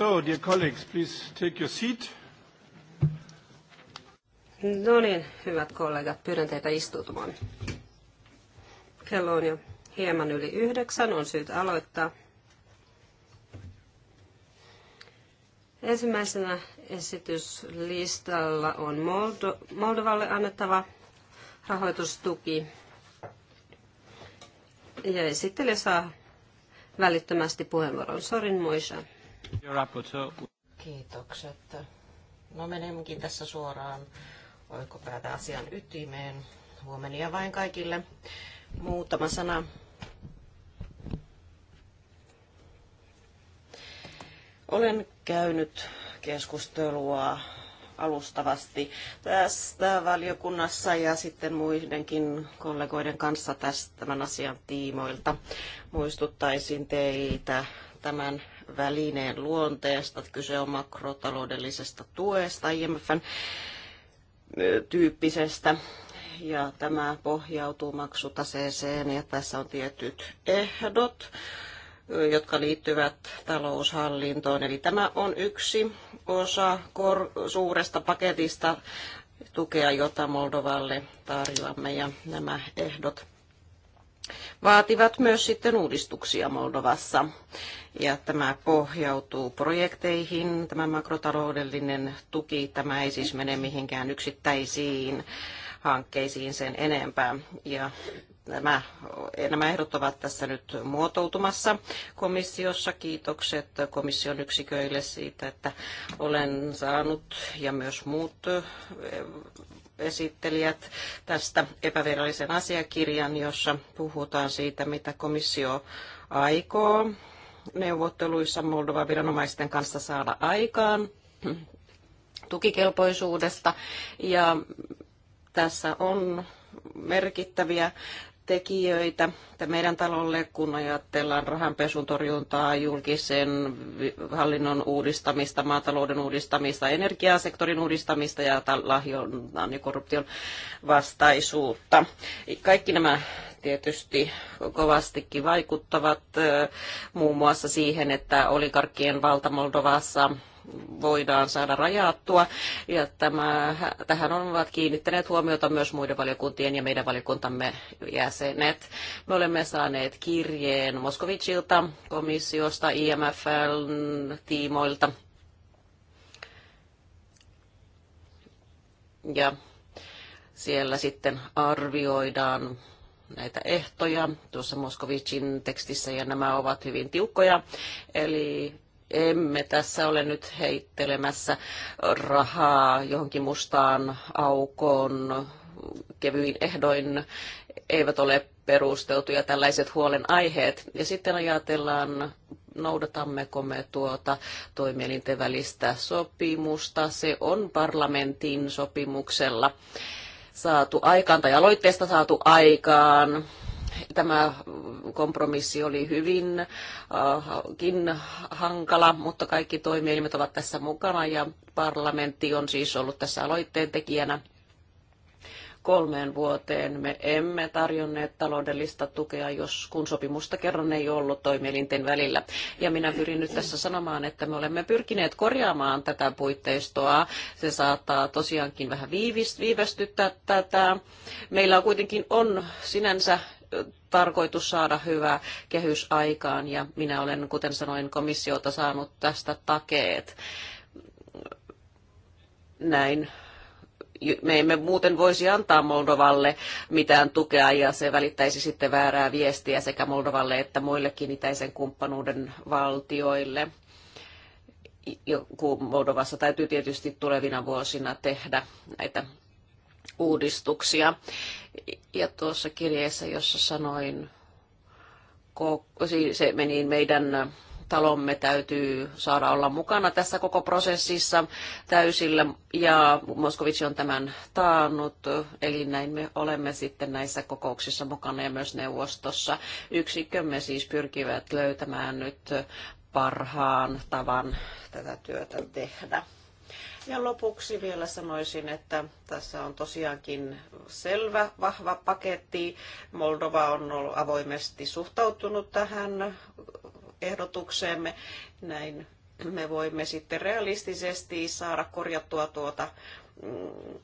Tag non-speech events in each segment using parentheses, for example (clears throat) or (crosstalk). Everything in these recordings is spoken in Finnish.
So, dear colleagues, please take your seat. No niin, hyvät kollegat, pyydän teitä istuutumaan. Kello on jo hieman yli yhdeksän, on syytä aloittaa. Ensimmäisenä esityslistalla on Moldo, Moldovalle annettava rahoitustuki. Ja esittelijä saa välittömästi puheenvuoron. Sorin Moisa. Kiitokset. No menemmekin tässä suoraan oikopäätä asian ytimeen. Huomenia vain kaikille. Muutama sana Olen käynyt keskustelua alustavasti tästä valiokunnassa ja sitten muidenkin kollegoiden kanssa tästä, tämän asian tiimoilta. Muistuttaisin teitä tämän välineen luonteesta. Kyse on makrotaloudellisesta tuesta, IMFn tyyppisestä. Ja tämä pohjautuu maksutaseeseen ja tässä on tietyt ehdot jotka liittyvät taloushallintoon. Eli tämä on yksi osa suuresta paketista tukea, jota Moldovalle tarjoamme ja nämä ehdot vaativat myös sitten uudistuksia Moldovassa ja tämä pohjautuu projekteihin, tämä makrotaloudellinen tuki, tämä ei siis mene mihinkään yksittäisiin hankkeisiin sen enempää. Ja nämä, nämä ehdot ovat tässä nyt muotoutumassa komissiossa. Kiitokset komission yksiköille siitä, että olen saanut ja myös muut esittelijät tästä epävirallisen asiakirjan, jossa puhutaan siitä, mitä komissio aikoo neuvotteluissa Moldovan viranomaisten kanssa saada aikaan tukikelpoisuudesta. Ja tässä on merkittäviä tekijöitä meidän talolle, kun ajatellaan rahanpesun torjuntaa, julkisen hallinnon uudistamista, maatalouden uudistamista, energiasektorin uudistamista ja lahjonnan ja korruption vastaisuutta. Kaikki nämä tietysti kovastikin vaikuttavat muun muassa siihen, että oligarkkien valta Moldovassa voidaan saada rajattua. Ja tämä, tähän ovat kiinnittäneet huomiota myös muiden valiokuntien ja meidän valiokuntamme jäsenet. Me olemme saaneet kirjeen Moskovicilta, komissiosta, IMFn tiimoilta. Ja siellä sitten arvioidaan näitä ehtoja tuossa Moskovicin tekstissä ja nämä ovat hyvin tiukkoja. Eli emme tässä ole nyt heittelemässä rahaa johonkin mustaan aukoon kevyin ehdoin eivät ole perusteltuja tällaiset huolenaiheet. Ja sitten ajatellaan, noudatammeko me tuota toimielinten välistä sopimusta. Se on parlamentin sopimuksella saatu aikaan tai aloitteesta saatu aikaan Tämä kompromissi oli hyvinkin äh, hankala, mutta kaikki toimielimet ovat tässä mukana ja parlamentti on siis ollut tässä aloitteen tekijänä kolmeen vuoteen. Me emme tarjonneet taloudellista tukea, jos kun sopimusta kerran ei ollut toimielinten välillä. Ja minä pyrin nyt tässä sanomaan, että me olemme pyrkineet korjaamaan tätä puitteistoa. Se saattaa tosiaankin vähän viivästyttää tätä. Meillä on kuitenkin on sinänsä tarkoitus saada hyvä kehys aikaan ja minä olen, kuten sanoin, komissiota saanut tästä takeet. Näin me emme muuten voisi antaa Moldovalle mitään tukea ja se välittäisi sitten väärää viestiä sekä Moldovalle että muillekin itäisen kumppanuuden valtioille. Kun Moldovassa täytyy tietysti tulevina vuosina tehdä näitä uudistuksia. Ja tuossa kirjeessä, jossa sanoin, se meni meidän talomme täytyy saada olla mukana tässä koko prosessissa täysillä, ja Moskovitsi on tämän taannut, eli näin me olemme sitten näissä kokouksissa mukana ja myös neuvostossa. Yksikkömme siis pyrkivät löytämään nyt parhaan tavan tätä työtä tehdä. Ja lopuksi vielä sanoisin, että tässä on tosiaankin selvä, vahva paketti. Moldova on ollut avoimesti suhtautunut tähän ehdotukseemme. Näin me voimme sitten realistisesti saada korjattua tuota mm,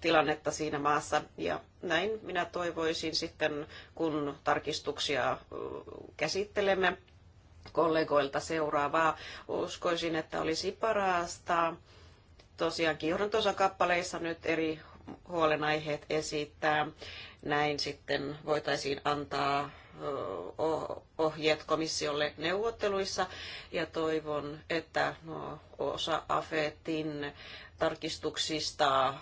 tilannetta siinä maassa. Ja näin minä toivoisin sitten, kun tarkistuksia mm, käsittelemme kollegoilta seuraavaa. Uskoisin, että olisi parasta tosiaankin johdantoosan kappaleissa nyt eri huolenaiheet esittää. Näin sitten voitaisiin antaa ohjeet komissiolle neuvotteluissa ja toivon, että osa AFETin tarkistuksista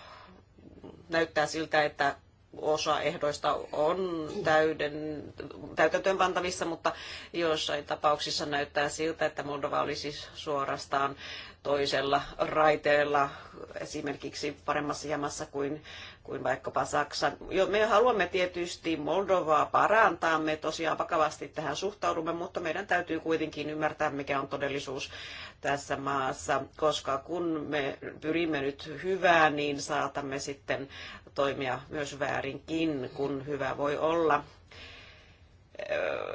näyttää siltä, että osa ehdoista on täyden, täytäntöön pantavissa, mutta joissain tapauksissa näyttää siltä, että Moldova olisi siis suorastaan toisella raiteella, esimerkiksi paremmassa jamassa kuin, kuin vaikkapa Saksan. Me haluamme tietysti Moldovaa parantaa, me tosiaan vakavasti tähän suhtaudumme, mutta meidän täytyy kuitenkin ymmärtää, mikä on todellisuus tässä maassa, koska kun me pyrimme nyt hyvään, niin saatamme sitten toimia myös väärinkin, kun hyvä voi olla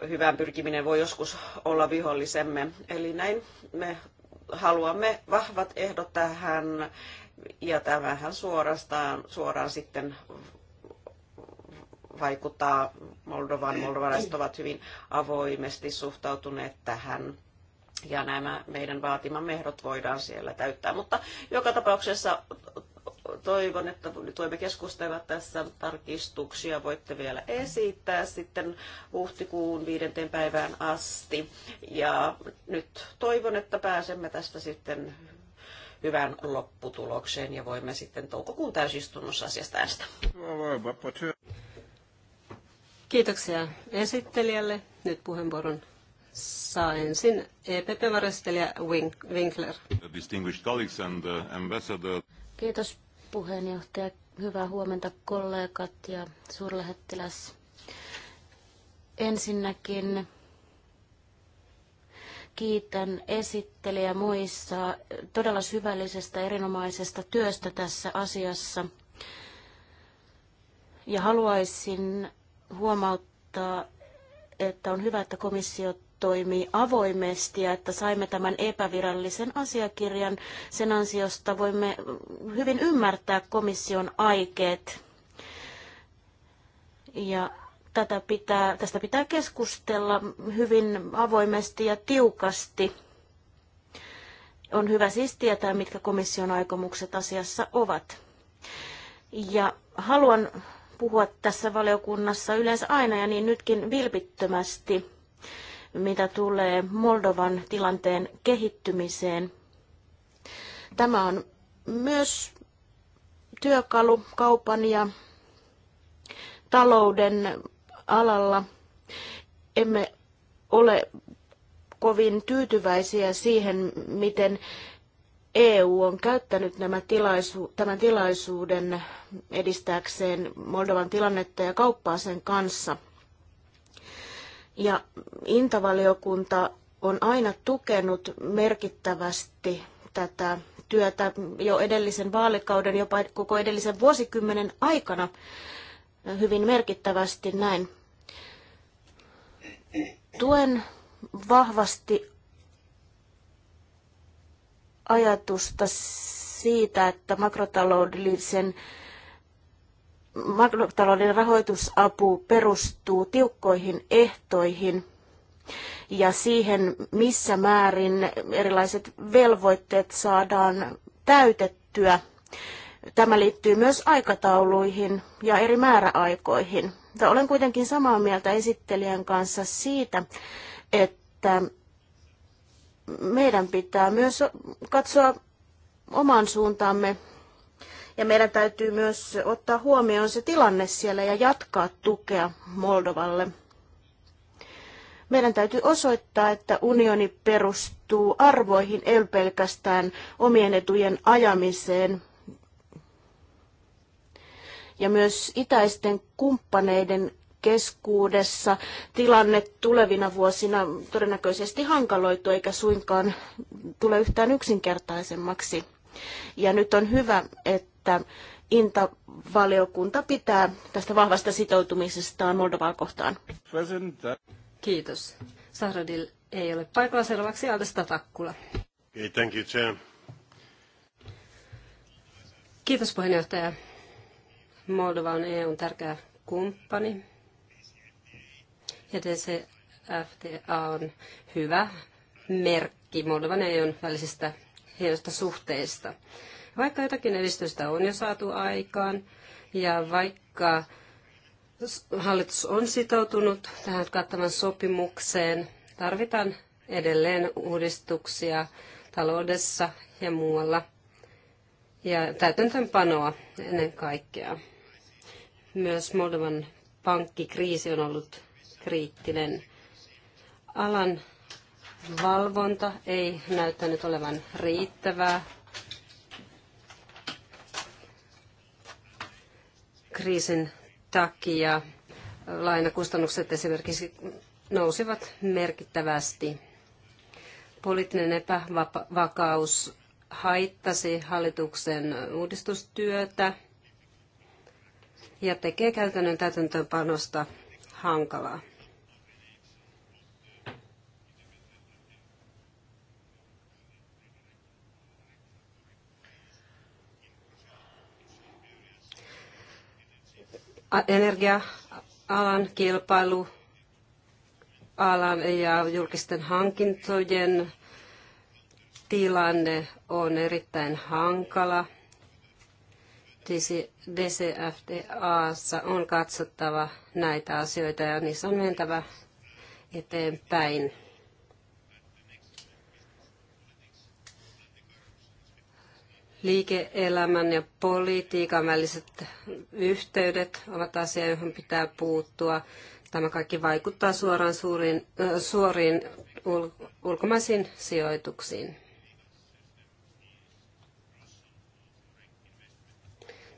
Hyvän pyrkiminen voi joskus olla vihollisemme. Eli näin me haluamme vahvat ehdot tähän, ja tämähän suorastaan, suoraan sitten vaikuttaa Moldovan. Moldovalaiset ovat hyvin avoimesti suhtautuneet tähän ja nämä meidän vaatimamme ehdot voidaan siellä täyttää. Mutta joka tapauksessa toivon, että nyt voimme keskustella tässä tarkistuksia. Voitte vielä esittää sitten huhtikuun viidenteen päivään asti. Ja nyt toivon, että pääsemme tästä sitten hyvään lopputulokseen ja voimme sitten toukokuun täysistunnossa asiasta äänestää. Kiitoksia esittelijälle. Nyt puheenvuoron saa ensin EPP-varastelija Winkler. Uh, Kiitos puheenjohtaja. Hyvää huomenta kollegat ja suurlähettiläs. Ensinnäkin kiitän esittelijä muissa todella syvällisestä erinomaisesta työstä tässä asiassa. Ja haluaisin huomauttaa, että on hyvä, että komissio toimii avoimesti ja että saimme tämän epävirallisen asiakirjan. Sen ansiosta voimme hyvin ymmärtää komission aikeet. Ja tätä pitää, tästä pitää keskustella hyvin avoimesti ja tiukasti. On hyvä siis tietää, mitkä komission aikomukset asiassa ovat. Ja haluan puhua tässä valiokunnassa yleensä aina ja niin nytkin vilpittömästi mitä tulee Moldovan tilanteen kehittymiseen. Tämä on myös työkalu kaupan ja talouden alalla. Emme ole kovin tyytyväisiä siihen, miten EU on käyttänyt nämä tilaisu- tämän tilaisuuden edistääkseen Moldovan tilannetta ja kauppaa sen kanssa – ja intavaliokunta on aina tukenut merkittävästi tätä työtä jo edellisen vaalikauden, jopa koko edellisen vuosikymmenen aikana hyvin merkittävästi näin. Tuen vahvasti ajatusta siitä, että makrotaloudellisen makrotalouden rahoitusapu perustuu tiukkoihin ehtoihin ja siihen, missä määrin erilaiset velvoitteet saadaan täytettyä. Tämä liittyy myös aikatauluihin ja eri määräaikoihin. Mutta olen kuitenkin samaa mieltä esittelijän kanssa siitä, että meidän pitää myös katsoa omaan suuntaamme ja meidän täytyy myös ottaa huomioon se tilanne siellä ja jatkaa tukea Moldovalle. Meidän täytyy osoittaa, että unioni perustuu arvoihin, ei pelkästään omien etujen ajamiseen. Ja myös itäisten kumppaneiden keskuudessa tilanne tulevina vuosina todennäköisesti hankaloituu eikä suinkaan tule yhtään yksinkertaisemmaksi. Ja nyt on hyvä, että että Inta-valiokunta pitää tästä vahvasta sitoutumisestaan Moldovaa kohtaan. Kiitos. Sahradil ei ole paikalla selväksi Aldesta Takkula. thank you, Kiitos puheenjohtaja. Moldova on EUn tärkeä kumppani. Ja DCFTA on hyvä merkki Moldovan ja EUn välisistä hienoista suhteista. Vaikka jotakin edistystä on jo saatu aikaan ja vaikka hallitus on sitoutunut tähän kattavan sopimukseen, tarvitaan edelleen uudistuksia taloudessa ja muualla ja täytäntöönpanoa ennen kaikkea. Myös Moldovan pankkikriisi on ollut kriittinen. Alan valvonta ei näyttänyt olevan riittävää kriisin takia lainakustannukset esimerkiksi nousivat merkittävästi. Poliittinen epävakaus haittasi hallituksen uudistustyötä ja tekee käytännön täytäntöönpanosta hankalaa. energia-alan kilpailu alan ja julkisten hankintojen tilanne on erittäin hankala. DCFTA:ssa on katsottava näitä asioita ja niissä on mentävä eteenpäin. Liike-elämän ja politiikan väliset yhteydet ovat asia, johon pitää puuttua. Tämä kaikki vaikuttaa suoraan suuriin, suoriin ulkomaisiin sijoituksiin.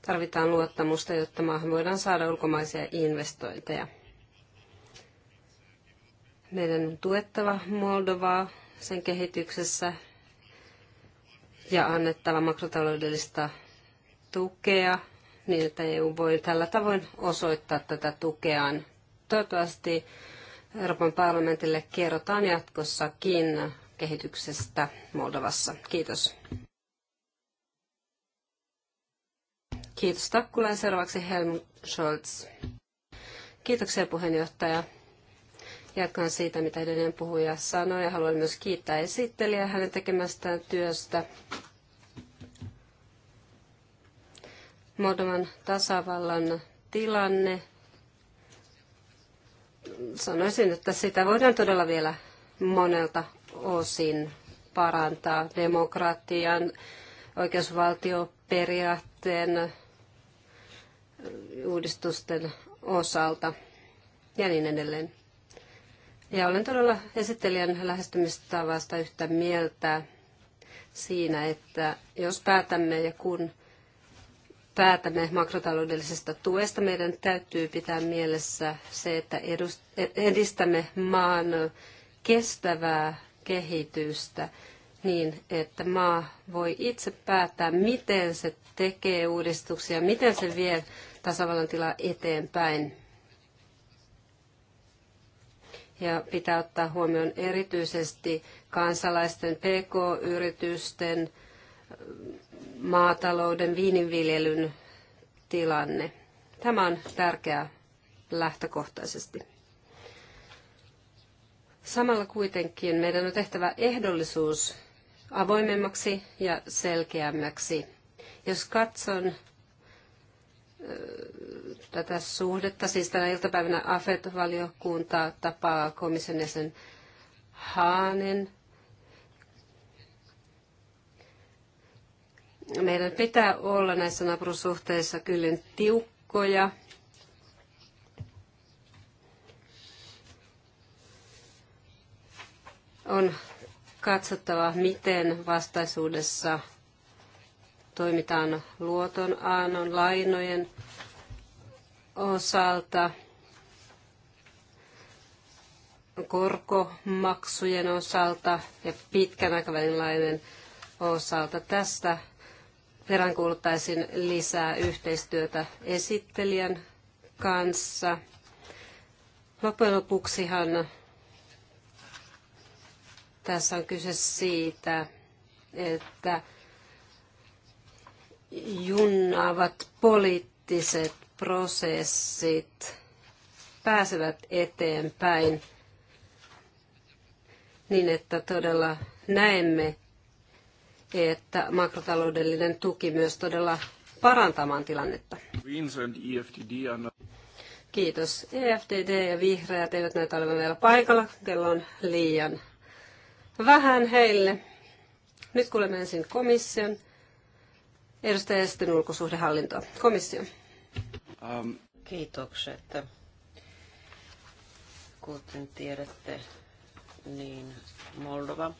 Tarvitaan luottamusta, jotta maahan voidaan saada ulkomaisia investointeja. Meidän on tuettava Moldovaa sen kehityksessä ja annettava makrotaloudellista tukea niin, että EU voi tällä tavoin osoittaa tätä tukeaan. Toivottavasti Euroopan parlamentille kerrotaan jatkossakin kehityksestä Moldovassa. Kiitos. Kiitos Takkula ja seuraavaksi Helm Scholz. Kiitoksia puheenjohtaja. Jatkan siitä, mitä edellinen puhuja sanoi ja haluan myös kiittää esittelijää hänen tekemästään työstä. Moldovan tasavallan tilanne. Sanoisin, että sitä voidaan todella vielä monelta osin parantaa demokratian, oikeusvaltioperiaatteen uudistusten osalta ja niin edelleen. Ja olen todella esittelijän lähestymistavasta yhtä mieltä siinä, että jos päätämme ja kun päätämme makrotaloudellisesta tuesta, meidän täytyy pitää mielessä se, että edistämme maan kestävää kehitystä niin, että maa voi itse päättää, miten se tekee uudistuksia, miten se vie tasavallan tilaa eteenpäin ja pitää ottaa huomioon erityisesti kansalaisten pk-yritysten, maatalouden, viininviljelyn tilanne. Tämä on tärkeää lähtökohtaisesti. Samalla kuitenkin meidän on tehtävä ehdollisuus avoimemmaksi ja selkeämmäksi. Jos katson tätä suhdetta. Siis tänä iltapäivänä AFET-valiokunta tapaa komission jäsen Haanen. Meidän pitää olla näissä naapurussuhteissa kyllin tiukkoja. On katsottava, miten vastaisuudessa toimitaan luoton, aannon, lainojen osalta, korkomaksujen osalta ja pitkän aikavälin lainojen osalta. Tästä peräänkuuluttaisin lisää yhteistyötä esittelijän kanssa. Loppujen lopuksihan tässä on kyse siitä, että junnaavat poliittiset prosessit pääsevät eteenpäin niin, että todella näemme, että makrotaloudellinen tuki myös todella parantamaan tilannetta. E Kiitos. EFDD ja vihreät eivät näitä ole vielä paikalla. Kello on liian vähän heille. Nyt kuulemme ensin komission Edustaja Estin ulkosuhdehallintoa. Komissio. Um. Kiitokset. Kuten tiedätte, niin Moldova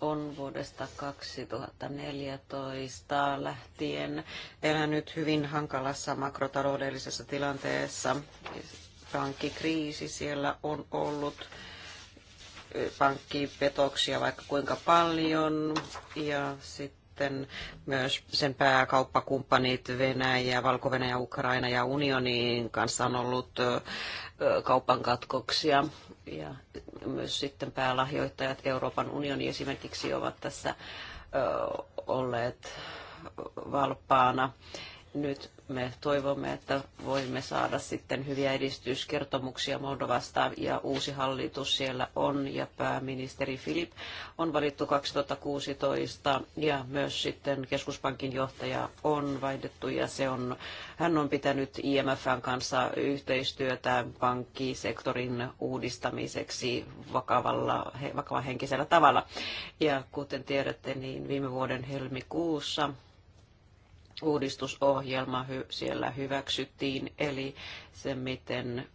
on vuodesta 2014 lähtien elänyt hyvin hankalassa makrotaloudellisessa tilanteessa. Pankkikriisi siellä on ollut eh, pankkipetoksia vaikka kuinka paljon ja sit sitten myös sen pääkauppakumppanit Venäjä, Valko-Venäjä, Ukraina ja unionin kanssa on ollut kaupan katkoksia. Ja myös sitten päälahjoittajat Euroopan unioni esimerkiksi ovat tässä olleet valppaana nyt me toivomme, että voimme saada sitten hyviä edistyskertomuksia Moldovasta ja uusi hallitus siellä on ja pääministeri Filip on valittu 2016 ja myös sitten keskuspankin johtaja on vaihdettu ja se on, hän on pitänyt IMFn kanssa yhteistyötä pankkisektorin uudistamiseksi vakavalla, vakavahenkisellä tavalla. Ja kuten tiedätte, niin viime vuoden helmikuussa uudistusohjelma hy- siellä hyväksyttiin, eli se miten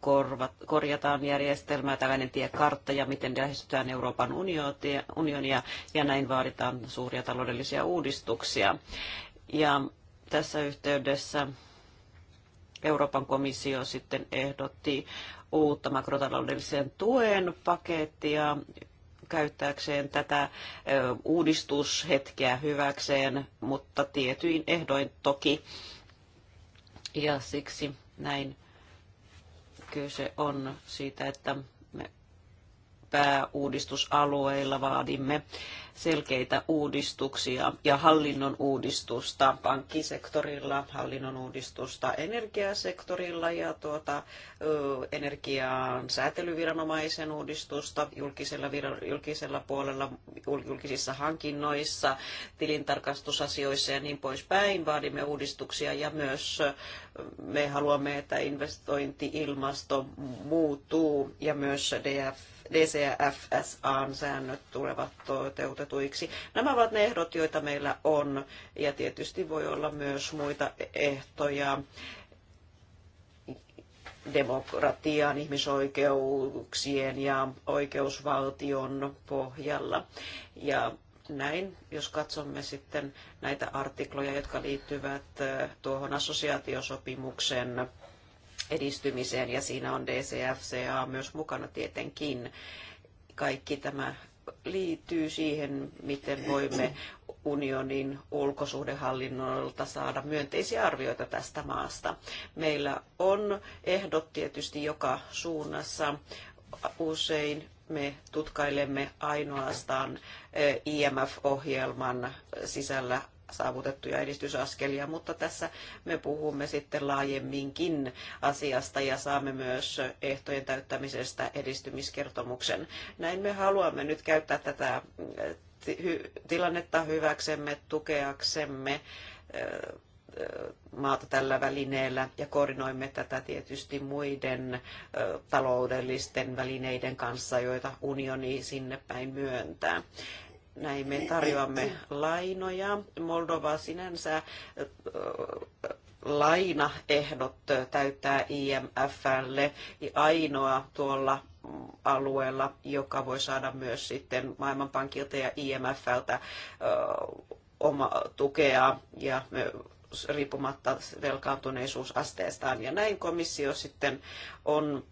korvat, korjataan järjestelmää, tällainen tiekartta ja miten lähestytään Euroopan unionia ja näin vaaditaan suuria taloudellisia uudistuksia. Ja tässä yhteydessä Euroopan komissio sitten ehdotti uutta makrotaloudellisen tuen pakettia käyttääkseen tätä uudistushetkeä hyväkseen, mutta tietyin ehdoin toki. Ja siksi näin kyse on siitä, että me pääuudistusalueilla vaadimme selkeitä uudistuksia ja hallinnon uudistusta pankkisektorilla, hallinnon uudistusta energiasektorilla ja tuota, energiaan säätelyviranomaisen uudistusta julkisella, julkisella puolella, julkisissa hankinnoissa, tilintarkastusasioissa ja niin poispäin. Vaadimme uudistuksia ja myös me haluamme, että investointi ilmasto muuttuu ja myös DF DCFSA-säännöt tulevat toteutetuiksi. Nämä ovat ne ehdot, joita meillä on, ja tietysti voi olla myös muita ehtoja demokratian, ihmisoikeuksien ja oikeusvaltion pohjalla. Ja näin, jos katsomme sitten näitä artikloja, jotka liittyvät eh, tuohon assosiaatiosopimuksen edistymiseen ja siinä on DCFCA myös mukana tietenkin. Kaikki tämä liittyy siihen, miten voimme unionin ulkosuhdehallinnolta saada myönteisiä arvioita tästä maasta. Meillä on ehdot tietysti joka suunnassa. Usein me tutkailemme ainoastaan eh, IMF-ohjelman sisällä saavutettuja edistysaskelia, mutta tässä me puhumme sitten laajemminkin asiasta ja saamme myös ehtojen täyttämisestä edistymiskertomuksen. Näin me haluamme nyt käyttää tätä äh, tilannetta hyväksemme, tukeaksemme äh, äh, maata tällä välineellä ja koordinoimme tätä tietysti muiden taloudellisten välineiden kanssa, joita unioni sinne päin myöntää. Näin me tarjoamme lainoja. Moldova sinänsä lainaehdot täyttää IMFlle ainoa tuolla alueella, joka voi saada myös sitten Maailmanpankilta ja IMFltä oma tukea ja me riippumatta velkaantuneisuusasteestaan. Ja näin komissio sitten on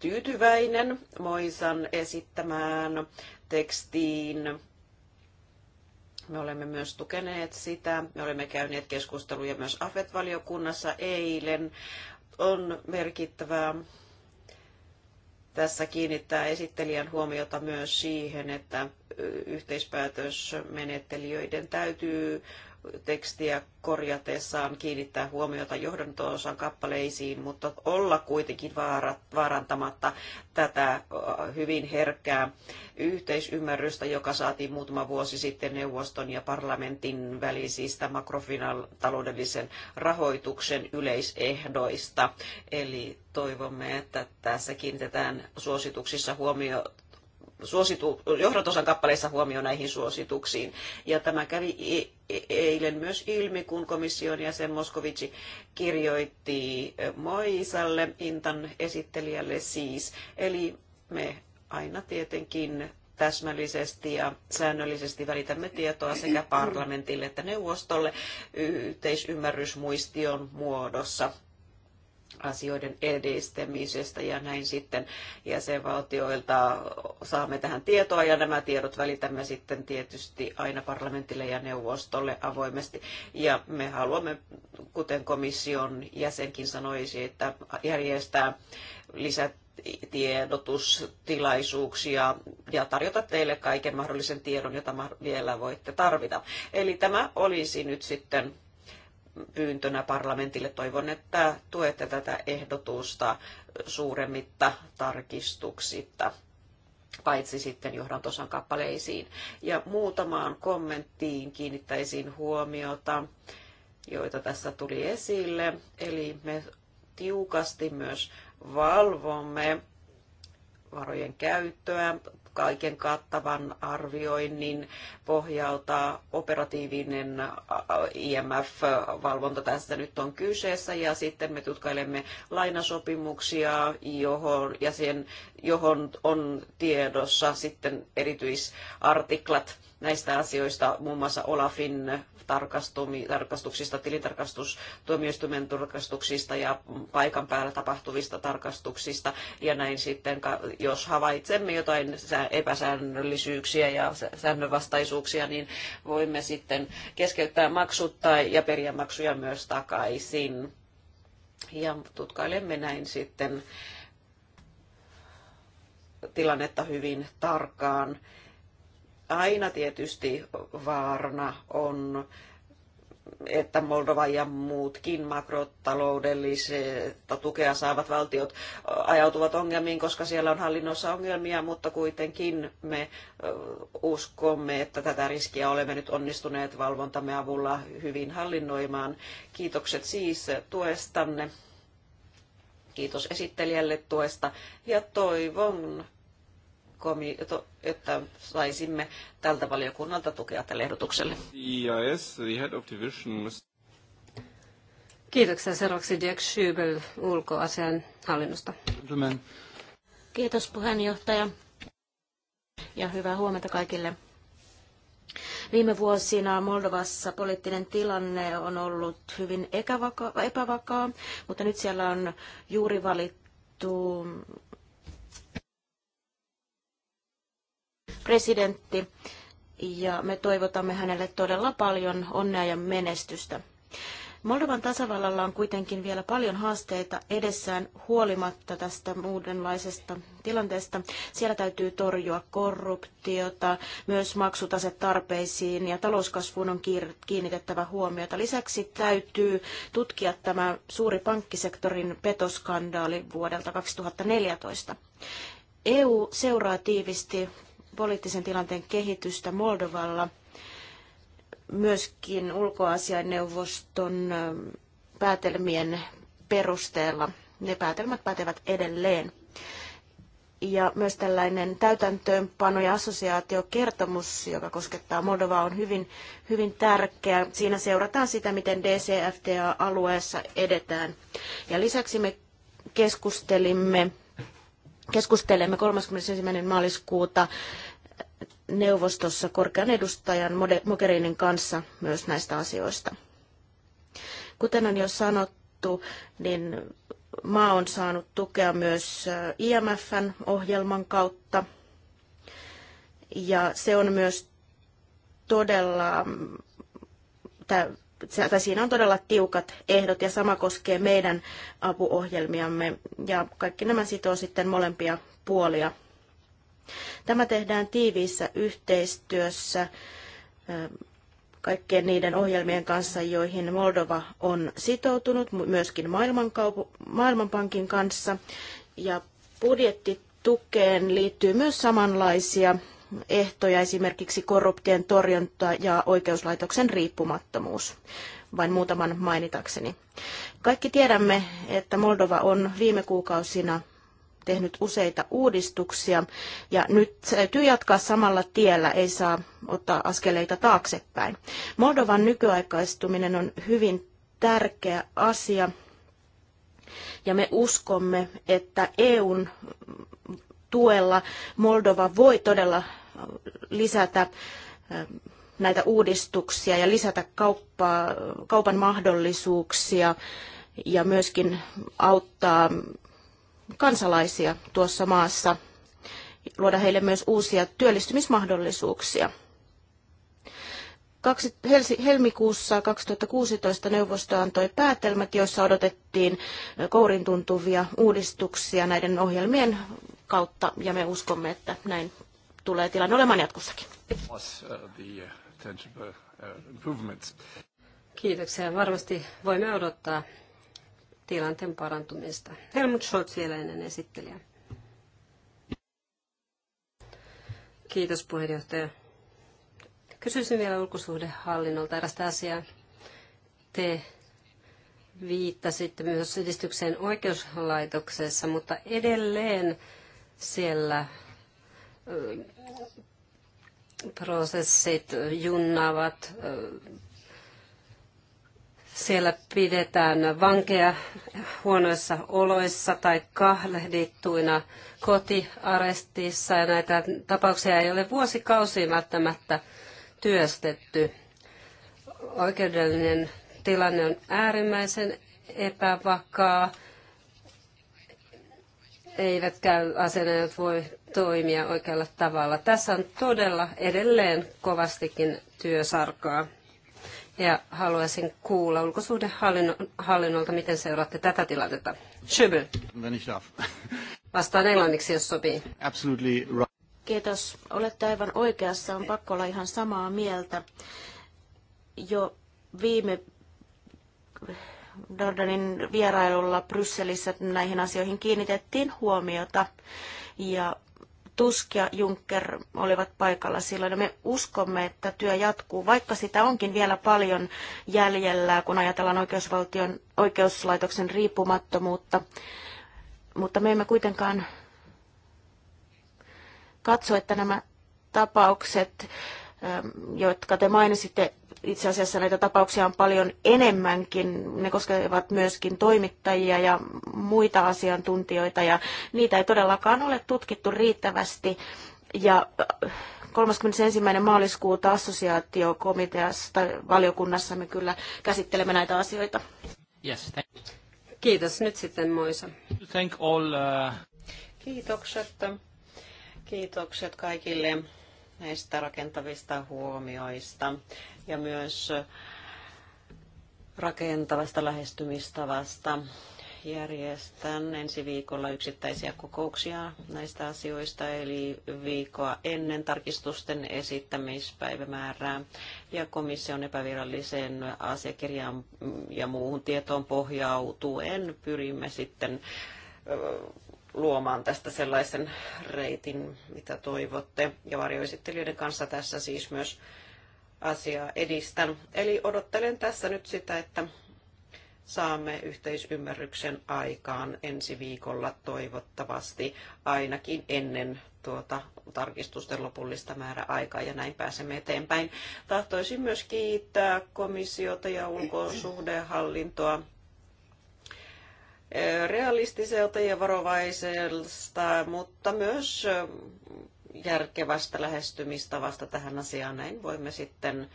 tyytyväinen Moisan esittämään tekstiin. Me olemme myös tukeneet sitä. Me olemme käyneet keskusteluja myös AFET-valiokunnassa eilen. On merkittävää tässä kiinnittää esittelijän huomiota myös siihen, että yhteispäätösmenettelijöiden täytyy tekstiä korjatessaan kiinnittää huomiota johdanto-osan kappaleisiin, mutta olla kuitenkin vaarantamatta tätä hyvin herkkää yhteisymmärrystä, joka saatiin muutama vuosi sitten neuvoston ja parlamentin välisistä makrofinantaloudellisen rahoituksen yleisehdoista. Eli toivomme, että tässä kiinnitetään suosituksissa huomiota suositu, kappaleissa huomio näihin suosituksiin. Ja tämä kävi eilen myös ilmi, kun komission jäsen Moskovici kirjoitti Moisalle, Intan esittelijälle siis. Eli me aina tietenkin täsmällisesti ja säännöllisesti välitämme tietoa sekä parlamentille että neuvostolle yhteisymmärrysmuistion muodossa asioiden edistämisestä ja näin sitten jäsenvaltioilta saamme tähän tietoa ja nämä tiedot välitämme sitten tietysti aina parlamentille ja neuvostolle avoimesti. Ja me haluamme, kuten komission jäsenkin sanoisi, että järjestää lisät tiedotustilaisuuksia ja tarjota teille kaiken mahdollisen tiedon, jota vielä voitte tarvita. Eli tämä olisi nyt sitten pyyntönä parlamentille. Toivon, että tuette tätä ehdotusta suuremmitta tarkistuksitta paitsi sitten johdantosan kappaleisiin. Ja muutamaan kommenttiin kiinnittäisin huomiota, joita tässä tuli esille. Eli me tiukasti myös valvomme varojen käyttöä kaiken kattavan arvioinnin pohjalta operatiivinen IMF-valvonta tässä nyt on kyseessä ja sitten me tutkailemme lainasopimuksia johon, ja sen johon on tiedossa sitten erityisartiklat näistä asioista, muun muassa Olafin tarkastuksista, tilintarkastustuomioistuimen tarkastuksista ja paikan päällä tapahtuvista tarkastuksista. Ja näin sitten, jos havaitsemme jotain epäsäännöllisyyksiä ja säännönvastaisuuksia, niin voimme sitten keskeyttää maksut tai, ja periä maksuja myös takaisin. Ja tutkailemme näin sitten tilannetta hyvin tarkkaan. Aina tietysti vaarana on, että Moldova ja muutkin makrotaloudellista tukea saavat valtiot ajautuvat ongelmiin, koska siellä on hallinnossa ongelmia, mutta kuitenkin me uskomme, että tätä riskiä olemme nyt onnistuneet valvontamme avulla hyvin hallinnoimaan. Kiitokset siis tuestanne. Kiitos esittelijälle tuesta ja toivon, että saisimme tältä valiokunnalta tukea tälle ehdotukselle. EIS, the head of division, Kiitoksia seuraavaksi Dirk Schübel ulkoasian hallinnosta. Kiitos puheenjohtaja ja hyvää huomenta kaikille. Viime vuosina Moldovassa poliittinen tilanne on ollut hyvin epävakaa, mutta nyt siellä on juuri valittu presidentti ja me toivotamme hänelle todella paljon onnea ja menestystä. Moldovan tasavallalla on kuitenkin vielä paljon haasteita edessään huolimatta tästä uudenlaisesta tilanteesta. Siellä täytyy torjua korruptiota, myös maksutasetarpeisiin ja talouskasvuun on kiinnitettävä huomiota. Lisäksi täytyy tutkia tämä suuri pankkisektorin petoskandaali vuodelta 2014. EU seuraa tiivisti poliittisen tilanteen kehitystä Moldovalla – myöskin ulkoasiainneuvoston päätelmien perusteella. Ne päätelmät pätevät edelleen. Ja myös tällainen täytäntöönpano- ja assosiaatiokertomus, joka koskettaa Moldovaa, on hyvin, hyvin tärkeä. Siinä seurataan sitä, miten DCFTA-alueessa edetään. Ja lisäksi me keskustelimme, keskustelemme 31. maaliskuuta neuvostossa korkean edustajan Mogherinin kanssa myös näistä asioista. Kuten on jo sanottu, niin maa on saanut tukea myös äh, IMFn ohjelman kautta. Ja se on myös todella, mm, tai siinä on todella tiukat ehdot ja sama koskee meidän apuohjelmiamme. Ja kaikki nämä sitoo sitten molempia puolia Tämä tehdään tiiviissä yhteistyössä kaikkien niiden ohjelmien kanssa, joihin Moldova on sitoutunut, myöskin Maailmanpankin kanssa. Ja budjettitukeen liittyy myös samanlaisia ehtoja, esimerkiksi korruptien torjunta ja oikeuslaitoksen riippumattomuus, vain muutaman mainitakseni. Kaikki tiedämme, että Moldova on viime kuukausina tehnyt useita uudistuksia ja nyt täytyy jatkaa samalla tiellä, ei saa ottaa askeleita taaksepäin. Moldovan nykyaikaistuminen on hyvin tärkeä asia ja me uskomme, että EUn tuella Moldova voi todella lisätä näitä uudistuksia ja lisätä kauppaa, kaupan mahdollisuuksia ja myöskin auttaa kansalaisia tuossa maassa, luoda heille myös uusia työllistymismahdollisuuksia. Kaksi, helmikuussa 2016 neuvosto antoi päätelmät, joissa odotettiin kourin tuntuvia uudistuksia näiden ohjelmien kautta, ja me uskomme, että näin tulee tilanne olemaan jatkossakin. Kiitoksia. Varmasti voimme odottaa tilanteen parantumista. Helmut Scholz vielä ennen esittelijä. Kiitos puheenjohtaja. Kysyisin vielä ulkosuhdehallinnolta erästä asiaa. Te viittasitte myös edistykseen oikeuslaitoksessa, mutta edelleen siellä prosessit junnaavat siellä pidetään vankeja huonoissa oloissa tai kahlehdittuina kotiarestissa ja näitä tapauksia ei ole vuosikausiin välttämättä työstetty. Oikeudellinen tilanne on äärimmäisen epävakaa, eivätkä asianajat voi toimia oikealla tavalla. Tässä on todella edelleen kovastikin työsarkaa ja haluaisin kuulla ulkosuhdehallinnolta, miten seuraatte tätä tilannetta. Schöbel. Vastaan englanniksi, jos sopii. Absolutely right. Kiitos. Olette aivan oikeassa. On pakko olla ihan samaa mieltä. Jo viime Dordanin vierailulla Brysselissä näihin asioihin kiinnitettiin huomiota. Ja Tusk ja Juncker olivat paikalla silloin. Me uskomme, että työ jatkuu, vaikka sitä onkin vielä paljon jäljellä, kun ajatellaan oikeusvaltion, oikeuslaitoksen riippumattomuutta. Mutta me emme kuitenkaan katso, että nämä tapaukset Ähm, jotka te mainitsitte, itse asiassa näitä tapauksia on paljon enemmänkin. Ne koskevat myöskin toimittajia ja muita asiantuntijoita ja niitä ei todellakaan ole tutkittu riittävästi. Ja 31. Äh, maaliskuuta assosiaatiokomiteassa valiokunnassa me kyllä käsittelemme näitä asioita. Yes, Kiitos. Nyt sitten Moisa. Thank all, uh... Kiitokset. Kiitokset kaikille näistä rakentavista huomioista ja myös rakentavasta lähestymistavasta. Järjestän ensi viikolla yksittäisiä kokouksia näistä asioista, eli viikkoa ennen tarkistusten esittämispäivämäärää ja komission epävirallisen asiakirjaan ja muuhun tietoon pohjautuen pyrimme sitten luomaan tästä sellaisen reitin, mitä toivotte. Ja varjoesittelijöiden kanssa tässä siis myös asiaa edistän. Eli odottelen tässä nyt sitä, että saamme yhteisymmärryksen aikaan ensi viikolla toivottavasti ainakin ennen tuota tarkistusten lopullista määräaikaa ja näin pääsemme eteenpäin. Tahtoisin myös kiittää komissiota ja ulkosuhdehallintoa realistiselta ja varovaiselta, mutta myös järkevästä lähestymistavasta tähän asiaan. Näin voimme sitten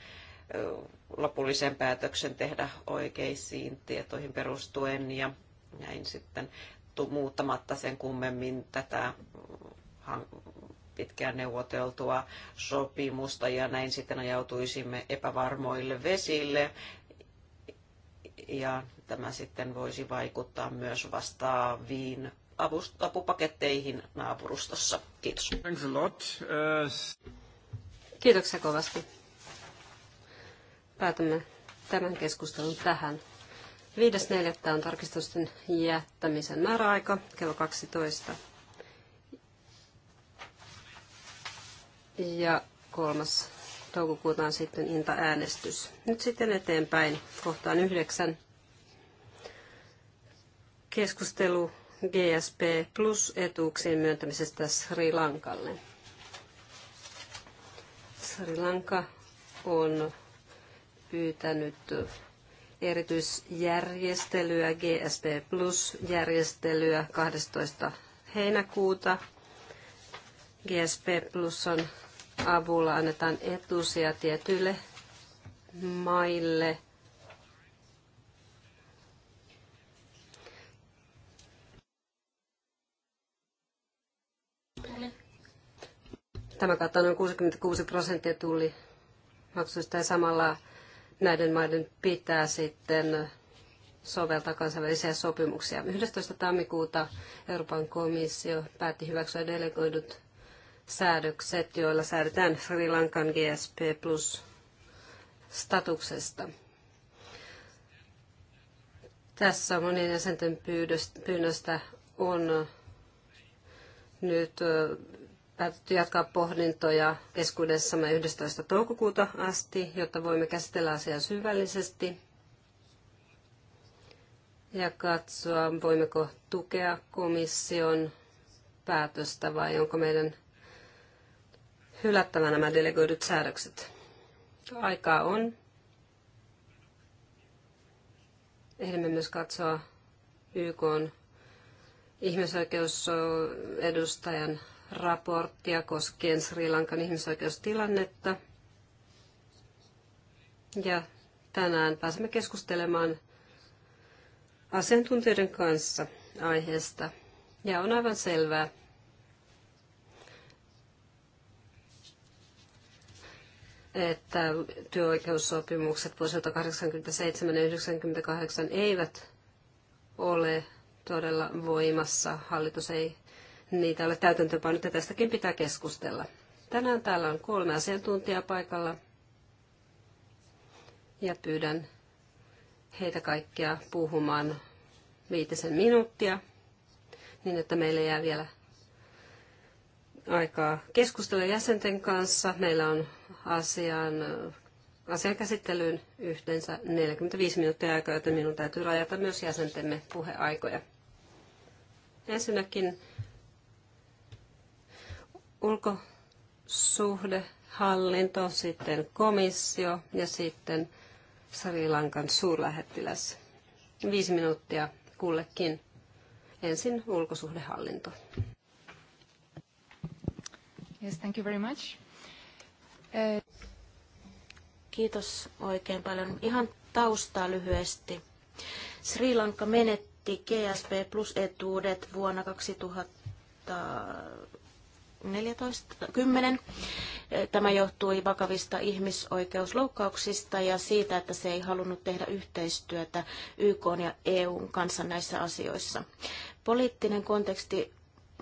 lopullisen päätöksen tehdä oikeisiin tietoihin perustuen ja näin sitten muuttamatta sen kummemmin tätä pitkään neuvoteltua sopimusta ja näin sitten ajautuisimme epävarmoille vesille ja tämä sitten voisi vaikuttaa myös vastaaviin apupaketteihin naapurustossa. Kiitos. Thanks a lot. Kiitoksia kovasti. Päätämme tämän keskustelun tähän. 5.4. on tarkistusten jättämisen määräaika kello 12. Ja kolmas toukokuuta on sitten inta-äänestys. Nyt sitten eteenpäin kohtaan yhdeksän. Keskustelu GSP plus etuuksien myöntämisestä Sri Lankalle. Sri Lanka on pyytänyt erityisjärjestelyä, GSP plus järjestelyä 12. heinäkuuta. GSP plus on avulla annetaan etusia tietyille maille. Tämä kattaa noin 66 prosenttia tuli maksuista ja samalla näiden maiden pitää sitten soveltaa kansainvälisiä sopimuksia. 11. tammikuuta Euroopan komissio päätti hyväksyä delegoidut säädökset, joilla säädetään Sri Lankan GSP plus statuksesta. Tässä monien jäsenten pyynnöstä on nyt päätetty jatkaa pohdintoja keskuudessamme 11. toukokuuta asti, jotta voimme käsitellä asiaa syvällisesti ja katsoa, voimmeko tukea komission päätöstä vai onko meidän hylättävä nämä delegoidut säädökset. Aikaa on. Ehdimme myös katsoa YK on ihmisoikeusedustajan raporttia koskien Sri Lankan ihmisoikeustilannetta. Ja tänään pääsemme keskustelemaan asiantuntijoiden kanssa aiheesta. Ja on aivan selvää, että työoikeussopimukset vuosilta 87 ja 98 eivät ole todella voimassa. Hallitus ei niitä ole täytäntöönpannut ja tästäkin pitää keskustella. Tänään täällä on kolme asiantuntijaa paikalla ja pyydän heitä kaikkia puhumaan viitisen minuuttia niin, että meille jää vielä aikaa keskustella jäsenten kanssa. Meillä on asian, asian käsittelyyn yhteensä 45 minuuttia aikaa, joten minun täytyy rajata myös jäsentemme puheaikoja. Ensinnäkin ulkosuhdehallinto, sitten komissio ja sitten Sri Lankan suurlähettiläs. Viisi minuuttia kullekin. Ensin ulkosuhdehallinto. Yes, thank you very much. Uh... Kiitos oikein paljon. Ihan taustaa lyhyesti. Sri Lanka menetti GSP plus etuudet vuonna 2014 10. Tämä johtui vakavista ihmisoikeusloukkauksista ja siitä, että se ei halunnut tehdä yhteistyötä YK ja EUn kanssa näissä asioissa. Poliittinen konteksti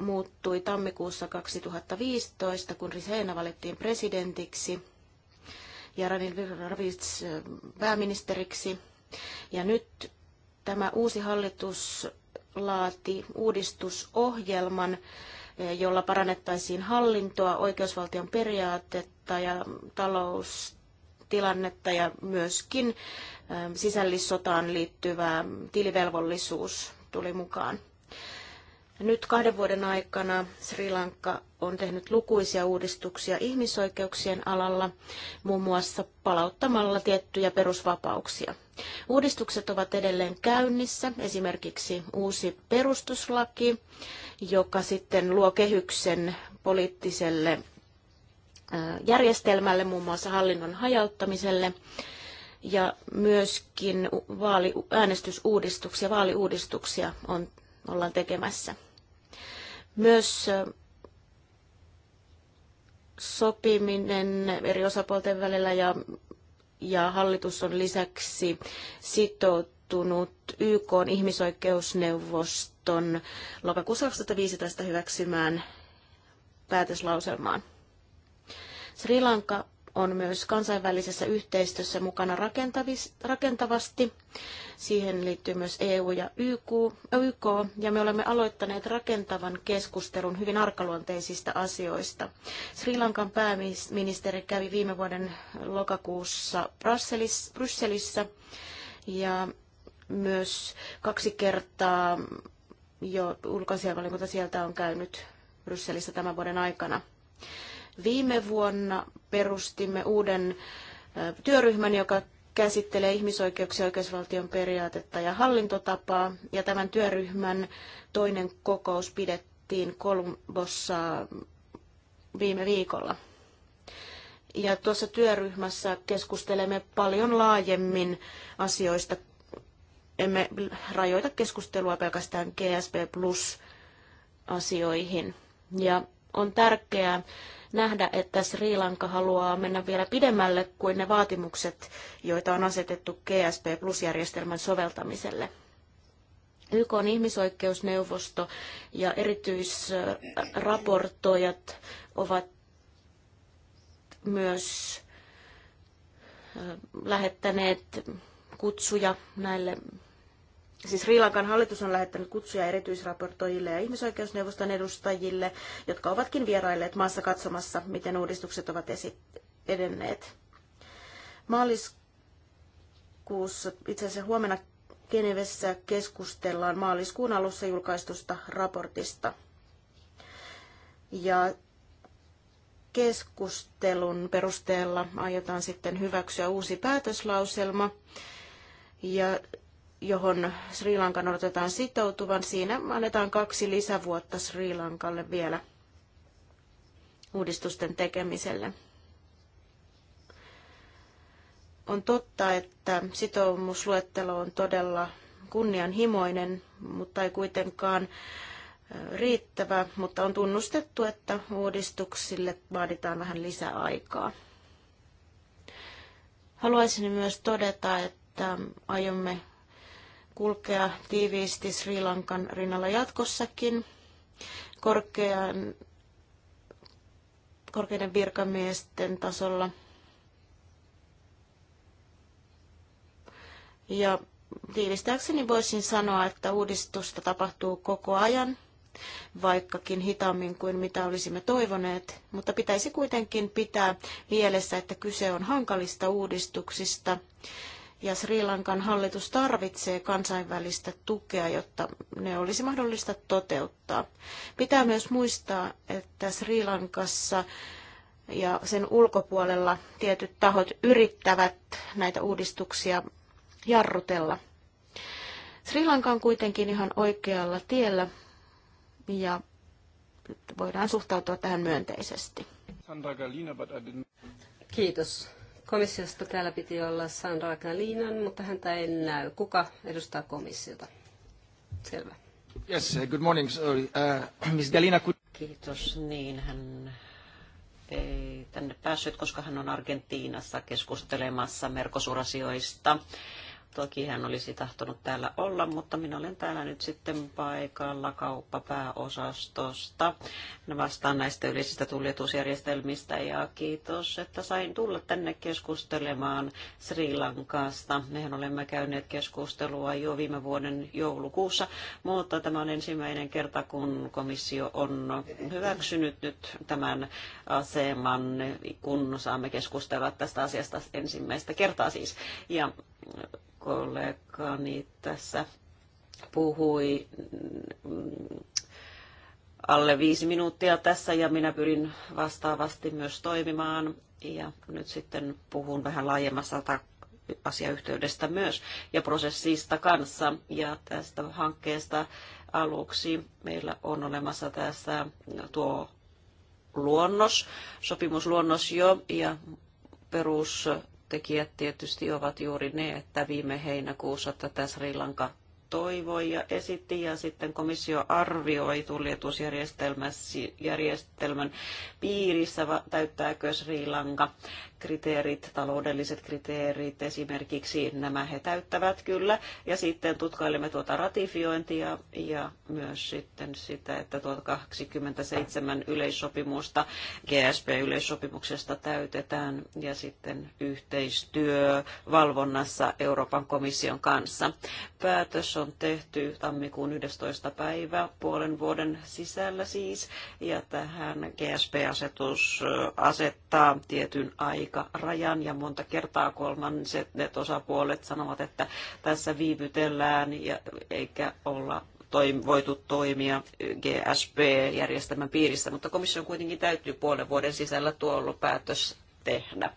muuttui tammikuussa 2015, kun Riseina valittiin presidentiksi ja Ranil Ravits pääministeriksi. Ja nyt tämä uusi hallitus laati uudistusohjelman, jolla parannettaisiin hallintoa, oikeusvaltion periaatetta ja taloustilannetta ja myöskin sisällissotaan liittyvää tilivelvollisuus tuli mukaan. Nyt kahden vuoden aikana Sri Lanka on tehnyt lukuisia uudistuksia ihmisoikeuksien alalla, muun muassa palauttamalla tiettyjä perusvapauksia. Uudistukset ovat edelleen käynnissä, esimerkiksi uusi perustuslaki, joka sitten luo kehyksen poliittiselle järjestelmälle, muun muassa hallinnon hajauttamiselle ja myöskin vaali, äänestysuudistuksia, vaaliuudistuksia on, ollaan tekemässä. Myös sopiminen eri osapuolten välillä ja, ja hallitus on lisäksi sitoutunut YK ihmisoikeusneuvoston lokakuussa 2015 hyväksymään päätöslauselmaan. Sri Lanka on myös kansainvälisessä yhteistyössä mukana rakentavasti. Siihen liittyy myös EU ja YK, YK, ja me olemme aloittaneet rakentavan keskustelun hyvin arkaluonteisista asioista. Sri Lankan pääministeri kävi viime vuoden lokakuussa Brysselissä, ja myös kaksi kertaa jo ulkoasiainvaliokunta sieltä on käynyt Brysselissä tämän vuoden aikana. Viime vuonna perustimme uuden työryhmän, joka käsittelee ihmisoikeuksia, oikeusvaltion periaatetta ja hallintotapaa. Ja tämän työryhmän toinen kokous pidettiin Kolumbossa viime viikolla. Ja tuossa työryhmässä keskustelemme paljon laajemmin asioista. Emme rajoita keskustelua pelkästään GSP Plus asioihin. Ja on tärkeää, nähdä, että Sri Lanka haluaa mennä vielä pidemmälle kuin ne vaatimukset, joita on asetettu GSP Plus-järjestelmän soveltamiselle. YK on ihmisoikeusneuvosto ja erityisraportoijat ovat myös lähettäneet kutsuja näille Siis Sri Lankan hallitus on lähettänyt kutsuja erityisraportoijille ja ihmisoikeusneuvoston edustajille, jotka ovatkin vierailleet maassa katsomassa, miten uudistukset ovat edenneet. Maaliskuussa, itse asiassa huomenna Genevessä keskustellaan maaliskuun alussa julkaistusta raportista. Ja keskustelun perusteella aiotaan sitten hyväksyä uusi päätöslauselma. Ja johon Sri Lankan odotetaan sitoutuvan. Siinä annetaan kaksi lisävuotta Sri Lankalle vielä uudistusten tekemiselle. On totta, että sitoumusluettelo on todella kunnianhimoinen, mutta ei kuitenkaan riittävä, mutta on tunnustettu, että uudistuksille vaaditaan vähän lisäaikaa. Haluaisin myös todeta, että aiomme kulkea tiiviisti Sri Lankan rinnalla jatkossakin. Korkean, korkeiden virkamiesten tasolla Ja tiivistääkseni voisin sanoa, että uudistusta tapahtuu koko ajan, vaikkakin hitaammin kuin mitä olisimme toivoneet, mutta pitäisi kuitenkin pitää mielessä, että kyse on hankalista uudistuksista, ja Sri Lankan hallitus tarvitsee kansainvälistä tukea, jotta ne olisi mahdollista toteuttaa. Pitää myös muistaa, että Sri Lankassa ja sen ulkopuolella tietyt tahot yrittävät näitä uudistuksia jarrutella. Sri Lanka on kuitenkin ihan oikealla tiellä ja voidaan suhtautua tähän myönteisesti. Kiitos. Komissiosta täällä piti olla Sandra Kalinan, mutta häntä ei näy. Kuka edustaa komissiota? Selvä. Yes, uh, good morning. Sorry. Uh, (clears throat) Miss Galina, could... Kiitos. Niin, hän ei tänne päässyt, koska hän on Argentiinassa keskustelemassa merkosurasioista. asioista Toki hän olisi tahtonut täällä olla, mutta minä olen täällä nyt sitten paikalla kauppapääosastosta. Vastaan näistä yleisistä tuljetusjärjestelmistä ja kiitos, että sain tulla tänne keskustelemaan Sri Lankasta. Mehän olemme käyneet keskustelua jo viime vuoden joulukuussa, mutta tämä on ensimmäinen kerta, kun komissio on hyväksynyt nyt tämän aseman, kun saamme keskustella tästä asiasta ensimmäistä kertaa siis. Ja kollegani tässä puhui mm, alle viisi minuuttia tässä ja minä pyrin vastaavasti myös toimimaan. Ja nyt sitten puhun vähän laajemmassa asiayhteydestä myös ja prosessista kanssa ja tästä hankkeesta aluksi meillä on olemassa tässä tuo luonnos, sopimusluonnos jo ja perus tekijät tietysti ovat juuri ne, että viime heinäkuussa tätä Sri Lanka toivoi ja esitti, ja sitten komissio arvioi tuljetusjärjestelmän piirissä, täyttääkö Sri Lanka kriteerit, taloudelliset kriteerit esimerkiksi, nämä he täyttävät kyllä. Ja sitten tutkailemme tuota ratifiointia ja myös sitten sitä, että tuota 27 yleissopimusta GSP-yleissopimuksesta täytetään ja sitten yhteistyö valvonnassa Euroopan komission kanssa. Päätös on on tehty tammikuun 11. päivä puolen vuoden sisällä siis, ja tähän GSP-asetus asettaa tietyn aikarajan, ja monta kertaa kolmanset ne osapuolet sanovat, että tässä viivytellään ja eikä olla toim, voitu toimia GSP-järjestelmän piirissä, mutta komission kuitenkin täytyy puolen vuoden sisällä tuolla päätös tehdä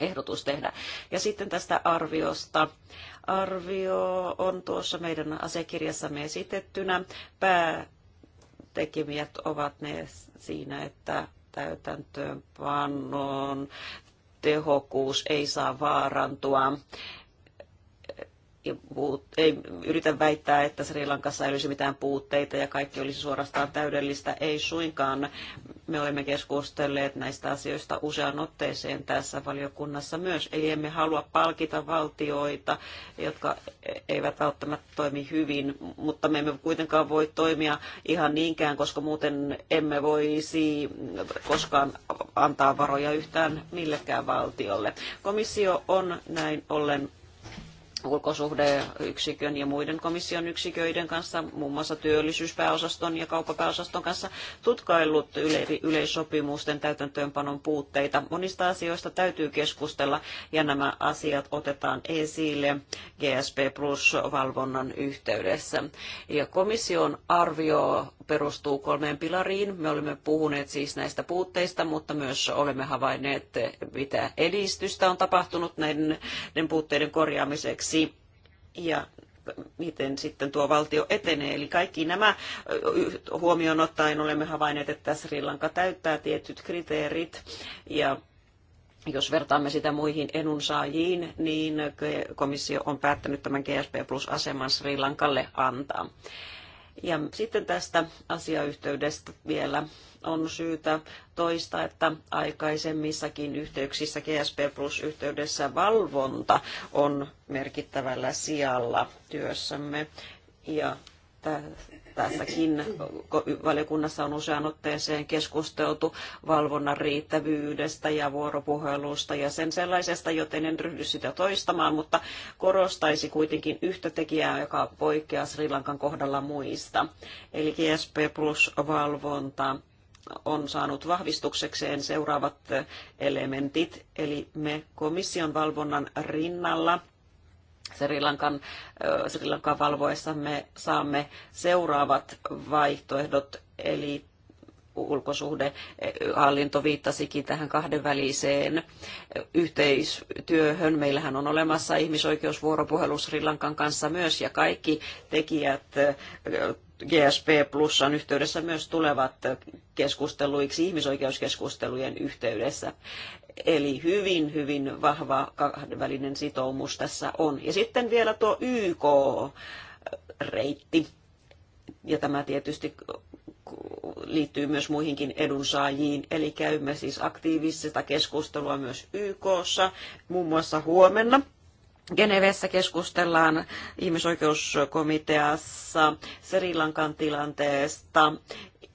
ehdotus tehdä. Ja sitten tästä arviosta arvio on tuossa meidän asiakirjassamme esitettynä. Päätekijät ovat ne siinä, että täytäntöönpannon tehokkuus ei saa vaarantua ei yritä väittää, että Sri Lankassa ei olisi mitään puutteita ja kaikki olisi suorastaan täydellistä. Ei suinkaan. Me olemme keskustelleet näistä asioista useaan otteeseen tässä valiokunnassa myös. Eli emme halua palkita valtioita, jotka eivät välttämättä toimi hyvin, mutta me emme kuitenkaan voi toimia ihan niinkään, koska muuten emme voisi koskaan antaa varoja yhtään millekään valtiolle. Komissio on näin ollen ulkosuhdeyksikön ja muiden komission yksiköiden kanssa, muun muassa työllisyyspääosaston ja kauppapääosaston kanssa tutkaillut yleissopimusten täytäntöönpanon puutteita. Monista asioista täytyy keskustella ja nämä asiat otetaan esille GSP Plus-valvonnan yhteydessä. Ja komission arvio perustuu kolmeen pilariin. Me olemme puhuneet siis näistä puutteista, mutta myös olemme havainneet, mitä edistystä on tapahtunut näiden puutteiden korjaamiseksi hyväksi ja miten sitten tuo valtio etenee. Eli kaikki nämä huomioon ottaen olemme havainneet, että Sri Lanka täyttää tietyt kriteerit ja jos vertaamme sitä muihin edunsaajiin, niin komissio on päättänyt tämän GSP Plus-aseman Sri Lankalle antaa. Ja sitten tästä asiayhteydestä vielä on syytä toista, että aikaisemmissakin yhteyksissä GSP Plus yhteydessä valvonta on merkittävällä sijalla työssämme. Ja tässäkin valiokunnassa on usean otteeseen keskusteltu valvonnan riittävyydestä ja vuoropuhelusta ja sen sellaisesta, joten en ryhdy sitä toistamaan, mutta korostaisi kuitenkin yhtä tekijää, joka poikkeaa Sri Lankan kohdalla muista. Eli GSP plus valvonta on saanut vahvistuksekseen seuraavat elementit. Eli me komission valvonnan rinnalla Sri Lankan, Sri Lankan valvoessa me saamme seuraavat vaihtoehdot, eli ulkosuhdehallinto e, viittasikin tähän kahdenväliseen e, yhteistyöhön. Meillähän on olemassa ihmisoikeusvuoropuhelu Sri Lankan kanssa myös ja kaikki tekijät e, GSP Plusan yhteydessä myös tulevat keskusteluiksi ihmisoikeuskeskustelujen yhteydessä. Eli hyvin, hyvin vahva kahdenvälinen sitoumus tässä on. Ja sitten vielä tuo YK-reitti. Ja tämä tietysti liittyy myös muihinkin edunsaajiin, eli käymme siis aktiivista keskustelua myös YKssa, muun muassa huomenna Genevessä keskustellaan ihmisoikeuskomiteassa Sri Lankan tilanteesta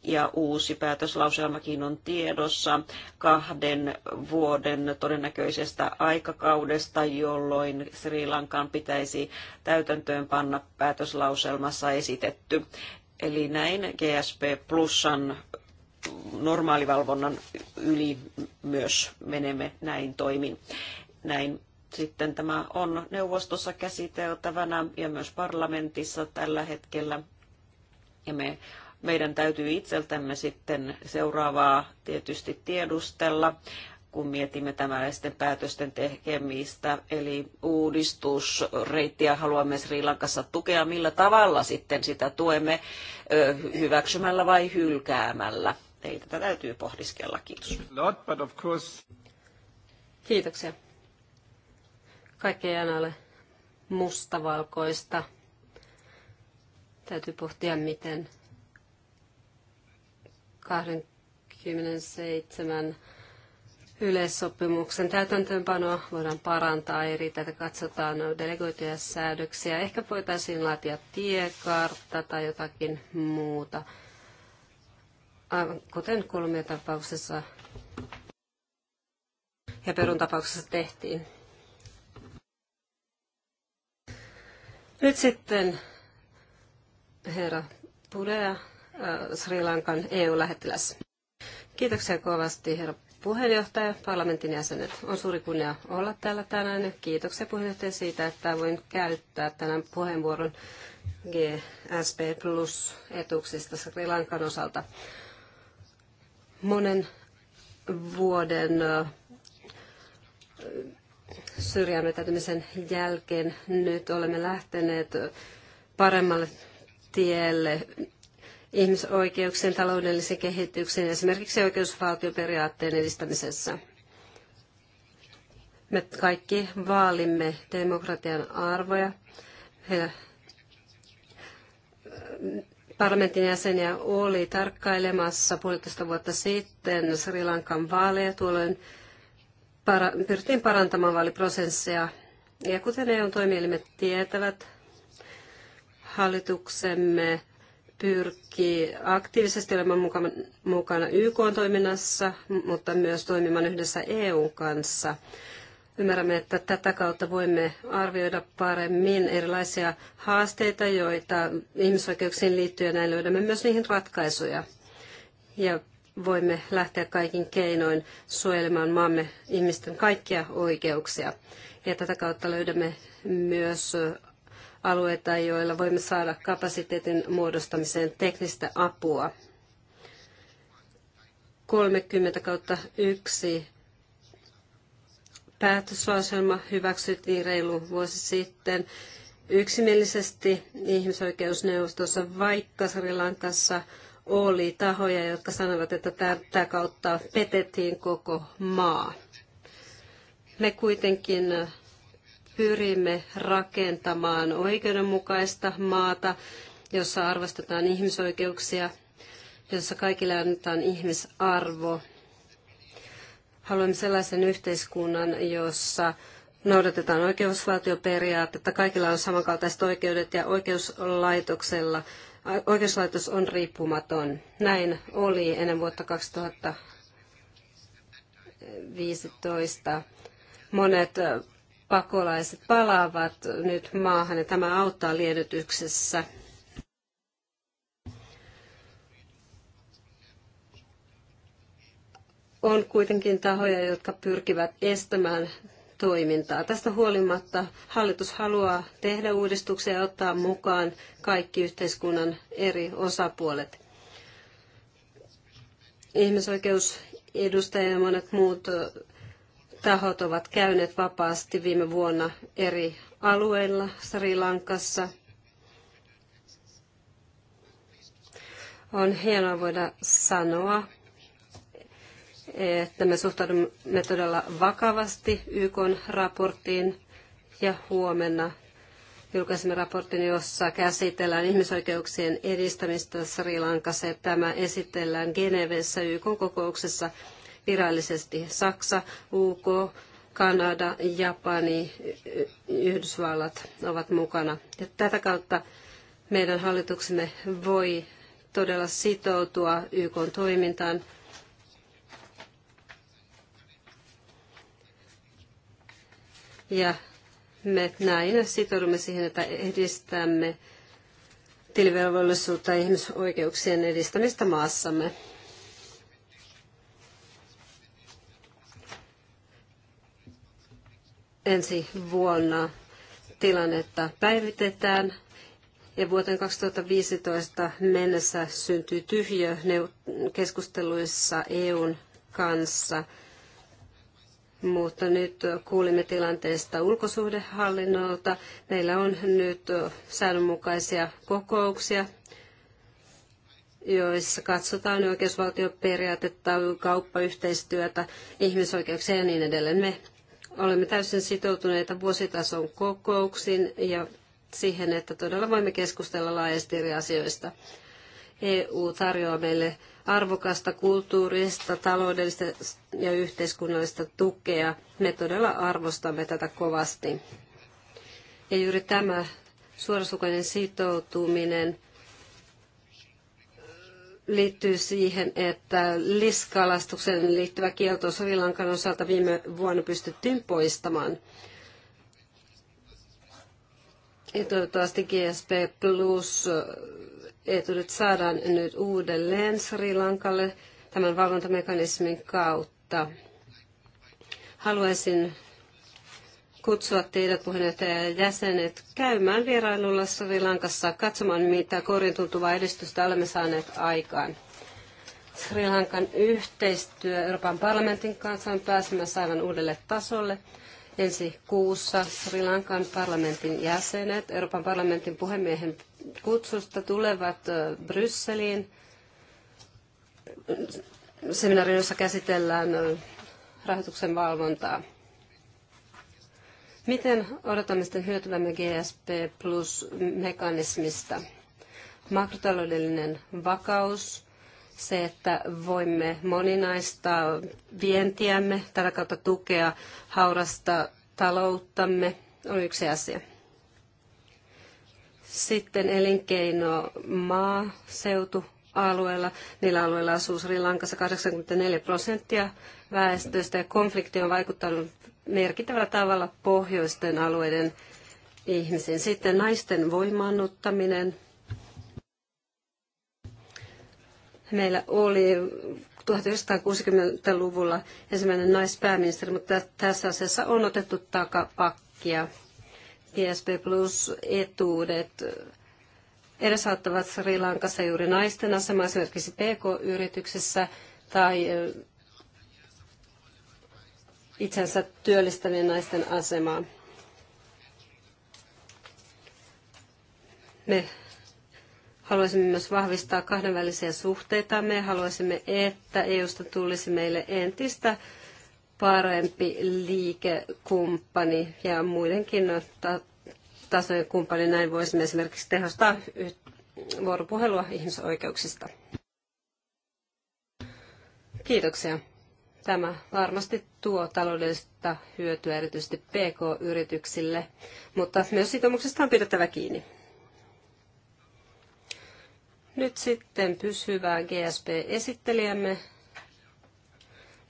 ja uusi päätöslauselmakin on tiedossa kahden vuoden todennäköisestä aikakaudesta, jolloin Sri Lankan pitäisi täytäntöön panna päätöslauselmassa esitetty. Eli näin GSP Plusan normaalivalvonnan yli myös menemme näin toimin. Näin sitten tämä on neuvostossa käsiteltävänä ja myös parlamentissa tällä hetkellä. Ja me, meidän täytyy itseltämme sitten seuraavaa tietysti tiedustella, kun mietimme tämänlaisten päätösten tekemistä. Eli uudistusreittiä haluamme Sri Lankassa tukea. Millä tavalla sitten sitä tuemme, hyväksymällä vai hylkäämällä? Ei tätä täytyy pohdiskella. Kiitos. Kiitoksia. Kaikki ei aina ole mustavalkoista. Täytyy pohtia, miten 27 yleissopimuksen täytäntöönpanoa voidaan parantaa eri tätä katsotaan delegoituja säädöksiä. Ehkä voitaisiin laatia tiekartta tai jotakin muuta, kuten kolmio tapauksessa ja perun tapauksessa tehtiin. Nyt sitten herra Pulea, äh, Sri Lankan EU-lähettiläs. Kiitoksia kovasti herra puheenjohtaja, parlamentin jäsenet. On suuri kunnia olla täällä tänään kiitoksia puheenjohtaja siitä, että voin käyttää tänään puheenvuoron GSP Plus etuuksista Sri Lankan osalta. Monen vuoden äh, syrjäytymisen jälkeen nyt olemme lähteneet paremmalle tielle ihmisoikeuksien, taloudellisen kehityksen ja esimerkiksi oikeusvaltioperiaatteen edistämisessä. Me kaikki vaalimme demokratian arvoja. Ja parlamentin jäseniä oli tarkkailemassa puolitoista vuotta sitten Sri Lankan vaaleja. Tuolloin para, pyrittiin parantamaan vaaliprosesseja. Ja kuten EUn toimielimet tietävät, hallituksemme pyrkii aktiivisesti olemaan mukana, mukana YK-toiminnassa, mutta myös toimimaan yhdessä EUn kanssa. Ymmärrämme, että tätä kautta voimme arvioida paremmin erilaisia haasteita, joita ihmisoikeuksiin liittyen näin löydämme myös niihin ratkaisuja. Ja voimme lähteä kaikin keinoin suojelemaan maamme ihmisten kaikkia oikeuksia. Ja tätä kautta löydämme myös alueita, joilla voimme saada kapasiteetin muodostamiseen teknistä apua. 30 kautta 1 päätöslauselma hyväksyttiin reilu vuosi sitten yksimielisesti ihmisoikeusneuvostossa, vaikka Sri Lankassa oli tahoja, jotka sanoivat, että tätä kautta petettiin koko maa. Me kuitenkin pyrimme rakentamaan oikeudenmukaista maata, jossa arvostetaan ihmisoikeuksia, jossa kaikille annetaan ihmisarvo. Haluamme sellaisen yhteiskunnan, jossa noudatetaan oikeusvaltioperiaatetta, kaikilla on samankaltaiset oikeudet ja oikeuslaitoksella oikeuslaitos on riippumaton. Näin oli ennen vuotta 2015. Monet äh, pakolaiset palaavat nyt maahan ja tämä auttaa liennytyksessä. On kuitenkin tahoja, jotka pyrkivät estämään toimintaa. Tästä huolimatta hallitus haluaa tehdä uudistuksia ja ottaa mukaan kaikki yhteiskunnan eri osapuolet. Ihmisoikeusedustajat ja monet muut tahot ovat käyneet vapaasti viime vuonna eri alueilla Sri Lankassa. On hienoa voida sanoa, että me suhtaudumme todella vakavasti YK raporttiin ja huomenna julkaisimme raportin, jossa käsitellään ihmisoikeuksien edistämistä Sri Lankassa. Tämä esitellään Genevessä YK-kokouksessa virallisesti Saksa, UK, Kanada, Japani, Yhdysvallat ovat mukana. Ja tätä kautta meidän hallituksemme voi todella sitoutua YK toimintaan Ja me näin sitoudumme siihen, että edistämme tilivelvollisuutta ja ihmisoikeuksien edistämistä maassamme. Ensi vuonna tilannetta päivitetään ja vuoteen 2015 mennessä syntyy tyhjö keskusteluissa EUn kanssa – mutta nyt kuulimme tilanteesta ulkosuhdehallinnolta. Meillä on nyt säännönmukaisia kokouksia, joissa katsotaan oikeusvaltioperiaatetta, kauppayhteistyötä, ihmisoikeuksia ja niin edelleen. Me olemme täysin sitoutuneita vuositason kokouksiin ja siihen, että todella voimme keskustella laajasti eri asioista. EU tarjoaa meille arvokasta kulttuurista, taloudellista ja yhteiskunnallista tukea. Me todella arvostamme tätä kovasti. Ja juuri tämä suorasukainen sitoutuminen liittyy siihen, että liskalastuksen liittyvä kielto Sovilankan osalta viime vuonna pystyttiin poistamaan. Ja toivottavasti GSP Plus etudet saadaan nyt uudelleen Sri Lankalle tämän valvontamekanismin kautta. Haluaisin kutsua teidät puheenjohtaja ja jäsenet käymään vierailulla Sri Lankassa katsomaan, mitä korin tuntuvaa edistystä olemme saaneet aikaan. Sri Lankan yhteistyö Euroopan parlamentin kanssa on pääsemässä aivan uudelle tasolle ensi kuussa Sri Lankan parlamentin jäsenet Euroopan parlamentin puhemiehen kutsusta tulevat Brysseliin seminaarin, jossa käsitellään rahoituksen valvontaa. Miten odotamme sitten hyötyvämme GSP plus mekanismista? Makrotaloudellinen vakaus se, että voimme moninaista vientiämme, tätä kautta tukea haurasta talouttamme, on yksi asia. Sitten elinkeino alueella. Niillä alueilla asuu Sri Lankassa 84 prosenttia väestöstä ja konflikti on vaikuttanut merkittävällä tavalla pohjoisten alueiden ihmisiin. Sitten naisten voimaannuttaminen – Meillä oli 1960-luvulla ensimmäinen naispääministeri, mutta tässä asiassa on otettu takapakkia. GSP Plus-etuudet edesauttavat Sri Lankassa juuri naisten asemaa esimerkiksi PK-yrityksessä tai itsensä työllistävien naisten asemaa. Me Haluaisimme myös vahvistaa kahdenvälisiä suhteitamme. Haluaisimme, että EUsta tulisi meille entistä parempi liikekumppani ja muidenkin tasojen kumppani. Näin voisimme esimerkiksi tehostaa vuoropuhelua ihmisoikeuksista. Kiitoksia. Tämä varmasti tuo taloudellista hyötyä erityisesti PK-yrityksille, mutta myös sitoumuksesta on pidettävä kiinni. Nyt sitten pysyvää GSP-esittelijämme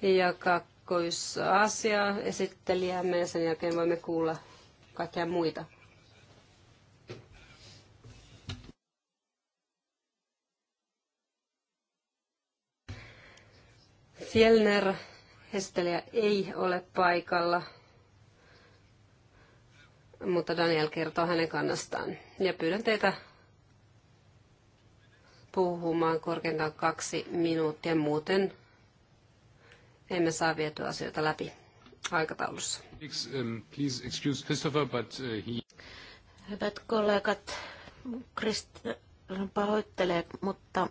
ja kakkoisasiaa esittelijämme ja sen jälkeen voimme kuulla kaikkia muita. Fjellner, esittelijä ei ole paikalla, mutta Daniel kertoo hänen kannastaan. Ja pyydän teitä puhumaan korkeintaan kaksi minuuttia, muuten emme saa vietyä asioita läpi aikataulussa. Um, please excuse Christopher, but uh, he... Hyvät kollegat, Kristian pahoittelee, mutta,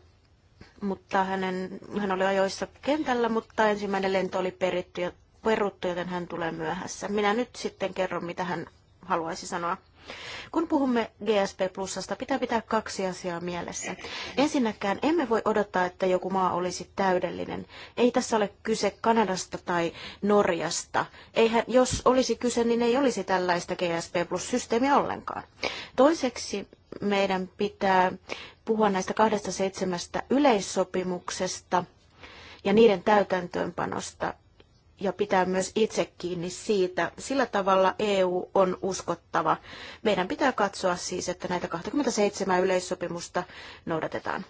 mutta hänen, hän oli ajoissa kentällä, mutta ensimmäinen lento oli peritty ja peruttu, joten hän tulee myöhässä. Minä nyt sitten kerron, mitä hän haluaisi sanoa. Kun puhumme GSP Plusasta, pitää pitää kaksi asiaa mielessä. Ensinnäkään emme voi odottaa, että joku maa olisi täydellinen. Ei tässä ole kyse Kanadasta tai Norjasta. Eihän, jos olisi kyse, niin ei olisi tällaista GSP Plus-systeemiä ollenkaan. Toiseksi meidän pitää puhua näistä kahdesta seitsemästä yleissopimuksesta ja niiden täytäntöönpanosta ja pitää myös itse kiinni siitä. Sillä tavalla EU on uskottava. Meidän pitää katsoa siis, että näitä 27 yleissopimusta noudatetaan.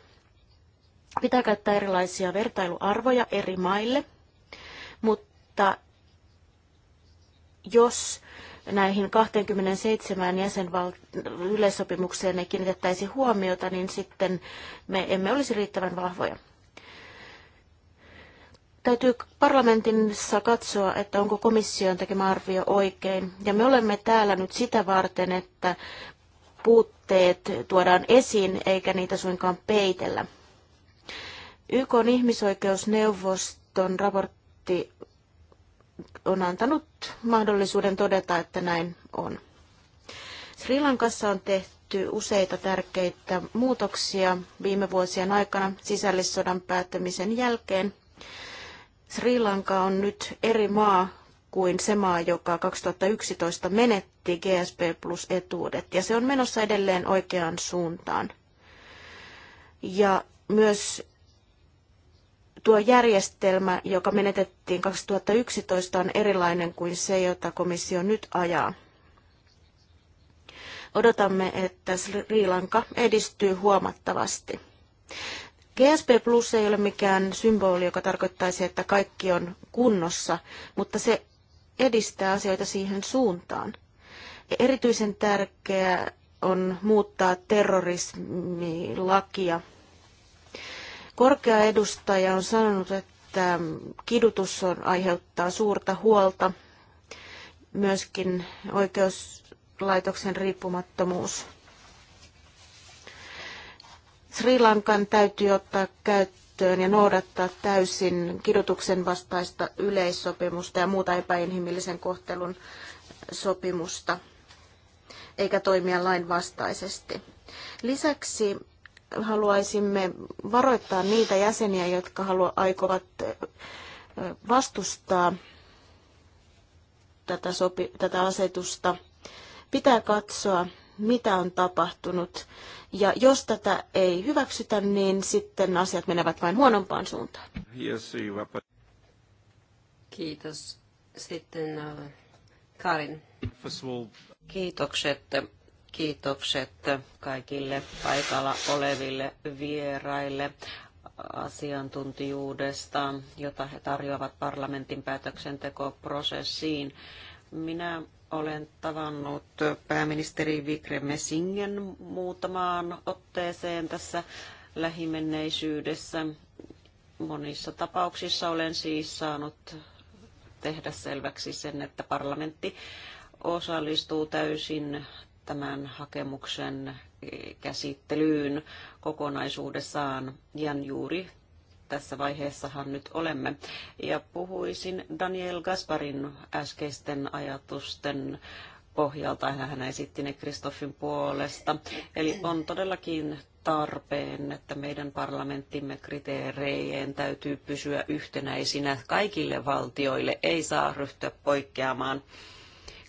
Pitää käyttää erilaisia vertailuarvoja eri maille, mutta jos näihin 27 jäsenval- yleissopimukseen ei kiinnitettäisi huomiota, niin sitten me emme olisi riittävän vahvoja. Täytyy parlamentissa katsoa, että onko komission tekemä arvio oikein. Ja me olemme täällä nyt sitä varten, että puutteet tuodaan esiin eikä niitä suinkaan peitellä. YK on ihmisoikeusneuvoston raportti on antanut mahdollisuuden todeta, että näin on. Sri Lankassa on tehty useita tärkeitä muutoksia viime vuosien aikana sisällissodan päättämisen jälkeen. Sri Lanka on nyt eri maa kuin se maa, joka 2011 menetti GSP plus etuudet, ja se on menossa edelleen oikeaan suuntaan. Ja myös tuo järjestelmä, joka menetettiin 2011, on erilainen kuin se, jota komissio nyt ajaa. Odotamme, että Sri Lanka edistyy huomattavasti. GSP Plus ei ole mikään symboli, joka tarkoittaisi, että kaikki on kunnossa, mutta se edistää asioita siihen suuntaan. Erityisen tärkeää on muuttaa terrorismilakia. Korkea edustaja on sanonut, että kidutus on, aiheuttaa suurta huolta, myöskin oikeuslaitoksen riippumattomuus. Sri Lankan täytyy ottaa käyttöön ja noudattaa täysin kidutuksen vastaista yleissopimusta ja muuta epäinhimillisen kohtelun sopimusta, eikä toimia lainvastaisesti. vastaisesti. Lisäksi haluaisimme varoittaa niitä jäseniä, jotka halua, aikovat vastustaa tätä, sopi, tätä asetusta. Pitää katsoa, mitä on tapahtunut. Ja jos tätä ei hyväksytä, niin sitten asiat menevät vain huonompaan suuntaan. Kiitos. Sitten äh, Karin. Kiitokset. Kiitokset kaikille paikalla oleville vieraille asiantuntijuudesta, jota he tarjoavat parlamentin päätöksentekoprosessiin. Minä olen tavannut pääministeri Vikreme Singen muutamaan otteeseen tässä lähimenneisyydessä. Monissa tapauksissa olen siis saanut tehdä selväksi sen, että parlamentti osallistuu täysin tämän hakemuksen käsittelyyn kokonaisuudessaan. Ja juuri tässä vaiheessahan nyt olemme. Ja puhuisin Daniel Gasparin äskeisten ajatusten pohjalta, hän esitti ne Kristoffin puolesta. Eli on todellakin tarpeen, että meidän parlamenttimme kriteereihin täytyy pysyä yhtenäisinä kaikille valtioille, ei saa ryhtyä poikkeamaan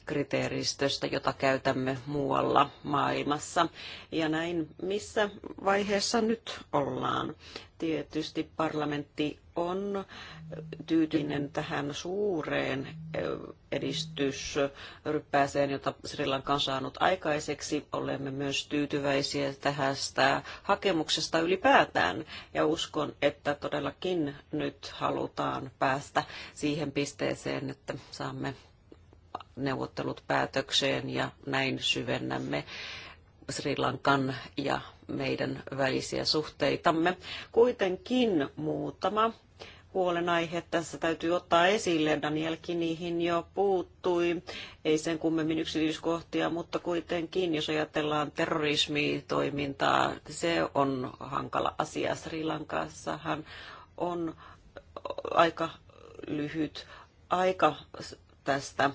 kriteeristöstä, jota käytämme muualla maailmassa. Ja näin, missä vaiheessa nyt ollaan? Tietysti parlamentti on tyytyinen tähän suureen edistysryppääseen, jota Sri Lanka on saanut aikaiseksi. Olemme myös tyytyväisiä tästä hakemuksesta ylipäätään ja uskon, että todellakin nyt halutaan päästä siihen pisteeseen, että saamme neuvottelut päätökseen ja näin syvennämme Sri Lankan ja meidän välisiä suhteitamme. Kuitenkin muutama huolenaihe tässä täytyy ottaa esille. Danielkin niihin jo puuttui, ei sen kummemmin yksityiskohtia, mutta kuitenkin, jos ajatellaan terrorismitoimintaa, se on hankala asia. Sri Lankassahan on aika lyhyt aika tästä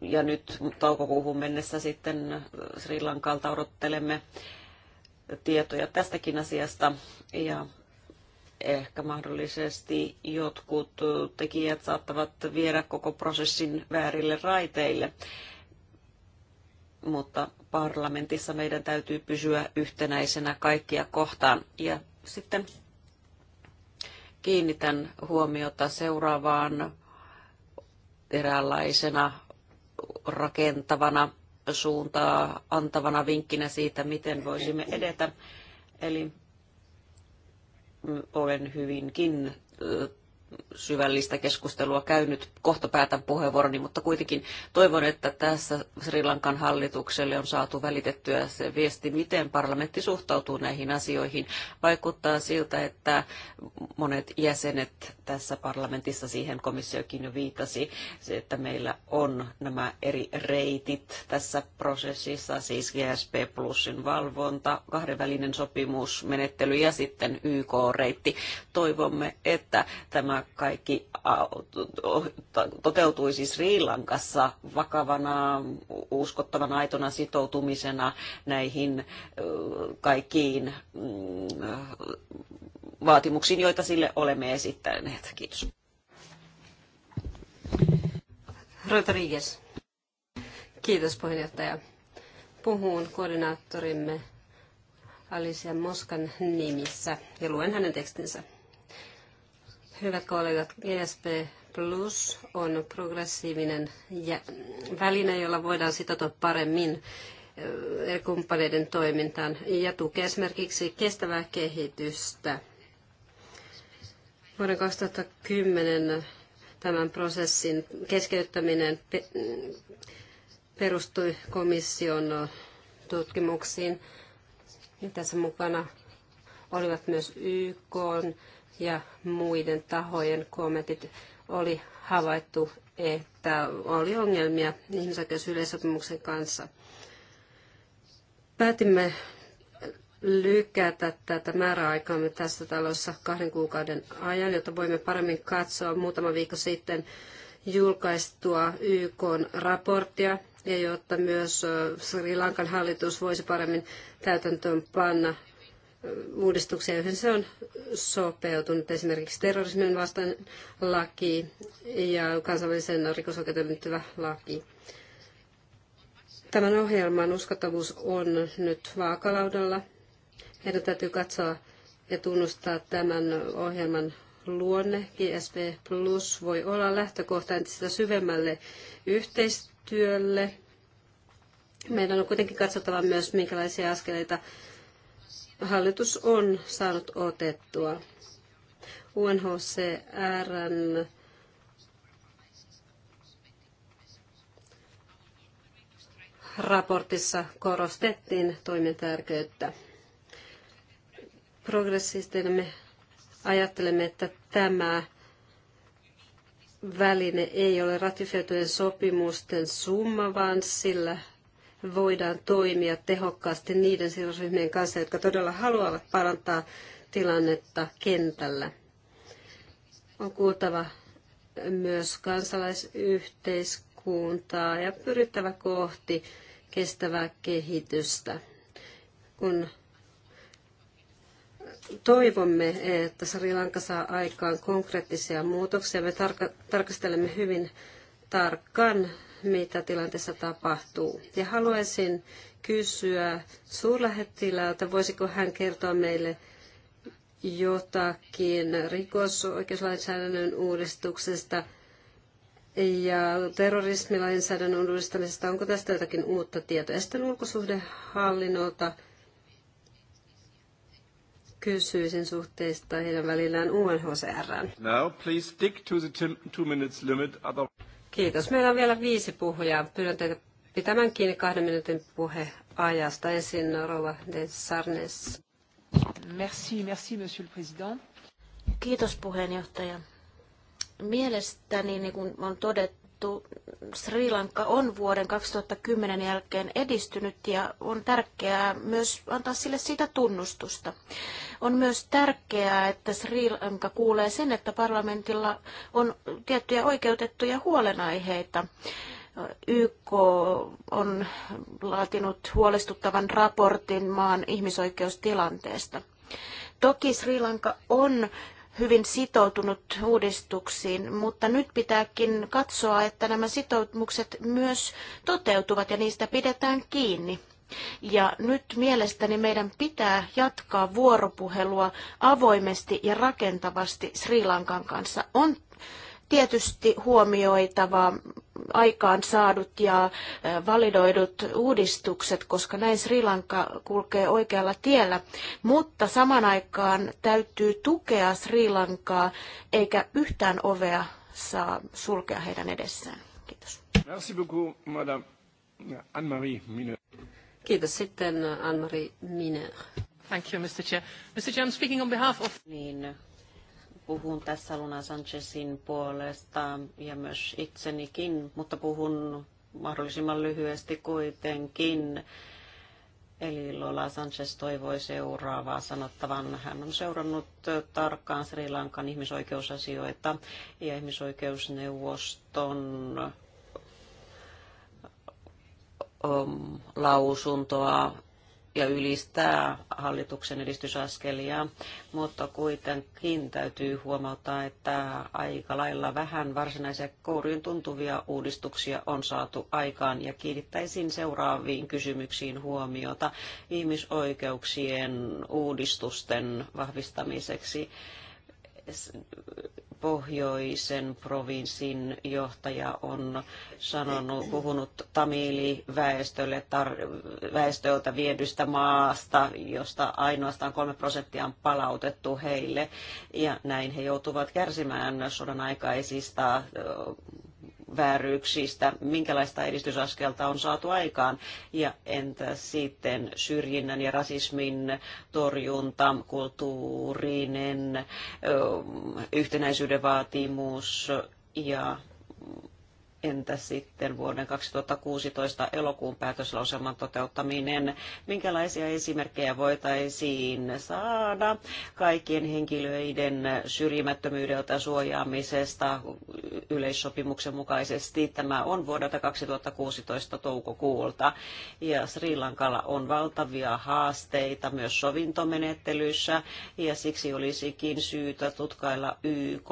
ja nyt toukokuuhun mennessä sitten Sri Lankalta odottelemme tietoja tästäkin asiasta ja ehkä mahdollisesti jotkut tekijät saattavat viedä koko prosessin väärille raiteille. Mutta parlamentissa meidän täytyy pysyä yhtenäisenä kaikkia kohtaan. Ja sitten kiinnitän huomiota seuraavaan eräänlaisena rakentavana suuntaa antavana vinkkinä siitä, miten voisimme edetä. Eli mm, olen hyvinkin syvällistä keskustelua käynyt. Kohta päätän puheenvuoroni, mutta kuitenkin toivon, että tässä Sri Lankan hallitukselle on saatu välitettyä se viesti, miten parlamentti suhtautuu näihin asioihin. Vaikuttaa siltä, että monet jäsenet tässä parlamentissa, siihen komissiokin jo viitasi, se, että meillä on nämä eri reitit tässä prosessissa, siis GSP Plusin valvonta, kahdenvälinen sopimusmenettely ja sitten YK-reitti. Toivomme, että tämä kaikki toteutuisi siis Sri Lankassa vakavana, uskottavan aitona sitoutumisena näihin kaikkiin mm, vaatimuksiin, joita sille olemme esittäneet. Kiitos. Rodriguez. Kiitos puheenjohtaja. Puhun koordinaattorimme Alicia Moskan nimissä ja luen hänen tekstinsä. Hyvät kollegat, GSP e Plus on progressiivinen väline, jolla voidaan sitoutua paremmin kumppaneiden toimintaan ja tukea esimerkiksi kestävää kehitystä. Vuoden 2010 tämän prosessin keskeyttäminen perustui komission tutkimuksiin. Tässä mukana olivat myös YK, ja muiden tahojen kommentit oli havaittu, että oli ongelmia ihmisoikeusyleisopimuksen kanssa. Päätimme lykätä tätä määräaikaamme tässä talossa kahden kuukauden ajan, jotta voimme paremmin katsoa muutama viikko sitten julkaistua YK raporttia ja jotta myös Sri Lankan hallitus voisi paremmin täytäntöön panna uudistuksia, joihin se on sopeutunut. Esimerkiksi terrorismin vastainen laki ja kansainvälisen rikosoikeuteen liittyvä laki. Tämän ohjelman uskottavuus on nyt vaakalaudalla. Meidän täytyy katsoa ja tunnustaa tämän ohjelman luonne. GSP Plus voi olla lähtökohta entistä syvemmälle yhteistyölle. Meidän on kuitenkin katsottava myös, minkälaisia askeleita hallitus on saanut otettua. UNHCRn raportissa korostettiin toimen tärkeyttä. Progressisteina me ajattelemme, että tämä väline ei ole ratifioitujen sopimusten summa, vaan sillä voidaan toimia tehokkaasti niiden sidosryhmien kanssa, jotka todella haluavat parantaa tilannetta kentällä. On kuultava myös kansalaisyhteiskuntaa ja pyrittävä kohti kestävää kehitystä. Kun toivomme, että Sri Lanka saa aikaan konkreettisia muutoksia, me tarkastelemme hyvin tarkkaan mitä tilanteessa tapahtuu. Ja haluaisin kysyä suurlähettilältä, voisiko hän kertoa meille jotakin rikosoikeuslainsäädännön uudistuksesta ja terrorismilainsäädännön uudistamisesta. Onko tästä jotakin uutta tietoa? sitten ulkosuhdehallinnolta kysyisin suhteista heidän välillään UNHCR. Now please stick to the two minutes limit, Kiitos. Meillä on vielä viisi puhujaa. Pyydän teitä pitämään kiinni kahden minuutin puheajasta. Ensin Rova de Sarnes. Merci, merci, monsieur le président. Kiitos puheenjohtaja. Mielestäni, niin kuin on todettu, sanottu, Sri Lanka on vuoden 2010 jälkeen edistynyt ja on tärkeää myös antaa sille sitä tunnustusta. On myös tärkeää, että Sri Lanka kuulee sen, että parlamentilla on tiettyjä oikeutettuja huolenaiheita. YK on laatinut huolestuttavan raportin maan ihmisoikeustilanteesta. Toki Sri Lanka on hyvin sitoutunut uudistuksiin, mutta nyt pitääkin katsoa, että nämä sitoutumukset myös toteutuvat ja niistä pidetään kiinni. Ja nyt mielestäni meidän pitää jatkaa vuoropuhelua avoimesti ja rakentavasti Sri Lankan kanssa. On tietysti huomioitava aikaan saadut ja validoidut uudistukset, koska näin Sri Lanka kulkee oikealla tiellä. Mutta saman aikaan täytyy tukea Sri Lankaa, eikä yhtään ovea saa sulkea heidän edessään. Kiitos. Merci beaucoup, madame. Anne-Marie Mineur. Kiitos. Sitten Anne-Marie Mineur. Thank you, Mr. Chair. Mr. Chair, I'm speaking on behalf of... Niin, puhun tässä Luna Sanchezin puolesta ja myös itsenikin, mutta puhun mahdollisimman lyhyesti kuitenkin. Eli Lola Sanchez toivoi seuraavaa sanottavan. Hän on seurannut tarkkaan Sri Lankan ihmisoikeusasioita ja ihmisoikeusneuvoston um, lausuntoa ja ylistää hallituksen edistysaskelia, mutta kuitenkin täytyy huomauttaa, että aika lailla vähän varsinaisia kouriin tuntuvia uudistuksia on saatu aikaan ja kiinnittäisin seuraaviin kysymyksiin huomiota ihmisoikeuksien uudistusten vahvistamiseksi pohjoisen provinssin johtaja on sanonut, puhunut tamiiliväestölle tar- väestöltä viedystä maasta, josta ainoastaan kolme prosenttia on palautettu heille. Ja näin he joutuvat kärsimään sodan aikaisista vääryyksistä, minkälaista edistysaskelta on saatu aikaan. Ja entä sitten syrjinnän ja rasismin torjunta, kulttuurinen yhtenäisyyden vaatimus ja Entä sitten vuoden 2016 elokuun päätöslauselman toteuttaminen? Minkälaisia esimerkkejä voitaisiin saada kaikkien henkilöiden syrjimättömyydeltä suojaamisesta yleissopimuksen mukaisesti? Tämä on vuodelta 2016 toukokuulta ja Sri Lankalla on valtavia haasteita myös sovintomenettelyissä ja siksi olisikin syytä tutkailla YK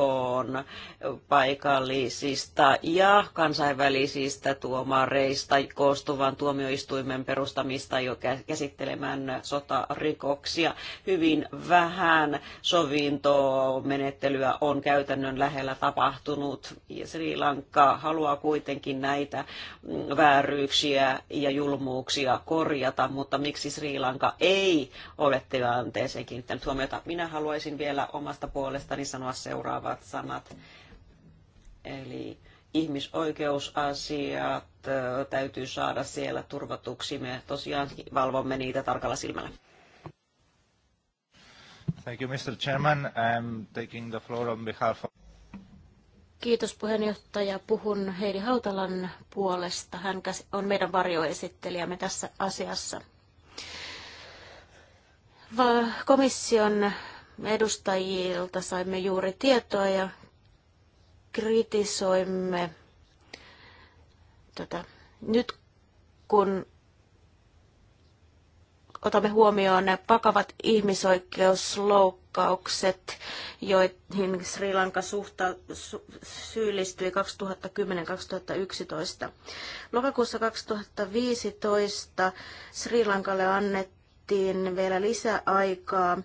paikallisista ja kansainvälisistä tuomareista koostuvan tuomioistuimen perustamista jo käsittelemään sotarikoksia. Hyvin vähän sovintomenettelyä on käytännön lähellä tapahtunut. Sri Lanka haluaa kuitenkin näitä mm, vääryyksiä ja julmuuksia korjata, mutta miksi Sri Lanka ei ole tilanteeseen kiinnittänyt huomiota? Minä haluaisin vielä omasta puolestani sanoa seuraavat sanat ihmisoikeusasiat täytyy saada siellä turvatuksi. Me tosiaan valvomme niitä tarkalla silmällä. Thank you, Mr. Chairman. I'm taking the floor on behalf of... Kiitos puheenjohtaja. Puhun Heidi Hautalan puolesta. Hän on meidän varjoesittelijämme tässä asiassa. Komission edustajilta saimme juuri tietoa ja kritisoimme tätä. Nyt kun otamme huomioon nämä pakavat ihmisoikeusloukkaukset, joihin Sri Lanka suhta, su, syyllistyi 2010-2011. Lokakuussa 2015 Sri Lankalle annettiin vielä lisäaikaa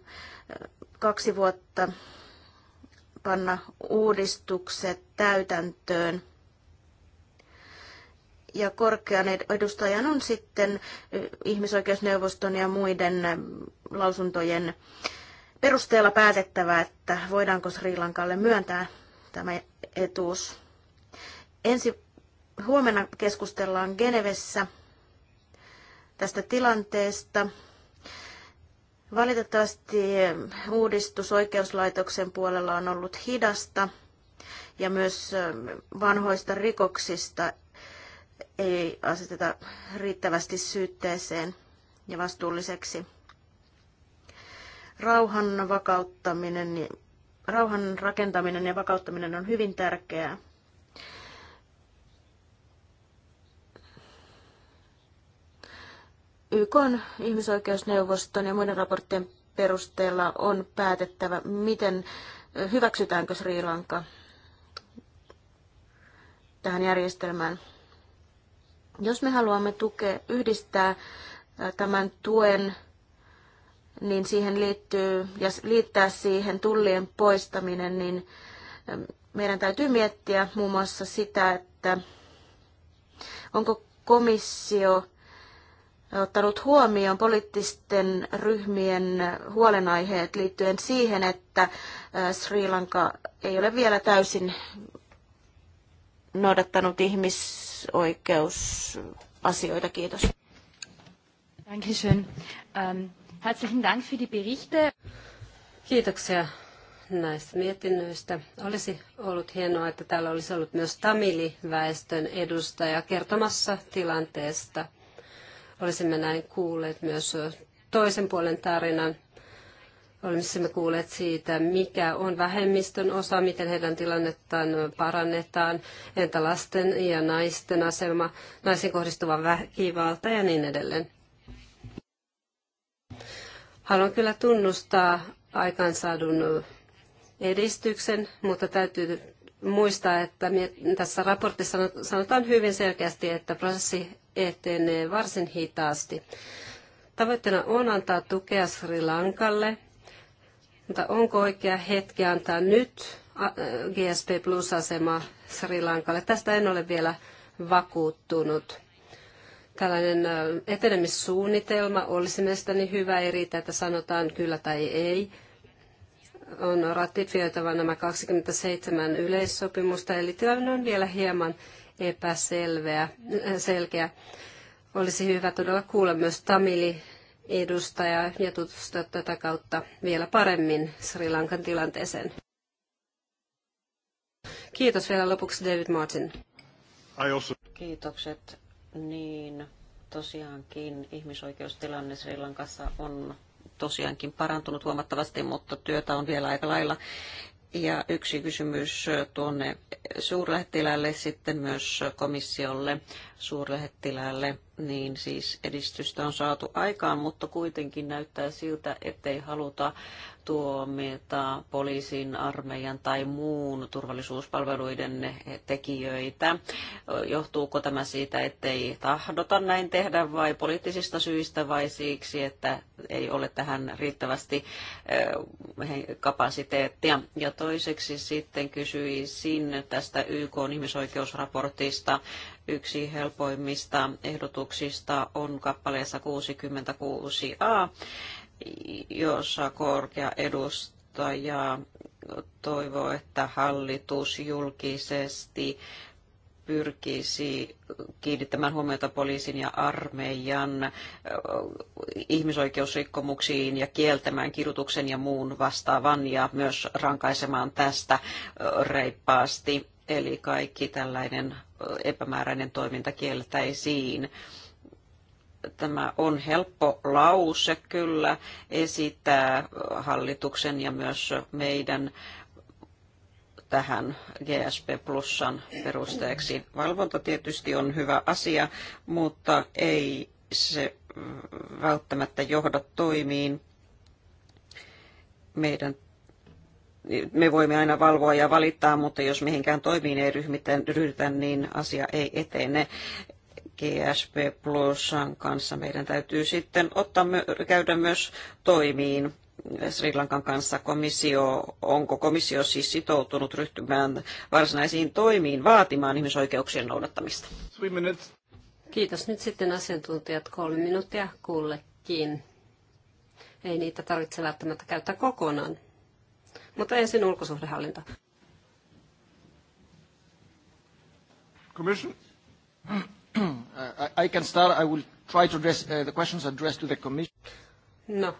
kaksi vuotta panna uudistukset täytäntöön. Ja korkean edustajan on sitten ihmisoikeusneuvoston ja muiden lausuntojen perusteella päätettävä, että voidaanko Sri Lankalle myöntää tämä etuus. Ensi huomenna keskustellaan Genevessä tästä tilanteesta. Valitettavasti uudistus oikeuslaitoksen puolella on ollut hidasta ja myös vanhoista rikoksista ei aseteta riittävästi syytteeseen ja vastuulliseksi. Rauhan vakauttaminen, rauhan rakentaminen ja vakauttaminen on hyvin tärkeää. YK on ihmisoikeusneuvoston ja muiden raporttien perusteella on päätettävä, miten hyväksytäänkö Sri Lanka tähän järjestelmään. Jos me haluamme tukea, yhdistää tämän tuen, niin siihen liittyy, ja liittää siihen tullien poistaminen, niin meidän täytyy miettiä muun muassa sitä, että onko komissio ottanut huomioon poliittisten ryhmien huolenaiheet liittyen siihen, että äh, Sri Lanka ei ole vielä täysin noudattanut ihmisoikeusasioita. Kiitos. Dankeschön. Ähm, herzlichen Dank für die Berichte. Kiitoksia näistä mietinnöistä. Olisi ollut hienoa, että täällä olisi ollut myös tamiliväestön edustaja kertomassa tilanteesta – Olisimme näin kuulleet myös toisen puolen tarinan. Olisimme kuulleet siitä, mikä on vähemmistön osa, miten heidän tilannettaan parannetaan, entä lasten ja naisten asema, naisiin kohdistuva väkivalta ja niin edelleen. Haluan kyllä tunnustaa aikaansaadun edistyksen, mutta täytyy muistaa, että tässä raportissa sanotaan hyvin selkeästi, että prosessi etenee varsin hitaasti. Tavoitteena on antaa tukea Sri Lankalle, mutta onko oikea hetki antaa nyt GSP Plus-asema Sri Lankalle? Tästä en ole vielä vakuuttunut. Tällainen etenemissuunnitelma olisi mielestäni hyvä, ei riitä, että sanotaan kyllä tai ei. On ratifioitava nämä 27 yleissopimusta, eli tilanne on vielä hieman epäselveä, äh, selkeä. Olisi hyvä todella kuulla myös Tamili edustaja ja tutustua tätä kautta vielä paremmin Sri Lankan tilanteeseen. Kiitos vielä lopuksi David Martin. Kiitokset. Niin, tosiaankin ihmisoikeustilanne Sri Lankassa on tosiaankin parantunut huomattavasti, mutta työtä on vielä aika lailla. Ja yksi kysymys tuonne suurlähettilälle sitten myös komissiolle suurlähettiläälle, niin siis edistystä on saatu aikaan, mutta kuitenkin näyttää siltä, ettei haluta tuomita poliisin, armeijan tai muun turvallisuuspalveluiden tekijöitä. Johtuuko tämä siitä, ettei tahdota näin tehdä vai poliittisista syistä vai siksi, että ei ole tähän riittävästi eh, kapasiteettia? Ja toiseksi sitten kysyisin tästä YK ihmisoikeusraportista Yksi helpoimmista ehdotuksista on kappaleessa 66a, jossa korkea edustaja toivoo, että hallitus julkisesti pyrkisi kiinnittämään huomiota poliisin ja armeijan ihmisoikeusrikkomuksiin ja kieltämään kidutuksen ja muun vastaavan ja myös rankaisemaan tästä reippaasti. Eli kaikki tällainen epämääräinen toiminta kieltäisiin. Tämä on helppo lause kyllä esittää hallituksen ja myös meidän tähän GSP Plusan perusteeksi. Valvonta tietysti on hyvä asia, mutta ei se välttämättä johda toimiin. Meidän me voimme aina valvoa ja valittaa, mutta jos mihinkään toimiin ei ryhdytä, niin asia ei etene. GSP Plusan kanssa meidän täytyy sitten ottaa, käydä myös toimiin. Sri Lankan kanssa komissio, onko komissio siis sitoutunut ryhtymään varsinaisiin toimiin vaatimaan ihmisoikeuksien noudattamista? Kiitos. Nyt sitten asiantuntijat kolme minuuttia kullekin. Ei niitä tarvitse välttämättä käyttää kokonaan. Mutta ensin ulkosuhdehallinta. Commission? Uh, I can start. I will try to address uh, the questions addressed to the commission. No,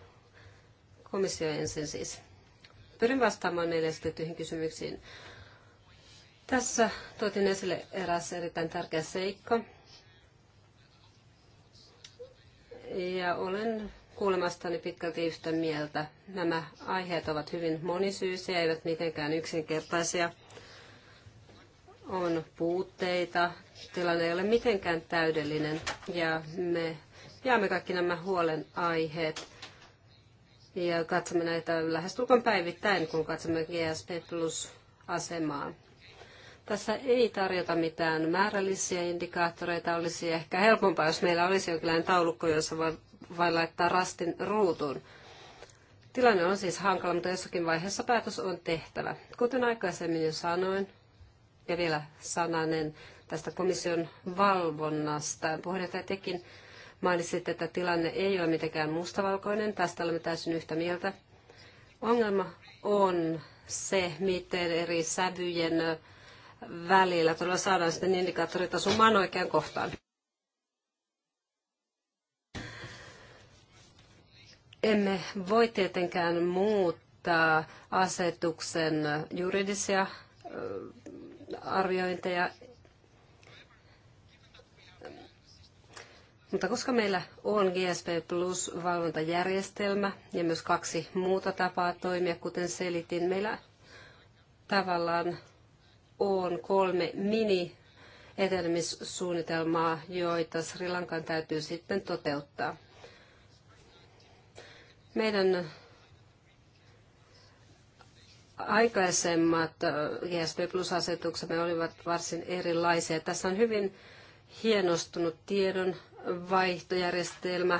komissio ensin siis. Pyrin vastaamaan neljä esitettyihin kysymyksiin. Tässä tuotin esille eräs erittäin tärkeä seikka. Ja olen kuulemastani pitkälti yhtä mieltä. Nämä aiheet ovat hyvin monisyisiä, eivät mitenkään yksinkertaisia. On puutteita, tilanne ei ole mitenkään täydellinen ja me jaamme kaikki nämä huolenaiheet ja katsomme näitä lähestulkoon päivittäin, kun katsomme GSP Plus asemaa. Tässä ei tarjota mitään määrällisiä indikaattoreita. Olisi ehkä helpompaa, jos meillä olisi jonkinlainen taulukko, jossa vai laittaa rastin ruutuun. Tilanne on siis hankala, mutta jossakin vaiheessa päätös on tehtävä. Kuten aikaisemmin jo sanoin, ja vielä sananen tästä komission valvonnasta. Puheenjohtaja tekin mainitsit, että tilanne ei ole mitenkään mustavalkoinen. Tästä olemme täysin yhtä mieltä. Ongelma on se, miten eri sävyjen välillä todella saadaan sitten indikaattoritason maan oikean kohtaan. Emme voi tietenkään muuttaa asetuksen juridisia arviointeja, Mutta koska meillä on GSP Plus valvontajärjestelmä ja myös kaksi muuta tapaa toimia, kuten selitin, meillä tavallaan on kolme mini etenemissuunnitelmaa, joita Sri Lankan täytyy sitten toteuttaa. Meidän aikaisemmat GSP Plus-asetuksemme olivat varsin erilaisia. Tässä on hyvin hienostunut tiedon vaihtojärjestelmä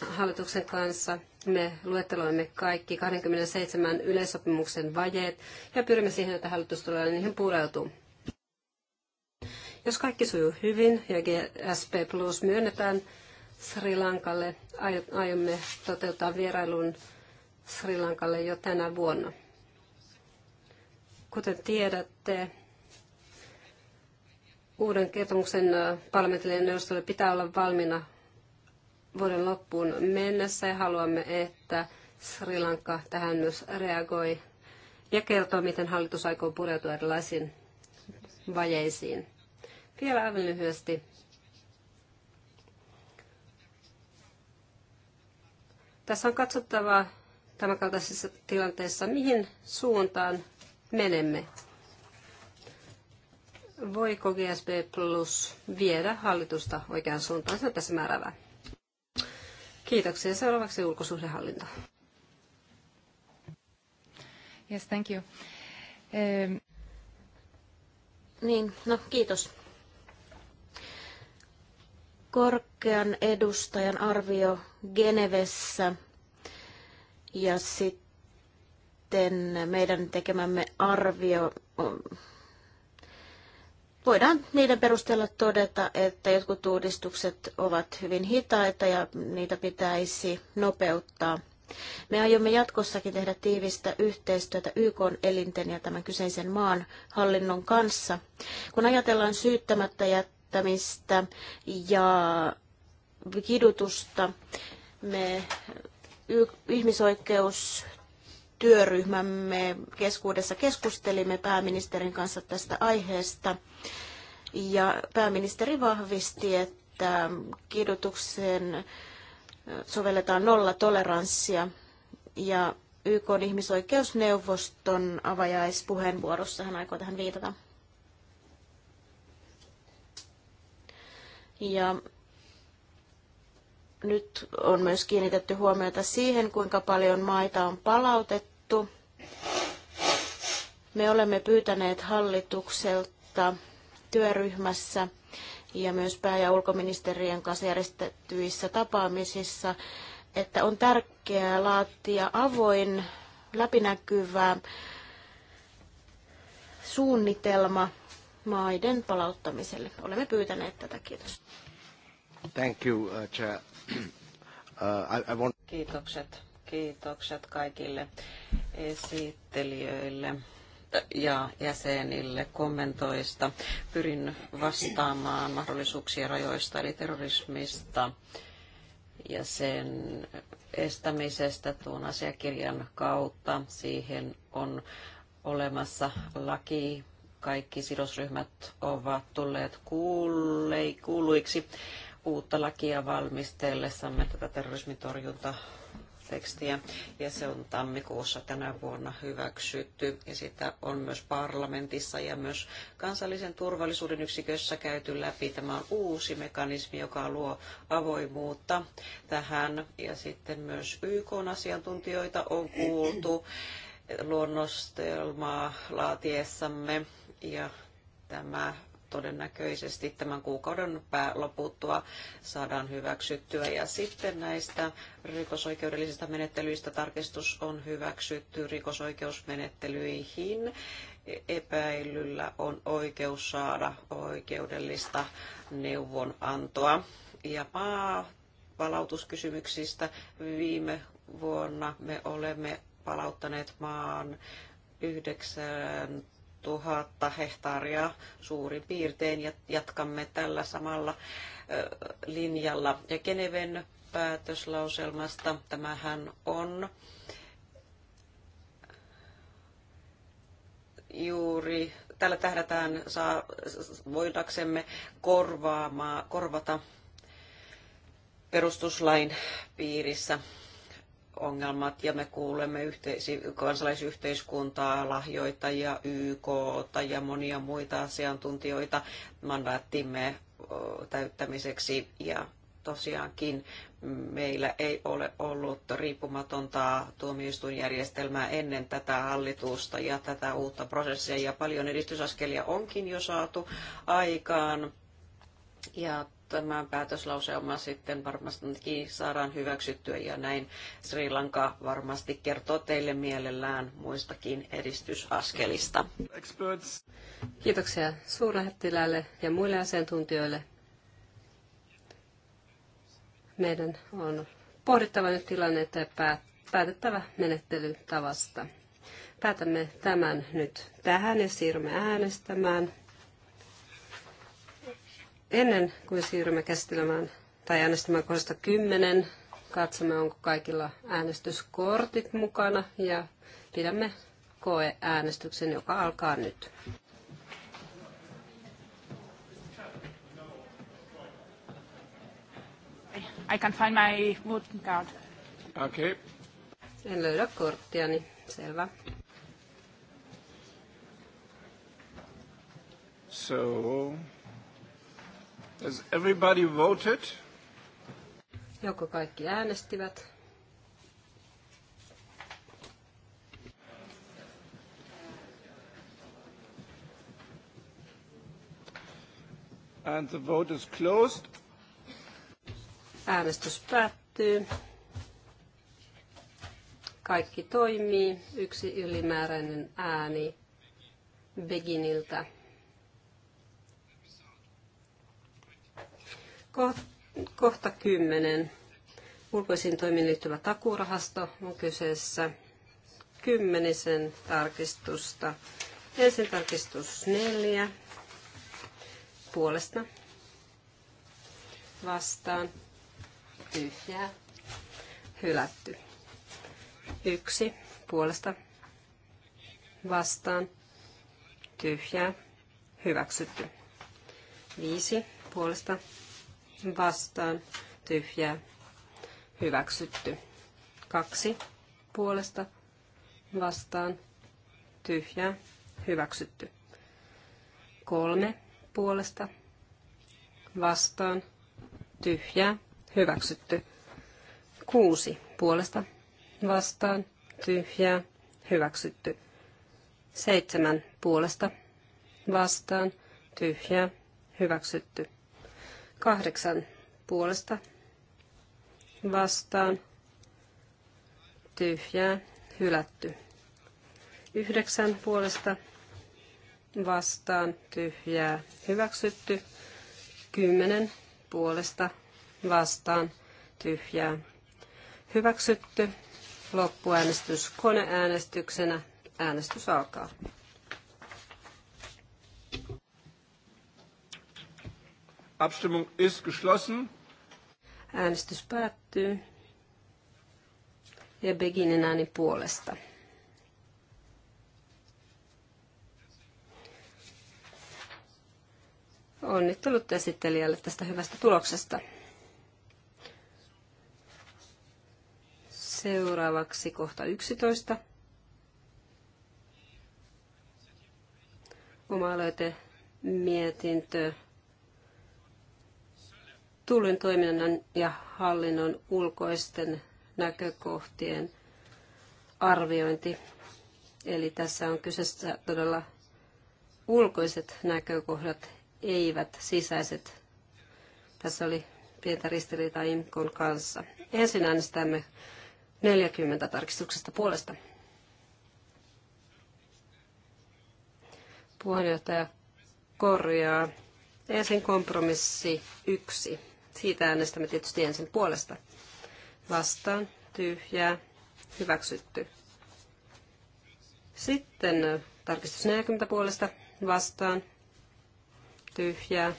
hallituksen kanssa. Me luetteloimme kaikki 27 yleissopimuksen vajeet ja pyrimme siihen, että hallitus tulee niihin pureutuu. Jos kaikki sujuu hyvin ja GSP Plus myönnetään, Sri Lankalle. Aiomme toteuttaa vierailun Sri Lankalle jo tänä vuonna. Kuten tiedätte, uuden kertomuksen parlamentille neuvostolle pitää olla valmiina vuoden loppuun mennessä ja haluamme, että Sri Lanka tähän myös reagoi ja kertoo, miten hallitus aikoo pureutua erilaisiin vajeisiin. Vielä aivan lyhyesti Tässä on katsottava tämänkaltaisessa tilanteessa, mihin suuntaan menemme. Voiko GSB Plus viedä hallitusta oikeaan suuntaan? Se on tässä määrävää. Kiitoksia. Seuraavaksi ulkosuhdehallinto. Yes, thank you. Um... Niin, no kiitos korkean edustajan arvio Genevessä ja sitten meidän tekemämme arvio voidaan niiden perusteella todeta, että jotkut uudistukset ovat hyvin hitaita ja niitä pitäisi nopeuttaa. Me aiomme jatkossakin tehdä tiivistä yhteistyötä YK-elinten ja tämän kyseisen maan hallinnon kanssa. Kun ajatellaan syyttämättä jättämistä, käyttämistä ja kidutusta. Me ihmisoikeus työryhmämme keskuudessa keskustelimme pääministerin kanssa tästä aiheesta. Ja pääministeri vahvisti, että kidutukseen sovelletaan nolla toleranssia Ja YK ihmisoikeusneuvoston avajaispuheenvuorossa hän aikoo tähän viitata. Ja nyt on myös kiinnitetty huomiota siihen, kuinka paljon maita on palautettu. Me olemme pyytäneet hallitukselta työryhmässä ja myös pää- ja ulkoministeriön kanssa järjestettyissä tapaamisissa, että on tärkeää laatia avoin, läpinäkyvä suunnitelma maiden palauttamiselle. Olemme pyytäneet tätä. Kiitos. Thank you, uh, chair. (clears throat) Uh, I, I want... Kiitokset. Kiitokset kaikille esittelijöille ja jäsenille kommentoista. Pyrin vastaamaan mahdollisuuksien rajoista eli terrorismista ja sen estämisestä tuon asiakirjan kautta. Siihen on olemassa laki, kaikki sidosryhmät ovat tulleet kuullei, kuuluiksi uutta lakia valmistellessamme tätä terrorismitorjunta tekstiä ja se on tammikuussa tänä vuonna hyväksytty ja sitä on myös parlamentissa ja myös kansallisen turvallisuuden yksikössä käyty läpi. Tämä on uusi mekanismi, joka luo avoimuutta tähän ja sitten myös YK-asiantuntijoita on kuultu luonnostelmaa laatiessamme ja tämä todennäköisesti tämän kuukauden loputtua saadaan hyväksyttyä. Ja sitten näistä rikosoikeudellisista menettelyistä tarkistus on hyväksytty rikosoikeusmenettelyihin. Epäilyllä on oikeus saada oikeudellista neuvonantoa. Ja maa palautuskysymyksistä viime vuonna me olemme palauttaneet maan 9 tuhatta hehtaaria suurin piirtein ja jatkamme tällä samalla linjalla. Ja Geneven päätöslauselmasta tämähän on juuri tällä tähdätään saa, voidaksemme korvaamaan, korvata perustuslain piirissä ongelmat ja me kuulemme yhteisi, kansalaisyhteiskuntaa, lahjoittajia, YK ja monia muita asiantuntijoita mandaattimme täyttämiseksi ja tosiaankin meillä ei ole ollut riippumatonta tuomioistuinjärjestelmää ennen tätä hallitusta ja tätä uutta prosessia ja paljon edistysaskelia onkin jo saatu aikaan. Ja tämä päätöslauselma sitten varmasti saadaan hyväksyttyä ja näin Sri Lanka varmasti kertoo teille mielellään muistakin edistysaskelista. Experts. Kiitoksia suurlähettiläälle ja muille asiantuntijoille. Meidän on pohdittava nyt tilannetta ja päätettävä menettelytavasta. Päätämme tämän nyt tähän ja siirrymme äänestämään. Ennen kuin siirrymme käsittelemään tai äänestämään kohdasta 10, katsomme onko kaikilla äänestyskortit mukana ja pidämme koeäänestyksen, joka alkaa nyt. I can find my voting card. Okay. En löydä korttiani, selvä. So, Has everybody voted? Joko kaikki äänestivät? And the vote is closed. Äänestys päättyy. Kaikki toimii. Yksi ylimääräinen ääni Beginiltä. Kohta 10. Ulkoisiin toimiin liittyvä takurahasto on kyseessä kymmenisen tarkistusta. Ensin tarkistus neljä puolesta vastaan tyhjää hylätty. Yksi puolesta vastaan tyhjää hyväksytty. Viisi puolesta vastaan tyhjää hyväksytty. Kaksi puolesta vastaan tyhjää hyväksytty. Kolme puolesta vastaan tyhjää hyväksytty. Kuusi puolesta vastaan tyhjää hyväksytty. Seitsemän puolesta vastaan tyhjää hyväksytty. Kahdeksan puolesta vastaan tyhjää hylätty. Yhdeksän puolesta vastaan tyhjää hyväksytty. Kymmenen puolesta vastaan tyhjää hyväksytty. Loppuäänestys koneäänestyksenä. Äänestys alkaa. Abstimmung ist geschlossen. Äänestys päättyy. Ja Beginin ääni puolesta. Onnittelut esittelijälle tästä hyvästä tuloksesta. Seuraavaksi kohta 11. Oma aloite mietintö tullin toiminnan ja hallinnon ulkoisten näkökohtien arviointi. Eli tässä on kyseessä todella ulkoiset näkökohdat, eivät sisäiset. Tässä oli pientä ristiriitaa IMKon kanssa. Ensin äänestämme 40 tarkistuksesta puolesta. Puheenjohtaja korjaa. Ensin kompromissi yksi siitä äänestämme tietysti ensin puolesta. Vastaan, tyhjää, hyväksytty. Sitten tarkistus 40 puolesta vastaan, tyhjää.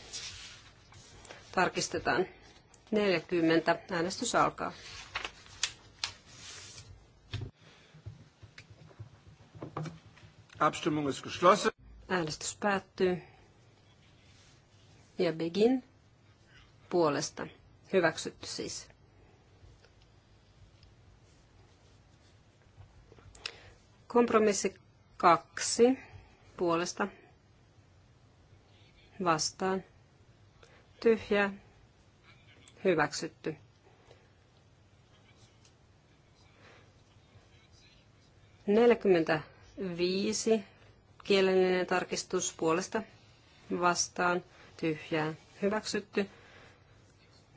Tarkistetaan 40. Äänestys alkaa. Abstimmung ist geschlossen. Äänestys päättyy. Ja Begin puolesta. Hyväksytty siis. Kompromissi kaksi puolesta vastaan. Tyhjä. Hyväksytty. Neljäkymmentä viisi kielellinen tarkistus puolesta vastaan tyhjää hyväksytty.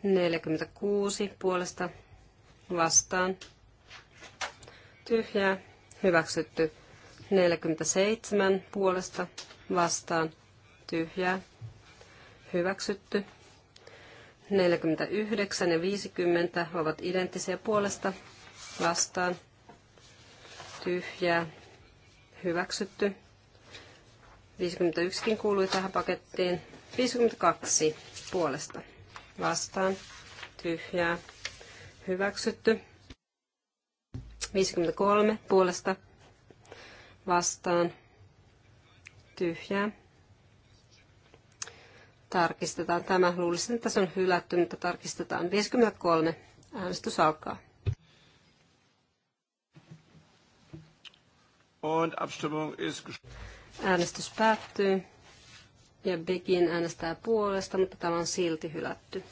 46 puolesta vastaan. Tyhjää. Hyväksytty. 47 puolesta vastaan. Tyhjää. Hyväksytty. 49 ja 50 ovat identtisiä puolesta vastaan. Tyhjää. Hyväksytty. 51kin kuului tähän pakettiin. 52 puolesta vastaan, tyhjää, hyväksytty. 53 puolesta vastaan, tyhjää. Tarkistetaan tämä. Luulisin, että se on hylätty, mutta tarkistetaan. 53. Äänestys alkaa. Und Abstimmung ist Äänestys päättyy ja Bekin äänestää puolesta, mutta tämä on silti hylätty.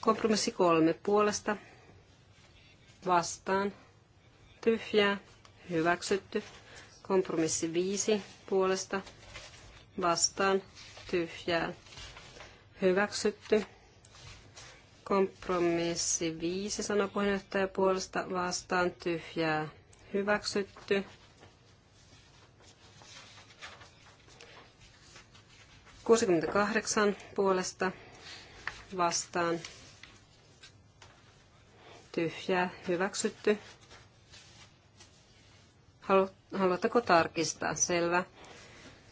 Kompromissi kolme puolesta, vastaan, tyhjää, hyväksytty. Kompromissi viisi puolesta, vastaan, tyhjää, hyväksytty. Kompromissi viisi sanapuheenjohtaja puolesta, vastaan, tyhjää, hyväksytty. 68 puolesta vastaan tyhjää hyväksytty. Haluatteko tarkistaa? Selvä.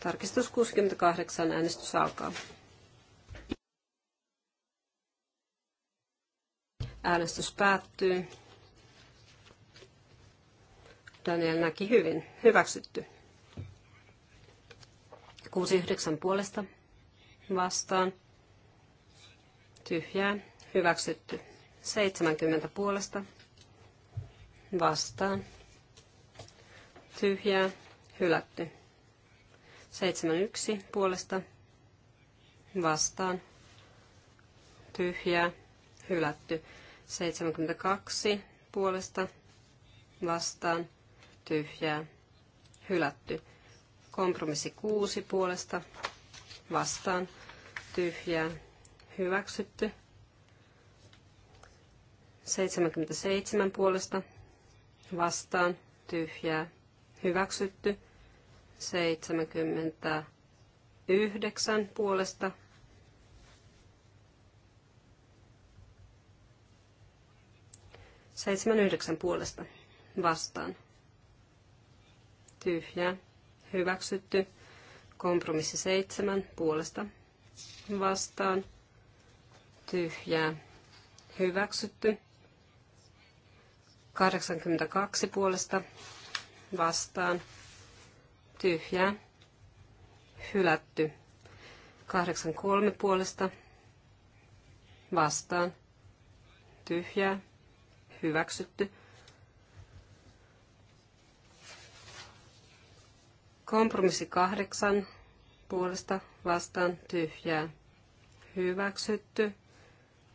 Tarkistus 68. Äänestys alkaa. Äänestys päättyy. Daniel näki hyvin. Hyväksytty. 69 puolesta vastaan tyhjää hyväksytty. 70 puolesta vastaan tyhjää hylätty. 71 puolesta vastaan tyhjää hylätty. 72 puolesta vastaan tyhjää hylätty. Kompromissi 6 puolesta vastaan tyhjää hyväksytty. 77 puolesta vastaan tyhjää hyväksytty. 79 puolesta Seitsemän yhdeksän puolesta vastaan. Tyhjää. Hyväksytty. Kompromissi seitsemän puolesta vastaan. Tyhjää. Hyväksytty. 82 puolesta vastaan. Tyhjää. Hylätty. 83 puolesta vastaan. Tyhjää. Hyväksytty. Kompromissi kahdeksan puolesta vastaan tyhjää hyväksytty.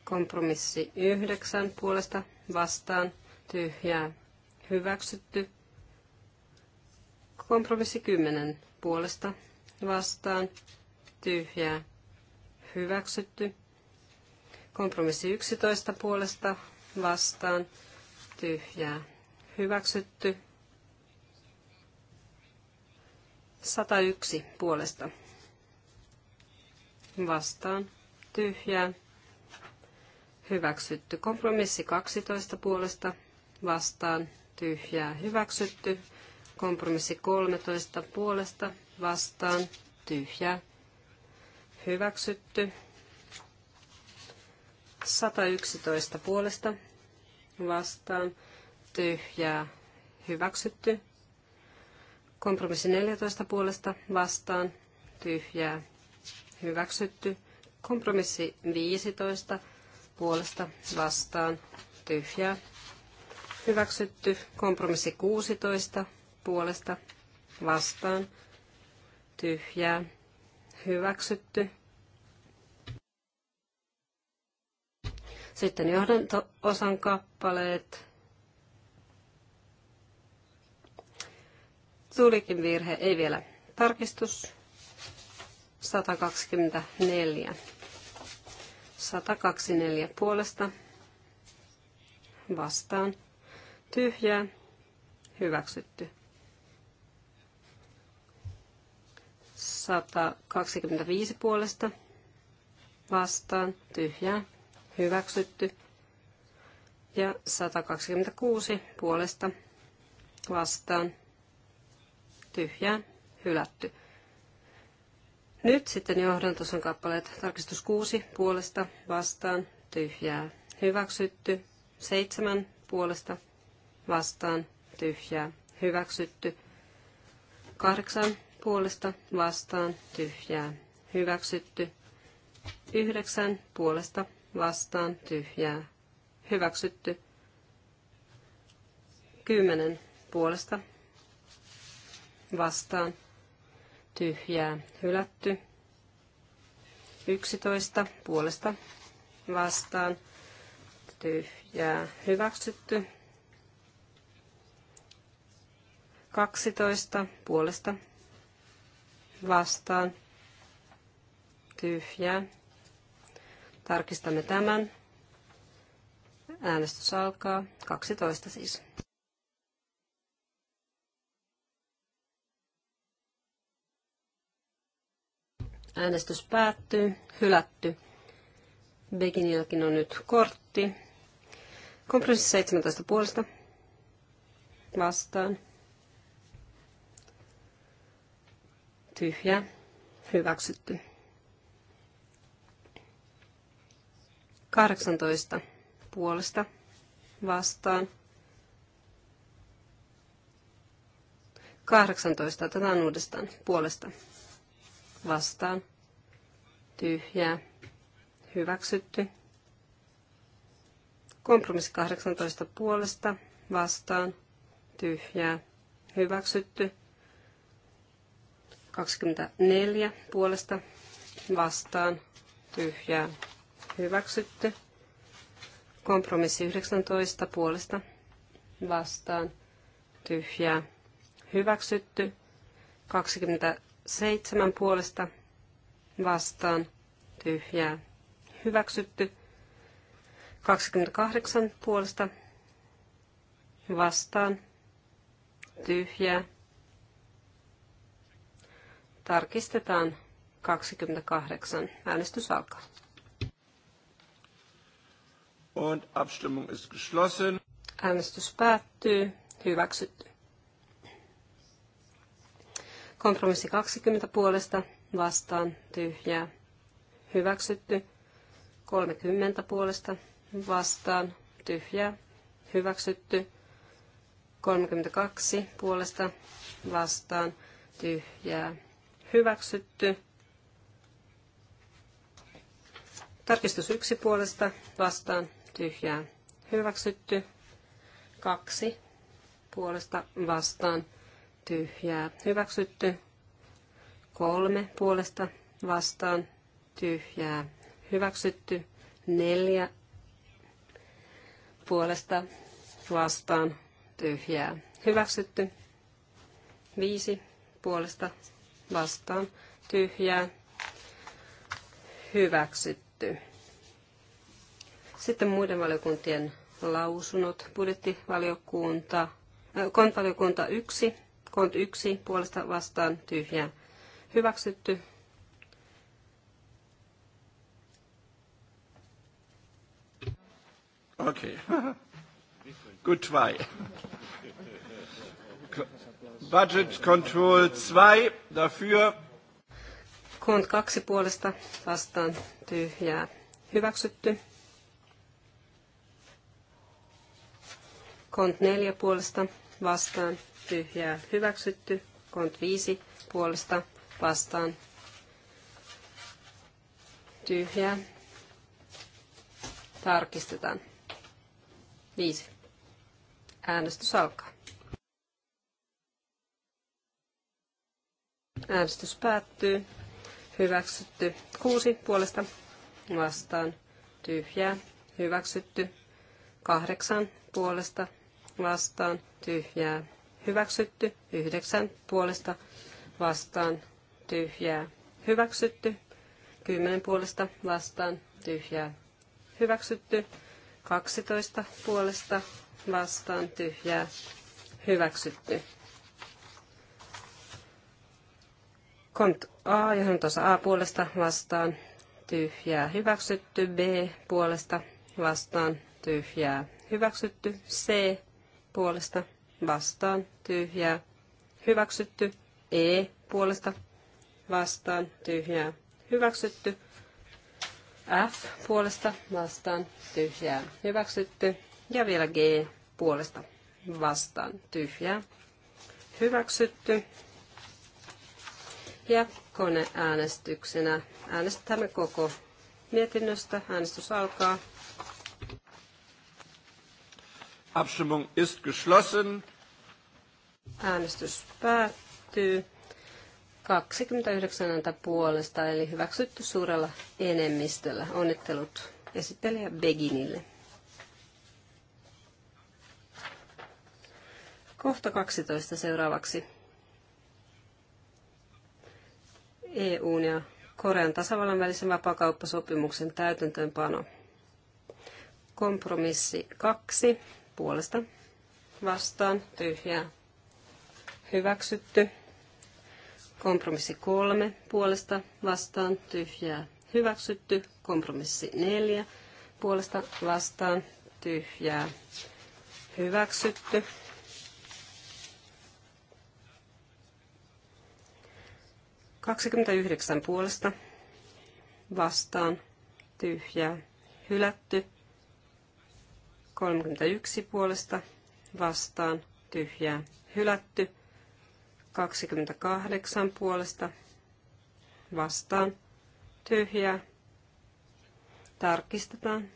Kompromissi yhdeksän puolesta vastaan tyhjää hyväksytty. Kompromissi kymmenen puolesta vastaan tyhjää hyväksytty. Kompromissi 11 puolesta vastaan tyhjää hyväksytty. 101 puolesta. Vastaan. Tyhjää. Hyväksytty. Kompromissi 12 puolesta. Vastaan. Tyhjää. Hyväksytty. Kompromissi 13 puolesta. Vastaan. Tyhjää. Hyväksytty. 111 puolesta. Vastaan. Tyhjää. Hyväksytty. Kompromissi 14 puolesta vastaan tyhjää hyväksytty. Kompromissi 15 puolesta vastaan tyhjää hyväksytty. Kompromissi 16 puolesta vastaan tyhjää hyväksytty. Sitten johdanto-osan kappaleet tulikin virhe, ei vielä. Tarkistus 124. 124 puolesta vastaan. Tyhjää. Hyväksytty. 125 puolesta vastaan. Tyhjää. Hyväksytty. Ja 126 puolesta vastaan tyhjää, hylätty. Nyt sitten tuossa kappaleet. Tarkistus 6 puolesta vastaan tyhjää. Hyväksytty. 7 puolesta vastaan tyhjää. Hyväksytty. 8 puolesta vastaan tyhjää. Hyväksytty. 9 puolesta vastaan tyhjää. Hyväksytty. 10 puolesta vastaan tyhjää hylätty. 11 puolesta vastaan tyhjää hyväksytty. 12 puolesta vastaan tyhjää. Tarkistamme tämän. Äänestys alkaa. 12 siis. Äänestys päättyy. Hylätty. Beginilläkin on nyt kortti. Kompromissi 17 puolesta. Vastaan. Tyhjä. Hyväksytty. 18 puolesta vastaan. 18. Otetaan uudestaan puolesta vastaan, tyhjää, hyväksytty. Kompromissi 18 puolesta, vastaan, tyhjää, hyväksytty. 24 puolesta, vastaan, tyhjää, hyväksytty. Kompromissi 19 puolesta, vastaan, tyhjää, hyväksytty. 20 seitsemän puolesta vastaan tyhjää hyväksytty. 28 puolesta vastaan tyhjää. Tarkistetaan 28. Äänestys alkaa. Und Abstimmung ist geschlossen. Äänestys päättyy. Hyväksytty. Kompromissi 20 puolesta vastaan tyhjää. Hyväksytty. 30 puolesta vastaan tyhjää. Hyväksytty. 32 puolesta vastaan tyhjää. Hyväksytty. Tarkistus yksi puolesta vastaan tyhjää. Hyväksytty. Kaksi puolesta vastaan tyhjää hyväksytty. Kolme puolesta vastaan tyhjää hyväksytty. Neljä puolesta vastaan tyhjää hyväksytty. Viisi puolesta vastaan tyhjää hyväksytty. Sitten muiden valiokuntien lausunnot. Budjettivaliokunta, äh, kontvaliokunta 1 Kont yksi puolesta vastaan tyhjää hyväksytty. Okei. Okay. Good try. Budget Control 2 dafür. Kont kaksi puolesta vastaan tyhjää hyväksytty. Kont neljä puolesta vastaan, tyhjää hyväksytty. Kont 5 puolesta vastaan, tyhjää. Tarkistetaan. 5. Äänestys alkaa. Äänestys päättyy. Hyväksytty. Kuusi puolesta vastaan. Tyhjää. Hyväksytty. Kahdeksan puolesta vastaan tyhjää. Hyväksytty yhdeksän puolesta vastaan tyhjää. Hyväksytty kymmenen puolesta vastaan tyhjää. Hyväksytty kaksitoista puolesta vastaan tyhjää. Hyväksytty. Kont A, johon tuossa A puolesta vastaan tyhjää. Hyväksytty B puolesta vastaan tyhjää. Hyväksytty C puolesta vastaan tyhjää. Hyväksytty E puolesta vastaan tyhjää. Hyväksytty F puolesta vastaan tyhjää. Hyväksytty ja vielä G puolesta vastaan tyhjää. Hyväksytty. Ja koneäänestyksenä äänestämme koko mietinnöstä. Äänestys alkaa. Abstimmung ist geschlossen. Äänestys päättyy. 29 ääntä puolesta, eli hyväksytty suurella enemmistöllä. Onnittelut esittelijä Beginille. Kohta 12 seuraavaksi. EUn ja Korean tasavallan välisen vapaakauppasopimuksen täytäntöönpano. Kompromissi 2 puolesta vastaan tyhjää hyväksytty. Kompromissi kolme puolesta vastaan tyhjää hyväksytty. Kompromissi neljä puolesta vastaan tyhjää hyväksytty. Kaksikymmentäyhdeksän puolesta vastaan tyhjää hylätty. 31 puolesta vastaan tyhjää hylätty. 28 puolesta vastaan tyhjää. Tarkistetaan.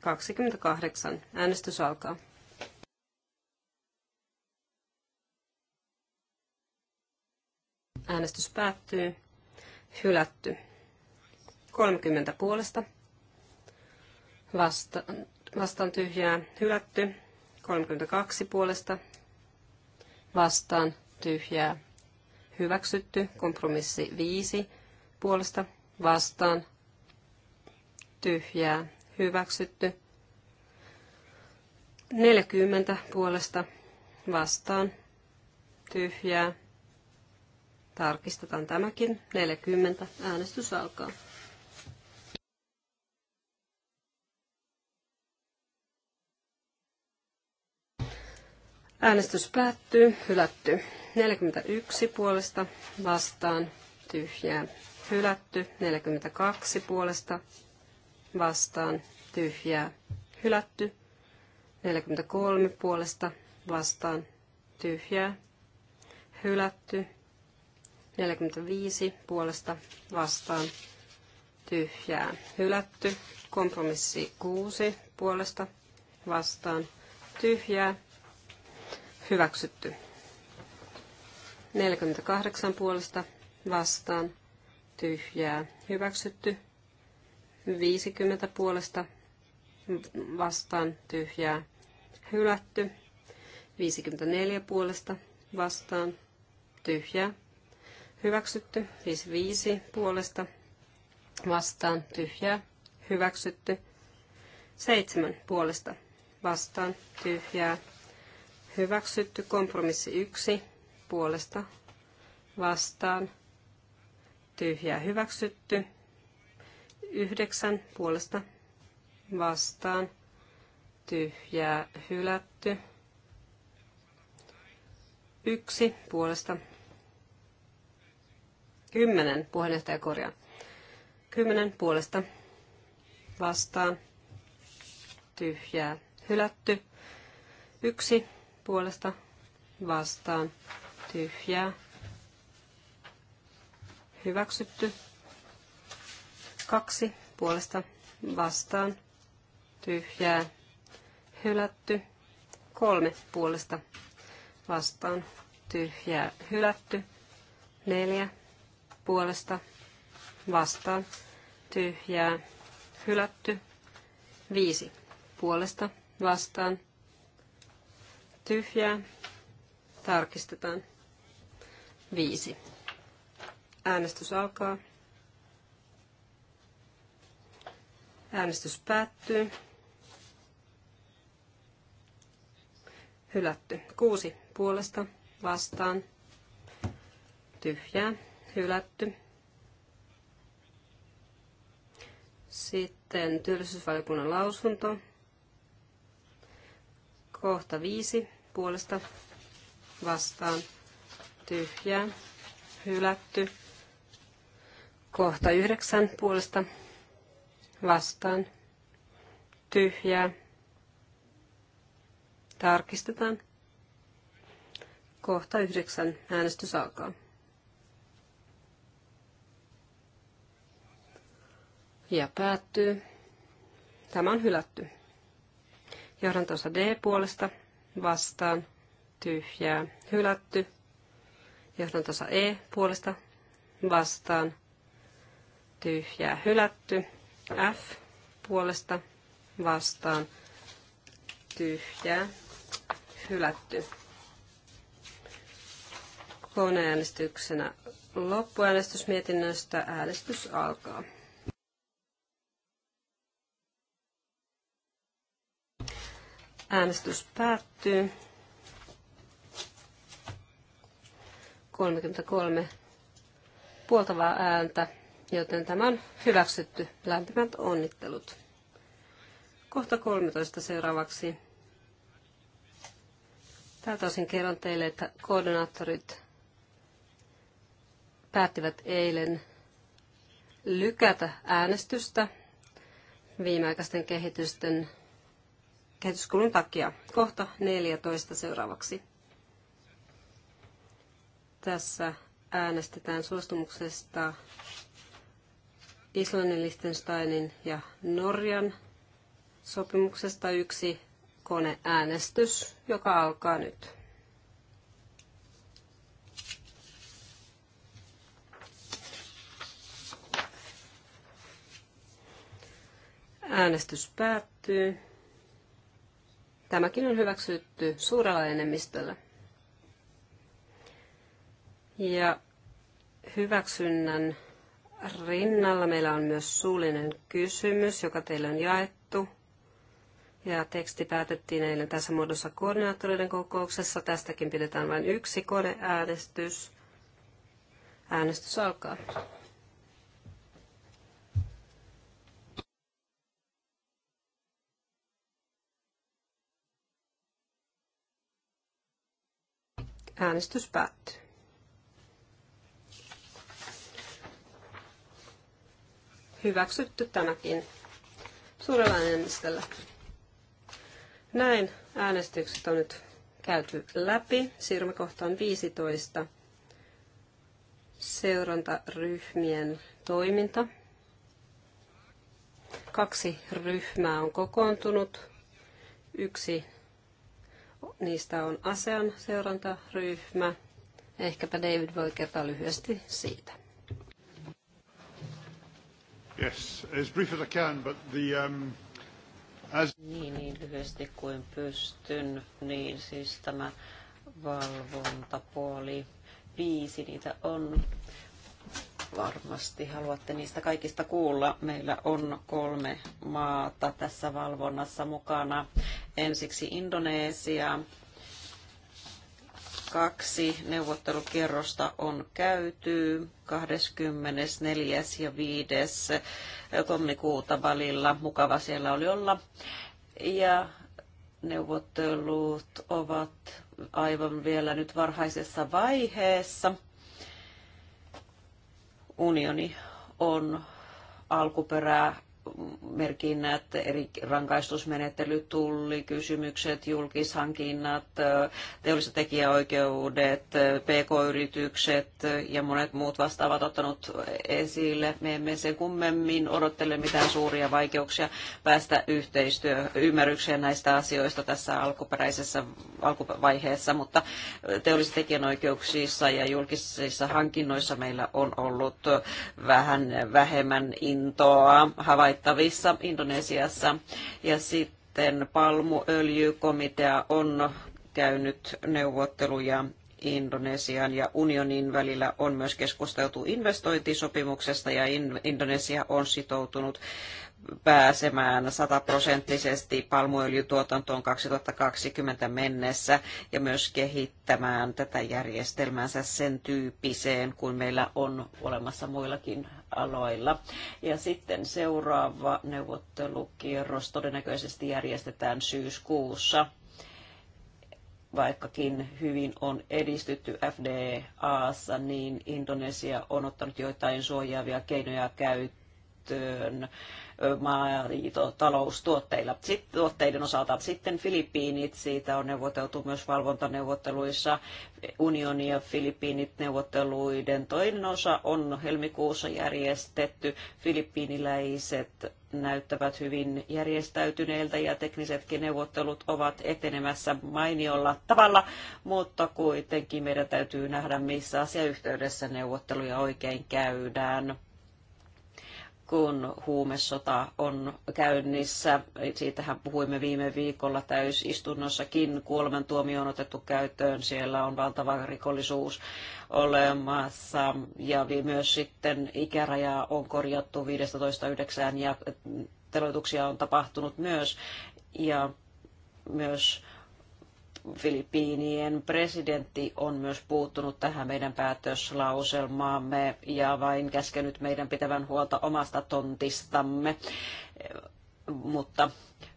28. Äänestys alkaa. Äänestys päättyy. Hylätty. 30 puolesta. Vastaan vastaan tyhjää hylätty. 32 puolesta vastaan tyhjää hyväksytty. Kompromissi 5 puolesta vastaan tyhjää hyväksytty. 40 puolesta vastaan tyhjää. Tarkistetaan tämäkin. 40. Äänestys alkaa. Äänestys päättyy, hylätty. 41 puolesta vastaan, tyhjää, hylätty. 42 puolesta vastaan, tyhjää, hylätty. 43 puolesta vastaan, tyhjää, hylätty. 45 puolesta vastaan, tyhjää, hylätty. Kompromissi 6 puolesta vastaan, tyhjää, Hyväksytty. 48 puolesta vastaan. Tyhjää. Hyväksytty. 50 puolesta vastaan. Tyhjää. Hylätty. 54 puolesta vastaan. Tyhjää. Hyväksytty. 55 puolesta vastaan. Tyhjää. Hyväksytty. 7 puolesta vastaan. Tyhjää hyväksytty. Kompromissi 1 puolesta vastaan tyhjää hyväksytty. 9 puolesta vastaan tyhjää hylätty. Yksi puolesta. Kymmenen puheenjohtaja korjaa. Kymmenen puolesta vastaan. Tyhjää hylätty. Yksi puolesta vastaan tyhjää hyväksytty. Kaksi puolesta vastaan tyhjää hylätty. Kolme puolesta vastaan tyhjää hylätty. Neljä puolesta vastaan tyhjää hylätty. Viisi puolesta vastaan tyhjää. Tarkistetaan. Viisi. Äänestys alkaa. Äänestys päättyy. Hylätty. Kuusi puolesta vastaan. Tyhjää. Hylätty. Sitten työllisyysvaliokunnan lausunto. Kohta viisi puolesta vastaan tyhjää, hylätty. Kohta yhdeksän puolesta vastaan tyhjää. Tarkistetaan. Kohta yhdeksän äänestys alkaa. Ja päättyy. Tämä on hylätty. Johdantosa D puolesta vastaan, tyhjää, hylätty. tuossa E puolesta vastaan, tyhjää, hylätty. F puolesta vastaan, tyhjää, hylätty. Koneäänestyksenä loppuäänestysmietinnöstä äänestys alkaa. Äänestys päättyy. 33 puoltavaa ääntä, joten tämä on hyväksytty. Lämpimät onnittelut. Kohta 13 seuraavaksi. Tältä osin kerron teille, että koordinaattorit päättivät eilen lykätä äänestystä viimeaikaisten kehitysten kehityskulun takia. Kohta 14 seuraavaksi. Tässä äänestetään suostumuksesta Islannin, Liechtensteinin ja Norjan sopimuksesta yksi koneäänestys, joka alkaa nyt. Äänestys päättyy. Tämäkin on hyväksytty suurella enemmistöllä. Ja hyväksynnän rinnalla meillä on myös suullinen kysymys, joka teille on jaettu. Ja teksti päätettiin eilen tässä muodossa koordinaattoreiden kokouksessa. Tästäkin pidetään vain yksi koneäänestys. Äänestys alkaa. Äänestys päättyy. Hyväksytty tänäkin suurella enemmistöllä. Näin äänestykset on nyt käyty läpi. Siirrymme kohtaan 15. Seurantaryhmien toiminta. Kaksi ryhmää on kokoontunut. Yksi Niistä on ASEAN seurantaryhmä. Ehkäpä David voi kertoa lyhyesti siitä. Yes, as brief as I can, but the, um, as... Niin, niin lyhyesti kuin pystyn, niin siis tämä valvontapuoli viisi, niitä on varmasti haluatte niistä kaikista kuulla. Meillä on kolme maata tässä valvonnassa mukana Ensiksi Indonesia. Kaksi neuvottelukierrosta on käyty 24. ja 5. tammikuuta välillä. Mukava siellä oli olla. Ja neuvottelut ovat aivan vielä nyt varhaisessa vaiheessa. Unioni on alkuperää merkinnät, eri rangaistusmenettelyt, tullikysymykset, julkishankinnat, teolliset tekijäoikeudet, pk-yritykset ja monet muut vastaavat ottanut esille. Me emme sen kummemmin odottele mitään suuria vaikeuksia päästä yhteistyö ymmärrykseen näistä asioista tässä alkuperäisessä alkuvaiheessa, mutta teolliset tekijänoikeuksissa ja julkisissa hankinnoissa meillä on ollut vähän vähemmän intoa havaita luettavissa Indonesiassa. Ja sitten palmuöljykomitea on käynyt neuvotteluja Indonesian ja unionin välillä on myös keskusteltu investointisopimuksesta ja Indonesia on sitoutunut pääsemään sataprosenttisesti palmuöljytuotantoon 2020 mennessä ja myös kehittämään tätä järjestelmäänsä sen tyyppiseen kuin meillä on olemassa muillakin aloilla. Ja sitten seuraava neuvottelukierros todennäköisesti järjestetään syyskuussa vaikkakin hyvin on edistytty FDAssa, niin Indonesia on ottanut joitain suojaavia keinoja käyttöön maataloustuotteilla. Sitten tuotteiden osalta sitten Filippiinit, siitä on neuvoteltu myös valvontaneuvotteluissa. Unioni ja Filippiinit neuvotteluiden toinen osa on helmikuussa järjestetty. Filippiiniläiset näyttävät hyvin järjestäytyneiltä ja teknisetkin neuvottelut ovat etenemässä mainiolla tavalla, mutta kuitenkin meidän täytyy nähdä, missä asiayhteydessä neuvotteluja oikein käydään kun huumesota on käynnissä. Siitähän puhuimme viime viikolla täysistunnossakin. Kuolemantuomio on otettu käyttöön. Siellä on valtava rikollisuus olemassa. Ja myös sitten ikärajaa on korjattu 15.9. ja teloituksia on tapahtunut myös. Ja myös Filippiinien presidentti on myös puuttunut tähän meidän päätöslauselmaamme ja vain käskenyt meidän pitävän huolta omasta tontistamme. Mutta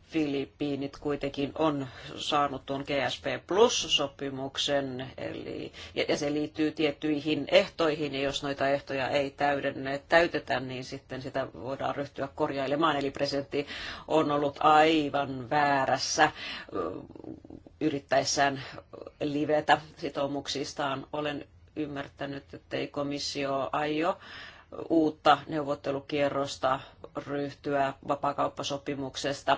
Filippiinit kuitenkin on saanut tuon GSP Plus-sopimuksen, eli, ja se liittyy tiettyihin ehtoihin, ja jos noita ehtoja ei täydenne, täytetä, niin sitten sitä voidaan ryhtyä korjailemaan. Eli presidentti on ollut aivan väärässä yrittäessään livetä sitoumuksistaan. Olen ymmärtänyt, että ei komissio aio uutta neuvottelukierrosta ryhtyä vapaakauppasopimuksesta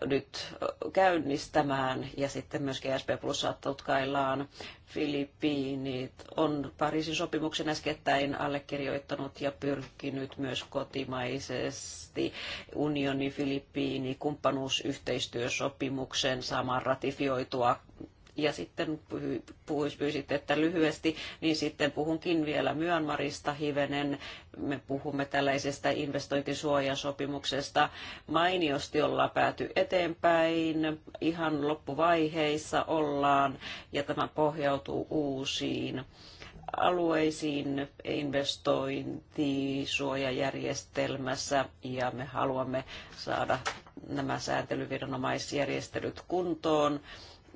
nyt käynnistämään ja sitten myöskin SP Plussa tutkaillaan. Filippiinit on Pariisin sopimuksen äskettäin allekirjoittanut ja pyrkinyt myös kotimaisesti unioni Filippiini kumppanuusyhteistyösopimuksen saamaan ratifioitua ja sitten pyysitte, että lyhyesti, niin sitten puhunkin vielä Myanmarista hivenen. Me puhumme tällaisesta investointisuojasopimuksesta mainiosti ollaan pääty eteenpäin, ihan loppuvaiheissa ollaan ja tämä pohjautuu uusiin alueisiin investointisuojajärjestelmässä ja me haluamme saada nämä sääntelyviranomaisjärjestelyt kuntoon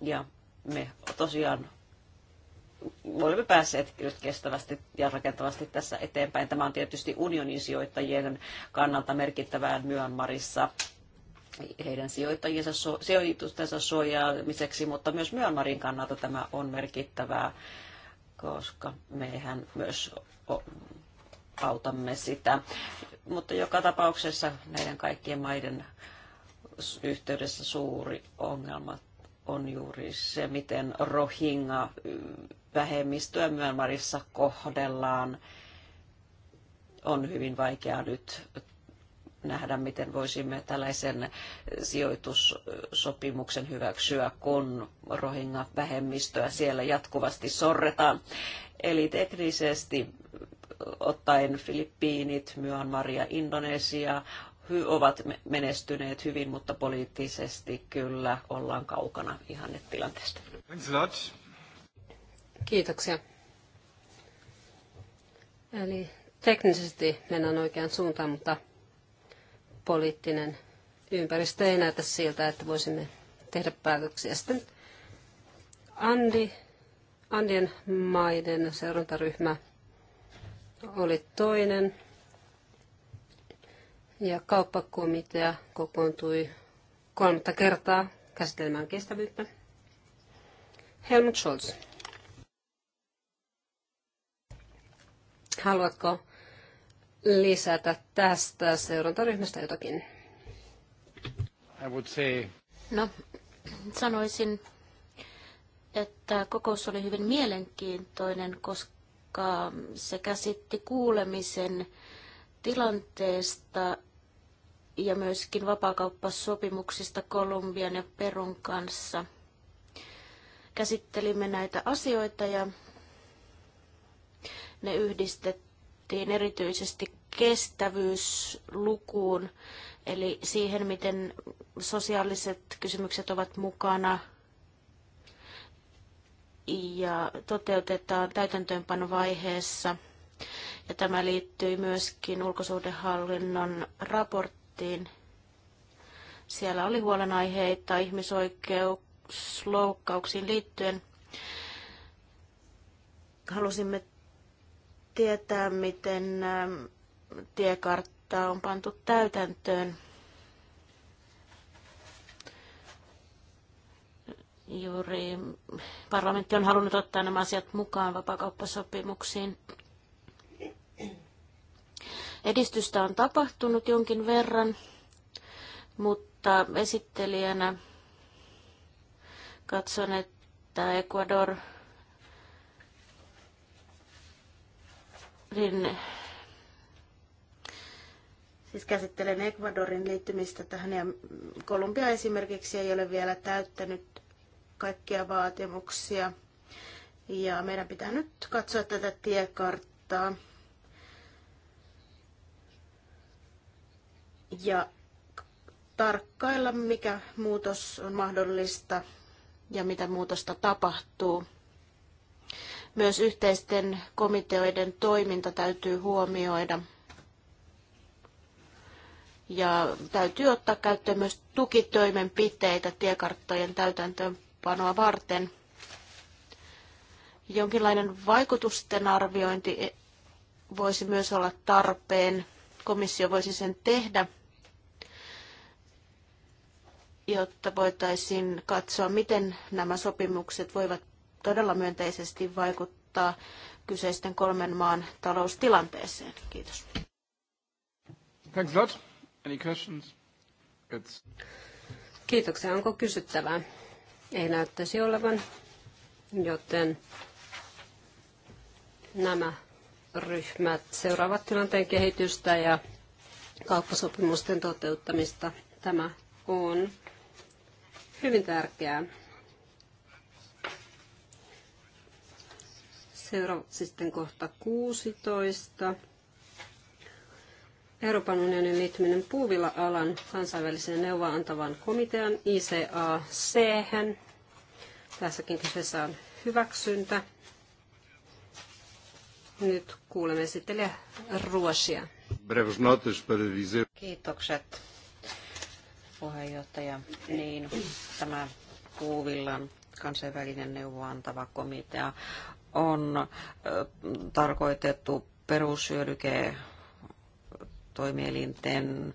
ja me tosiaan olemme päässeet nyt kestävästi ja rakentavasti tässä eteenpäin. Tämä on tietysti unionin sijoittajien kannalta merkittävää Myanmarissa heidän sijoittajiensa, sijoitustensa suojaamiseksi, mutta myös Myanmarin kannalta tämä on merkittävää, koska mehän myös autamme sitä. Mutta joka tapauksessa näiden kaikkien maiden yhteydessä suuri ongelma on juuri se, miten Rohingya vähemmistöä Myanmarissa kohdellaan. On hyvin vaikeaa nyt nähdä, miten voisimme tällaisen sijoitussopimuksen hyväksyä, kun rohinga vähemmistöä siellä jatkuvasti sorretaan. Eli teknisesti ottaen Filippiinit, Myanmar ja Indonesia ovat menestyneet hyvin, mutta poliittisesti kyllä ollaan kaukana ihannetilanteesta. Kiitoksia. Eli teknisesti mennään oikeaan suuntaan, mutta poliittinen ympäristö ei näytä siltä, että voisimme tehdä päätöksiä. Sitten Andi, Andien maiden seurantaryhmä oli toinen. Ja kauppakomitea kokoontui kolmatta kertaa käsittelemään kestävyyttä. Helmut Scholz. Haluatko lisätä tästä seurantaryhmästä jotakin? I would say... No, sanoisin, että kokous oli hyvin mielenkiintoinen, koska se käsitti kuulemisen tilanteesta ja myöskin vapaakauppasopimuksista Kolumbian ja Perun kanssa. Käsittelimme näitä asioita ja ne yhdistettiin erityisesti kestävyyslukuun, eli siihen, miten sosiaaliset kysymykset ovat mukana ja toteutetaan täytäntöönpanovaiheessa. Ja tämä liittyy myöskin ulkosuhdehallinnon raporttiin raporttiin. Siellä oli huolenaiheita ihmisoikeusloukkauksiin liittyen. Halusimme tietää, miten ähm, tiekartta on pantu täytäntöön. Juuri parlamentti on halunnut ottaa nämä asiat mukaan vapakauppasopimuksiin. Edistystä on tapahtunut jonkin verran, mutta esittelijänä katson, että Ecuador siis käsittelen Ecuadorin liittymistä tähän ja Kolumbia esimerkiksi ei ole vielä täyttänyt kaikkia vaatimuksia ja meidän pitää nyt katsoa tätä tiekarttaa. ja tarkkailla, mikä muutos on mahdollista ja mitä muutosta tapahtuu. Myös yhteisten komiteoiden toiminta täytyy huomioida. Ja täytyy ottaa käyttöön myös tukitoimenpiteitä tiekarttojen täytäntöönpanoa varten. Jonkinlainen vaikutusten arviointi voisi myös olla tarpeen. Komissio voisi sen tehdä jotta voitaisiin katsoa, miten nämä sopimukset voivat todella myönteisesti vaikuttaa kyseisten kolmen maan taloustilanteeseen. Kiitos. Thanks a lot. Any questions? It's... Kiitoksia. Onko kysyttävää? Ei näyttäisi olevan, joten nämä ryhmät seuraavat tilanteen kehitystä ja kauppasopimusten toteuttamista. Tämä on Hyvin tärkeää. Seuraava siis sitten kohta 16. Euroopan unionin liittyminen puuvila alan kansainväliseen neuvoa antavan komitean ICAC. -hän. Tässäkin kyseessä on hyväksyntä. Nyt kuulemme esittelijä Ruosia. Kiitokset puheenjohtaja. Niin, tämä Puuvillan kansainvälinen neuvoantava komitea on tarkoitettu perushyödyke toimielinten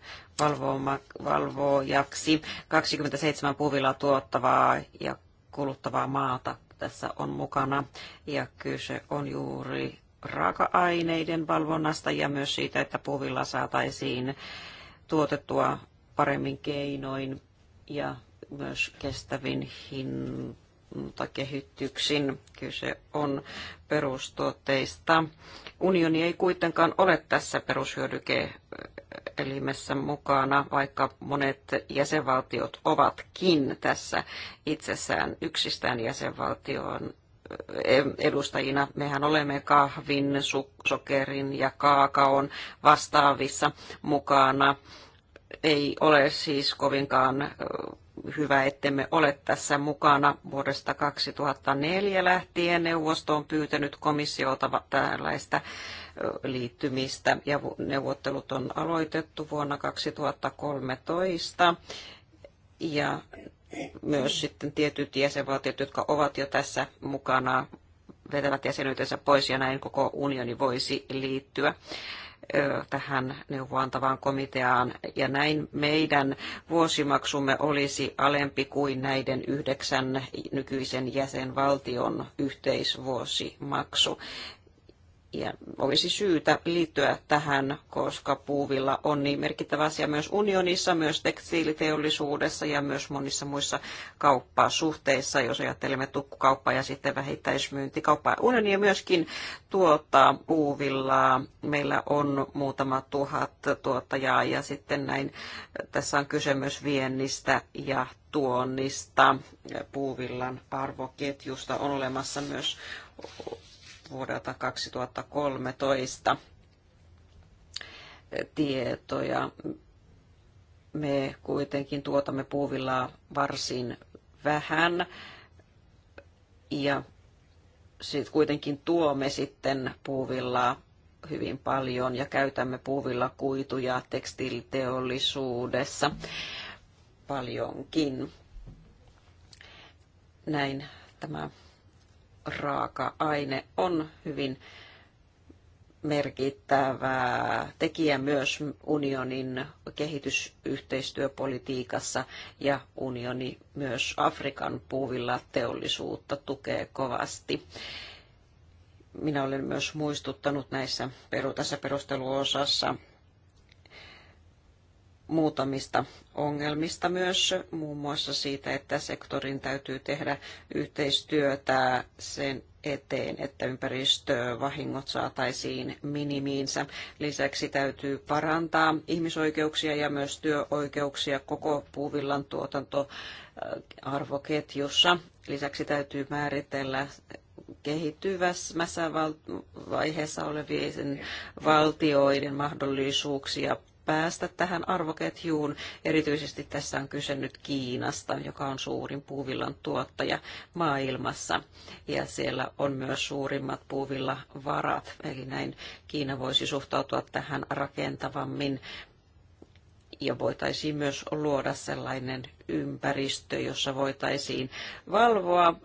valvojaksi 27 puuvilla tuottavaa ja kuluttavaa maata tässä on mukana. Ja kyse on juuri raaka-aineiden valvonnasta ja myös siitä, että puuvilla saataisiin tuotettua paremmin keinoin ja myös kestävin hintakehityksin. Kyse on perustuotteista. Unioni ei kuitenkaan ole tässä perushyödykeelimessä mukana, vaikka monet jäsenvaltiot ovatkin tässä itsessään yksistään jäsenvaltioon eh, edustajina. Mehän olemme kahvin, sokerin ja kaakaon vastaavissa mukana ei ole siis kovinkaan hyvä, ettemme ole tässä mukana. Vuodesta 2004 lähtien neuvosto on pyytänyt komissiota tällaista liittymistä ja neuvottelut on aloitettu vuonna 2013 ja myös sitten tietyt jäsenvaltiot, jotka ovat jo tässä mukana, vetävät jäsenyytensä pois ja näin koko unioni voisi liittyä tähän neuvoantavaan komiteaan, ja näin meidän vuosimaksumme olisi alempi kuin näiden yhdeksän nykyisen jäsenvaltion yhteisvuosimaksu ja olisi syytä liittyä tähän, koska puuvilla on niin merkittävä asia myös unionissa, myös tekstiiliteollisuudessa ja myös monissa muissa kauppasuhteissa, jos ajattelemme tukkukauppaa ja sitten vähittäismyyntikauppaa. Unioni myöskin tuottaa puuvillaa. Meillä on muutama tuhat tuottajaa ja sitten näin tässä on kyse myös viennistä ja tuonnista. Puuvillan arvoketjusta on olemassa myös vuodelta 2013 tietoja. Me kuitenkin tuotamme puuvillaa varsin vähän ja sit kuitenkin tuomme sitten puuvillaa hyvin paljon ja käytämme puuvilla kuituja tekstiiliteollisuudessa paljonkin. Näin tämä raaka-aine on hyvin merkittävä tekijä myös unionin kehitysyhteistyöpolitiikassa ja unioni myös Afrikan puuvilla teollisuutta tukee kovasti. Minä olen myös muistuttanut näissä, tässä perusteluosassa muutamista ongelmista myös, muun muassa siitä, että sektorin täytyy tehdä yhteistyötä sen eteen, että ympäristövahingot saataisiin minimiinsä. Lisäksi täytyy parantaa ihmisoikeuksia ja myös työoikeuksia koko puuvillan tuotantoarvoketjussa. Lisäksi täytyy määritellä kehittyvässä vaiheessa olevien valtioiden mahdollisuuksia päästä tähän arvoketjuun. Erityisesti tässä on kyse nyt Kiinasta, joka on suurin puuvillan tuottaja maailmassa. Ja siellä on myös suurimmat puuvilla varat. Eli näin Kiina voisi suhtautua tähän rakentavammin ja voitaisiin myös luoda sellainen ympäristö, jossa voitaisiin valvoa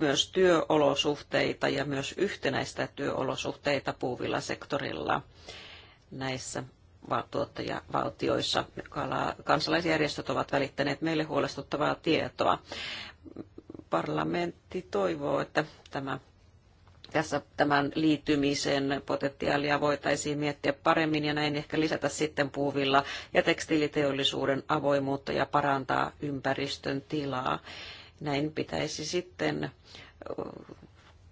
myös työolosuhteita ja myös yhtenäistä työolosuhteita puuvillasektorilla näissä tuottajavaltioissa. Kansalaisjärjestöt ovat välittäneet meille huolestuttavaa tietoa. Parlamentti toivoo, että tämä tässä tämän liittymisen potentiaalia voitaisiin miettiä paremmin ja näin ehkä lisätä sitten puuvilla ja tekstiiliteollisuuden avoimuutta ja parantaa ympäristön tilaa. Näin pitäisi sitten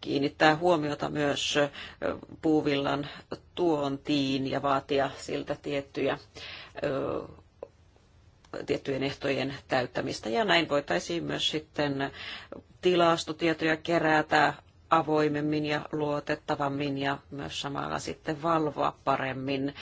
kiinnittää huomiota myös puuvillan tuontiin ja vaatia siltä tiettyjä tiettyjen ehtojen täyttämistä. Ja näin voitaisiin myös sitten tilastotietoja kerätä avoimemmin ja luotettavammin ja myös samalla sitten valvoa paremmin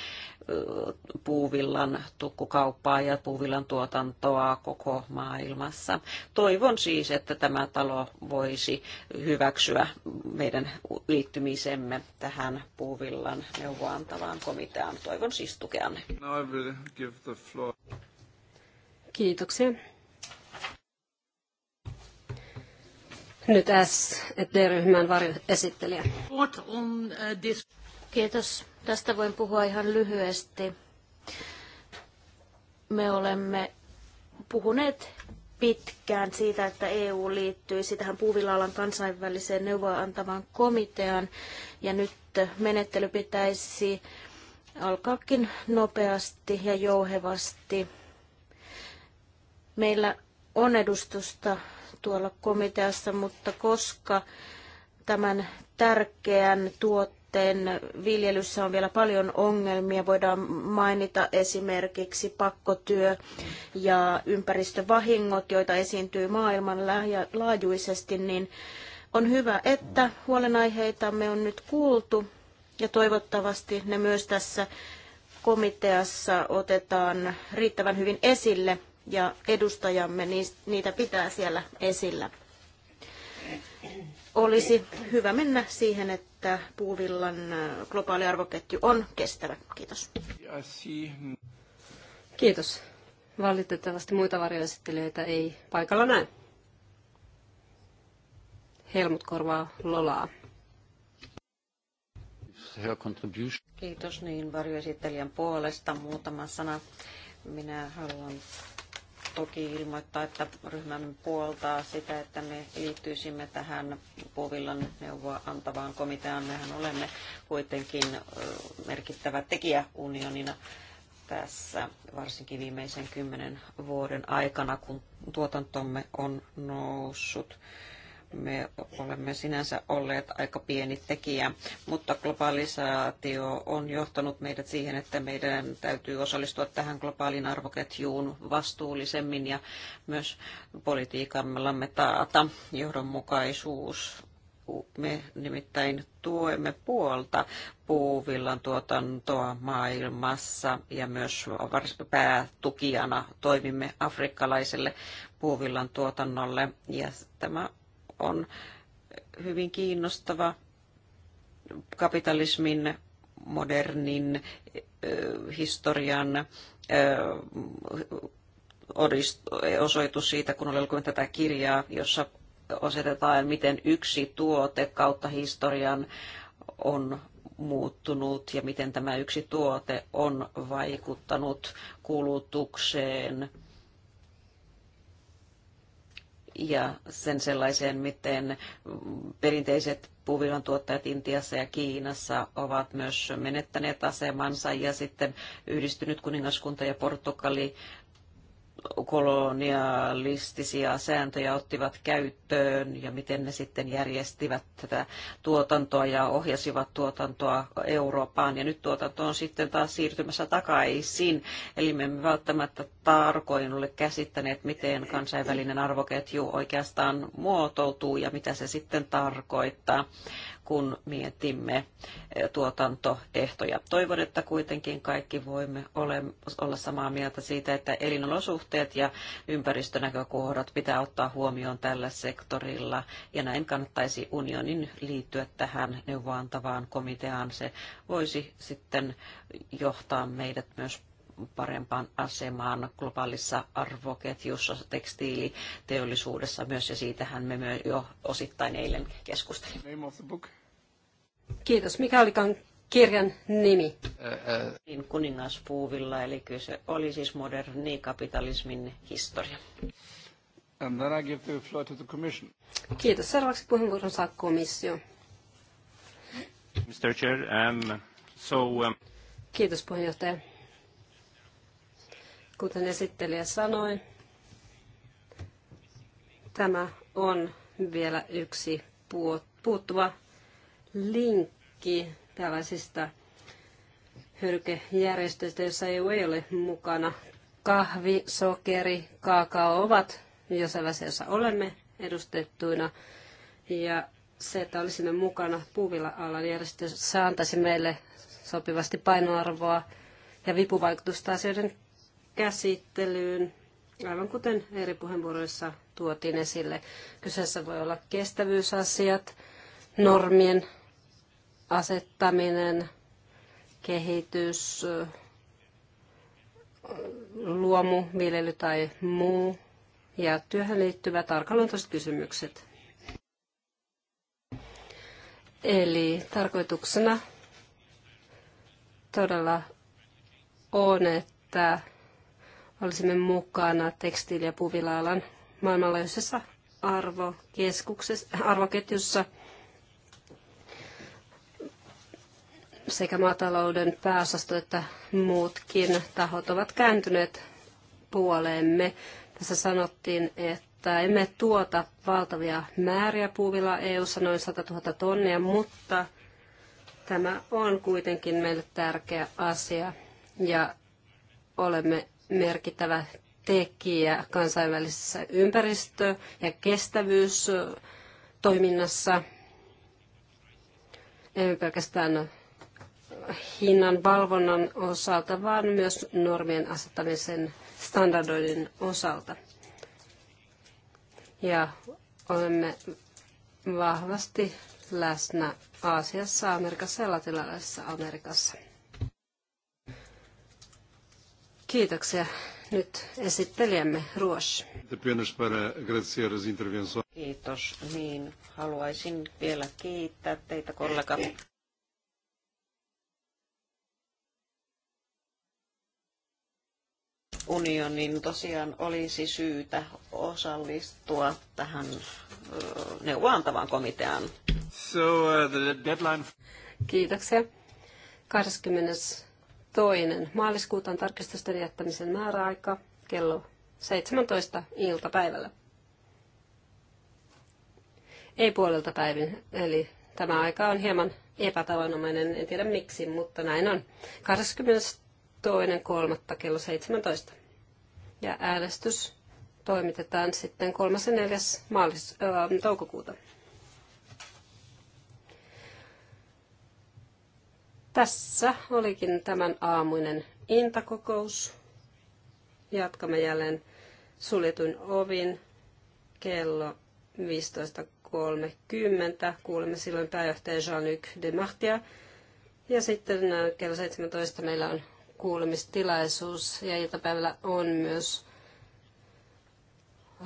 puuvillan tukkukauppaa ja puuvillan tuotantoa koko maailmassa. Toivon siis, että tämä talo voisi hyväksyä meidän liittymisemme tähän puuvillan neuvoantavaan komiteaan. Toivon siis tukeanne. Kiitoksia. Nyt S-ryhmän varjoesittelijä. Uh, Kiitos. Tästä voin puhua ihan lyhyesti. Me olemme puhuneet pitkään siitä, että EU liittyy tähän puuvilaalan kansainväliseen neuvoa antavaan komiteaan. Ja nyt menettely pitäisi alkaakin nopeasti ja jouhevasti. Meillä on edustusta tuolla komiteassa, mutta koska tämän tärkeän tuot sitten viljelyssä on vielä paljon ongelmia. Voidaan mainita esimerkiksi pakkotyö ja ympäristövahingot, joita esiintyy maailman laajuisesti, niin on hyvä, että huolenaiheitamme on nyt kuultu ja toivottavasti ne myös tässä komiteassa otetaan riittävän hyvin esille ja edustajamme niitä pitää siellä esillä olisi hyvä mennä siihen, että puuvillan äh, globaali arvoketju on kestävä. Kiitos. Kiitos. Valitettavasti muita varjoesittelijöitä ei paikalla näe. Helmut korvaa Lolaa. Kiitos niin varjoesittelijän puolesta. Muutama sana. Minä haluan toki ilmoittaa, että ryhmämme puoltaa sitä, että me liittyisimme tähän Puovillan neuvoa antavaan komiteaan. Mehän olemme kuitenkin merkittävä tekijä unionina tässä, varsinkin viimeisen kymmenen vuoden aikana, kun tuotantomme on noussut me olemme sinänsä olleet aika pieni tekijä, mutta globalisaatio on johtanut meidät siihen, että meidän täytyy osallistua tähän globaalin arvoketjuun vastuullisemmin ja myös politiikallamme taata johdonmukaisuus me nimittäin tuemme puolta puuvillan tuotantoa maailmassa ja myös päätukijana toimimme afrikkalaiselle puuvillan tuotannolle. Ja tämä on hyvin kiinnostava kapitalismin modernin historian osoitus siitä, kun olen lukenut tätä kirjaa, jossa osoitetaan, miten yksi tuote kautta historian on muuttunut ja miten tämä yksi tuote on vaikuttanut kulutukseen, ja sen sellaiseen, miten perinteiset puuvillan tuottajat Intiassa ja Kiinassa ovat myös menettäneet asemansa ja sitten yhdistynyt kuningaskunta ja Portugali kolonialistisia sääntöjä ottivat käyttöön ja miten ne sitten järjestivät tätä tuotantoa ja ohjasivat tuotantoa Eurooppaan. Ja nyt tuotanto on sitten taas siirtymässä takaisin. Eli me emme välttämättä tarkoin ole käsittäneet, miten kansainvälinen arvoketju oikeastaan muotoutuu ja mitä se sitten tarkoittaa kun mietimme eh, tuotantoehtoja. Toivon, että kuitenkin kaikki voimme ole, olla samaa mieltä siitä, että elinolosuhteet ja ympäristönäkökohdat pitää ottaa huomioon tällä sektorilla, ja näin kannattaisi unionin liittyä tähän neuvoantavaan komiteaan. Se voisi sitten johtaa meidät myös parempaan asemaan globaalissa arvoketjussa, tekstiiliteollisuudessa myös, ja siitähän me myös jo osittain eilen keskustelimme. Kiitos. Mikä olikaan kirjan nimi? uh. kuningaspuuvilla, eli kyse oli siis moderni kapitalismin historia. And then I give the floor to the commission. Kiitos. Seuraavaksi puheenvuoron saa komissio. Mr. Chair, um, so, um... Kiitos puheenjohtaja. Kuten esittelijä sanoi, tämä on vielä yksi puuttuva linkki tällaisista hyrkejärjestöistä, joissa EU ei ole mukana. Kahvi, sokeri, kaakao ovat jo sellaisia, joissa olemme edustettuina. Ja se, että olisimme mukana puuvilla-alan järjestössä, antaisi meille sopivasti painoarvoa ja vipuvaikutusta asioiden käsittelyyn, aivan kuten eri puheenvuoroissa tuotiin esille. Kyseessä voi olla kestävyysasiat, normien asettaminen, kehitys, luomu, viljely tai muu ja työhön liittyvät arkaluontoiset kysymykset. Eli tarkoituksena todella on, että olisimme mukana tekstiili- ja puvila-alan maailmanlaajuisessa arvoketjussa sekä maatalouden pääosasto että muutkin tahot ovat kääntyneet puoleemme. Tässä sanottiin, että emme tuota valtavia määriä puuvilla EU-ssa noin 100 000 tonnia, mutta tämä on kuitenkin meille tärkeä asia ja olemme merkittävä tekijä kansainvälisessä ympäristö- ja kestävyystoiminnassa. Ei pelkästään hinnan valvonnan osalta, vaan myös normien asettamisen standardoinnin osalta. Ja olemme vahvasti läsnä Aasiassa, Amerikassa ja latinalaisessa Amerikassa. Kiitoksia. Nyt esittelijämme Ruos. Kiitos. Niin, haluaisin vielä kiittää teitä kollega. unionin tosiaan olisi syytä osallistua tähän neuvoantavaan komiteaan. So, uh, the deadline... Kiitoksia. 20 toinen. Maaliskuuta on tarkistusten jättämisen määräaika kello 17 iltapäivällä. Ei puolelta päivin, eli tämä aika on hieman epätavanomainen, en tiedä miksi, mutta näin on. 22.3. kello 17. Ja äänestys toimitetaan sitten 3.4. Maalis- äh, toukokuuta. Tässä olikin tämän aamuinen intakokous. Jatkamme jälleen suljetun ovin kello 15.30. Kuulemme silloin pääjohtaja Jean-Luc Demartia. Ja sitten äh, kello 17 meillä on kuulemistilaisuus ja iltapäivällä on myös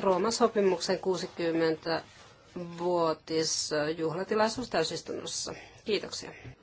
Rooman sopimuksen 60-vuotisjuhlatilaisuus täysistunnossa. Kiitoksia.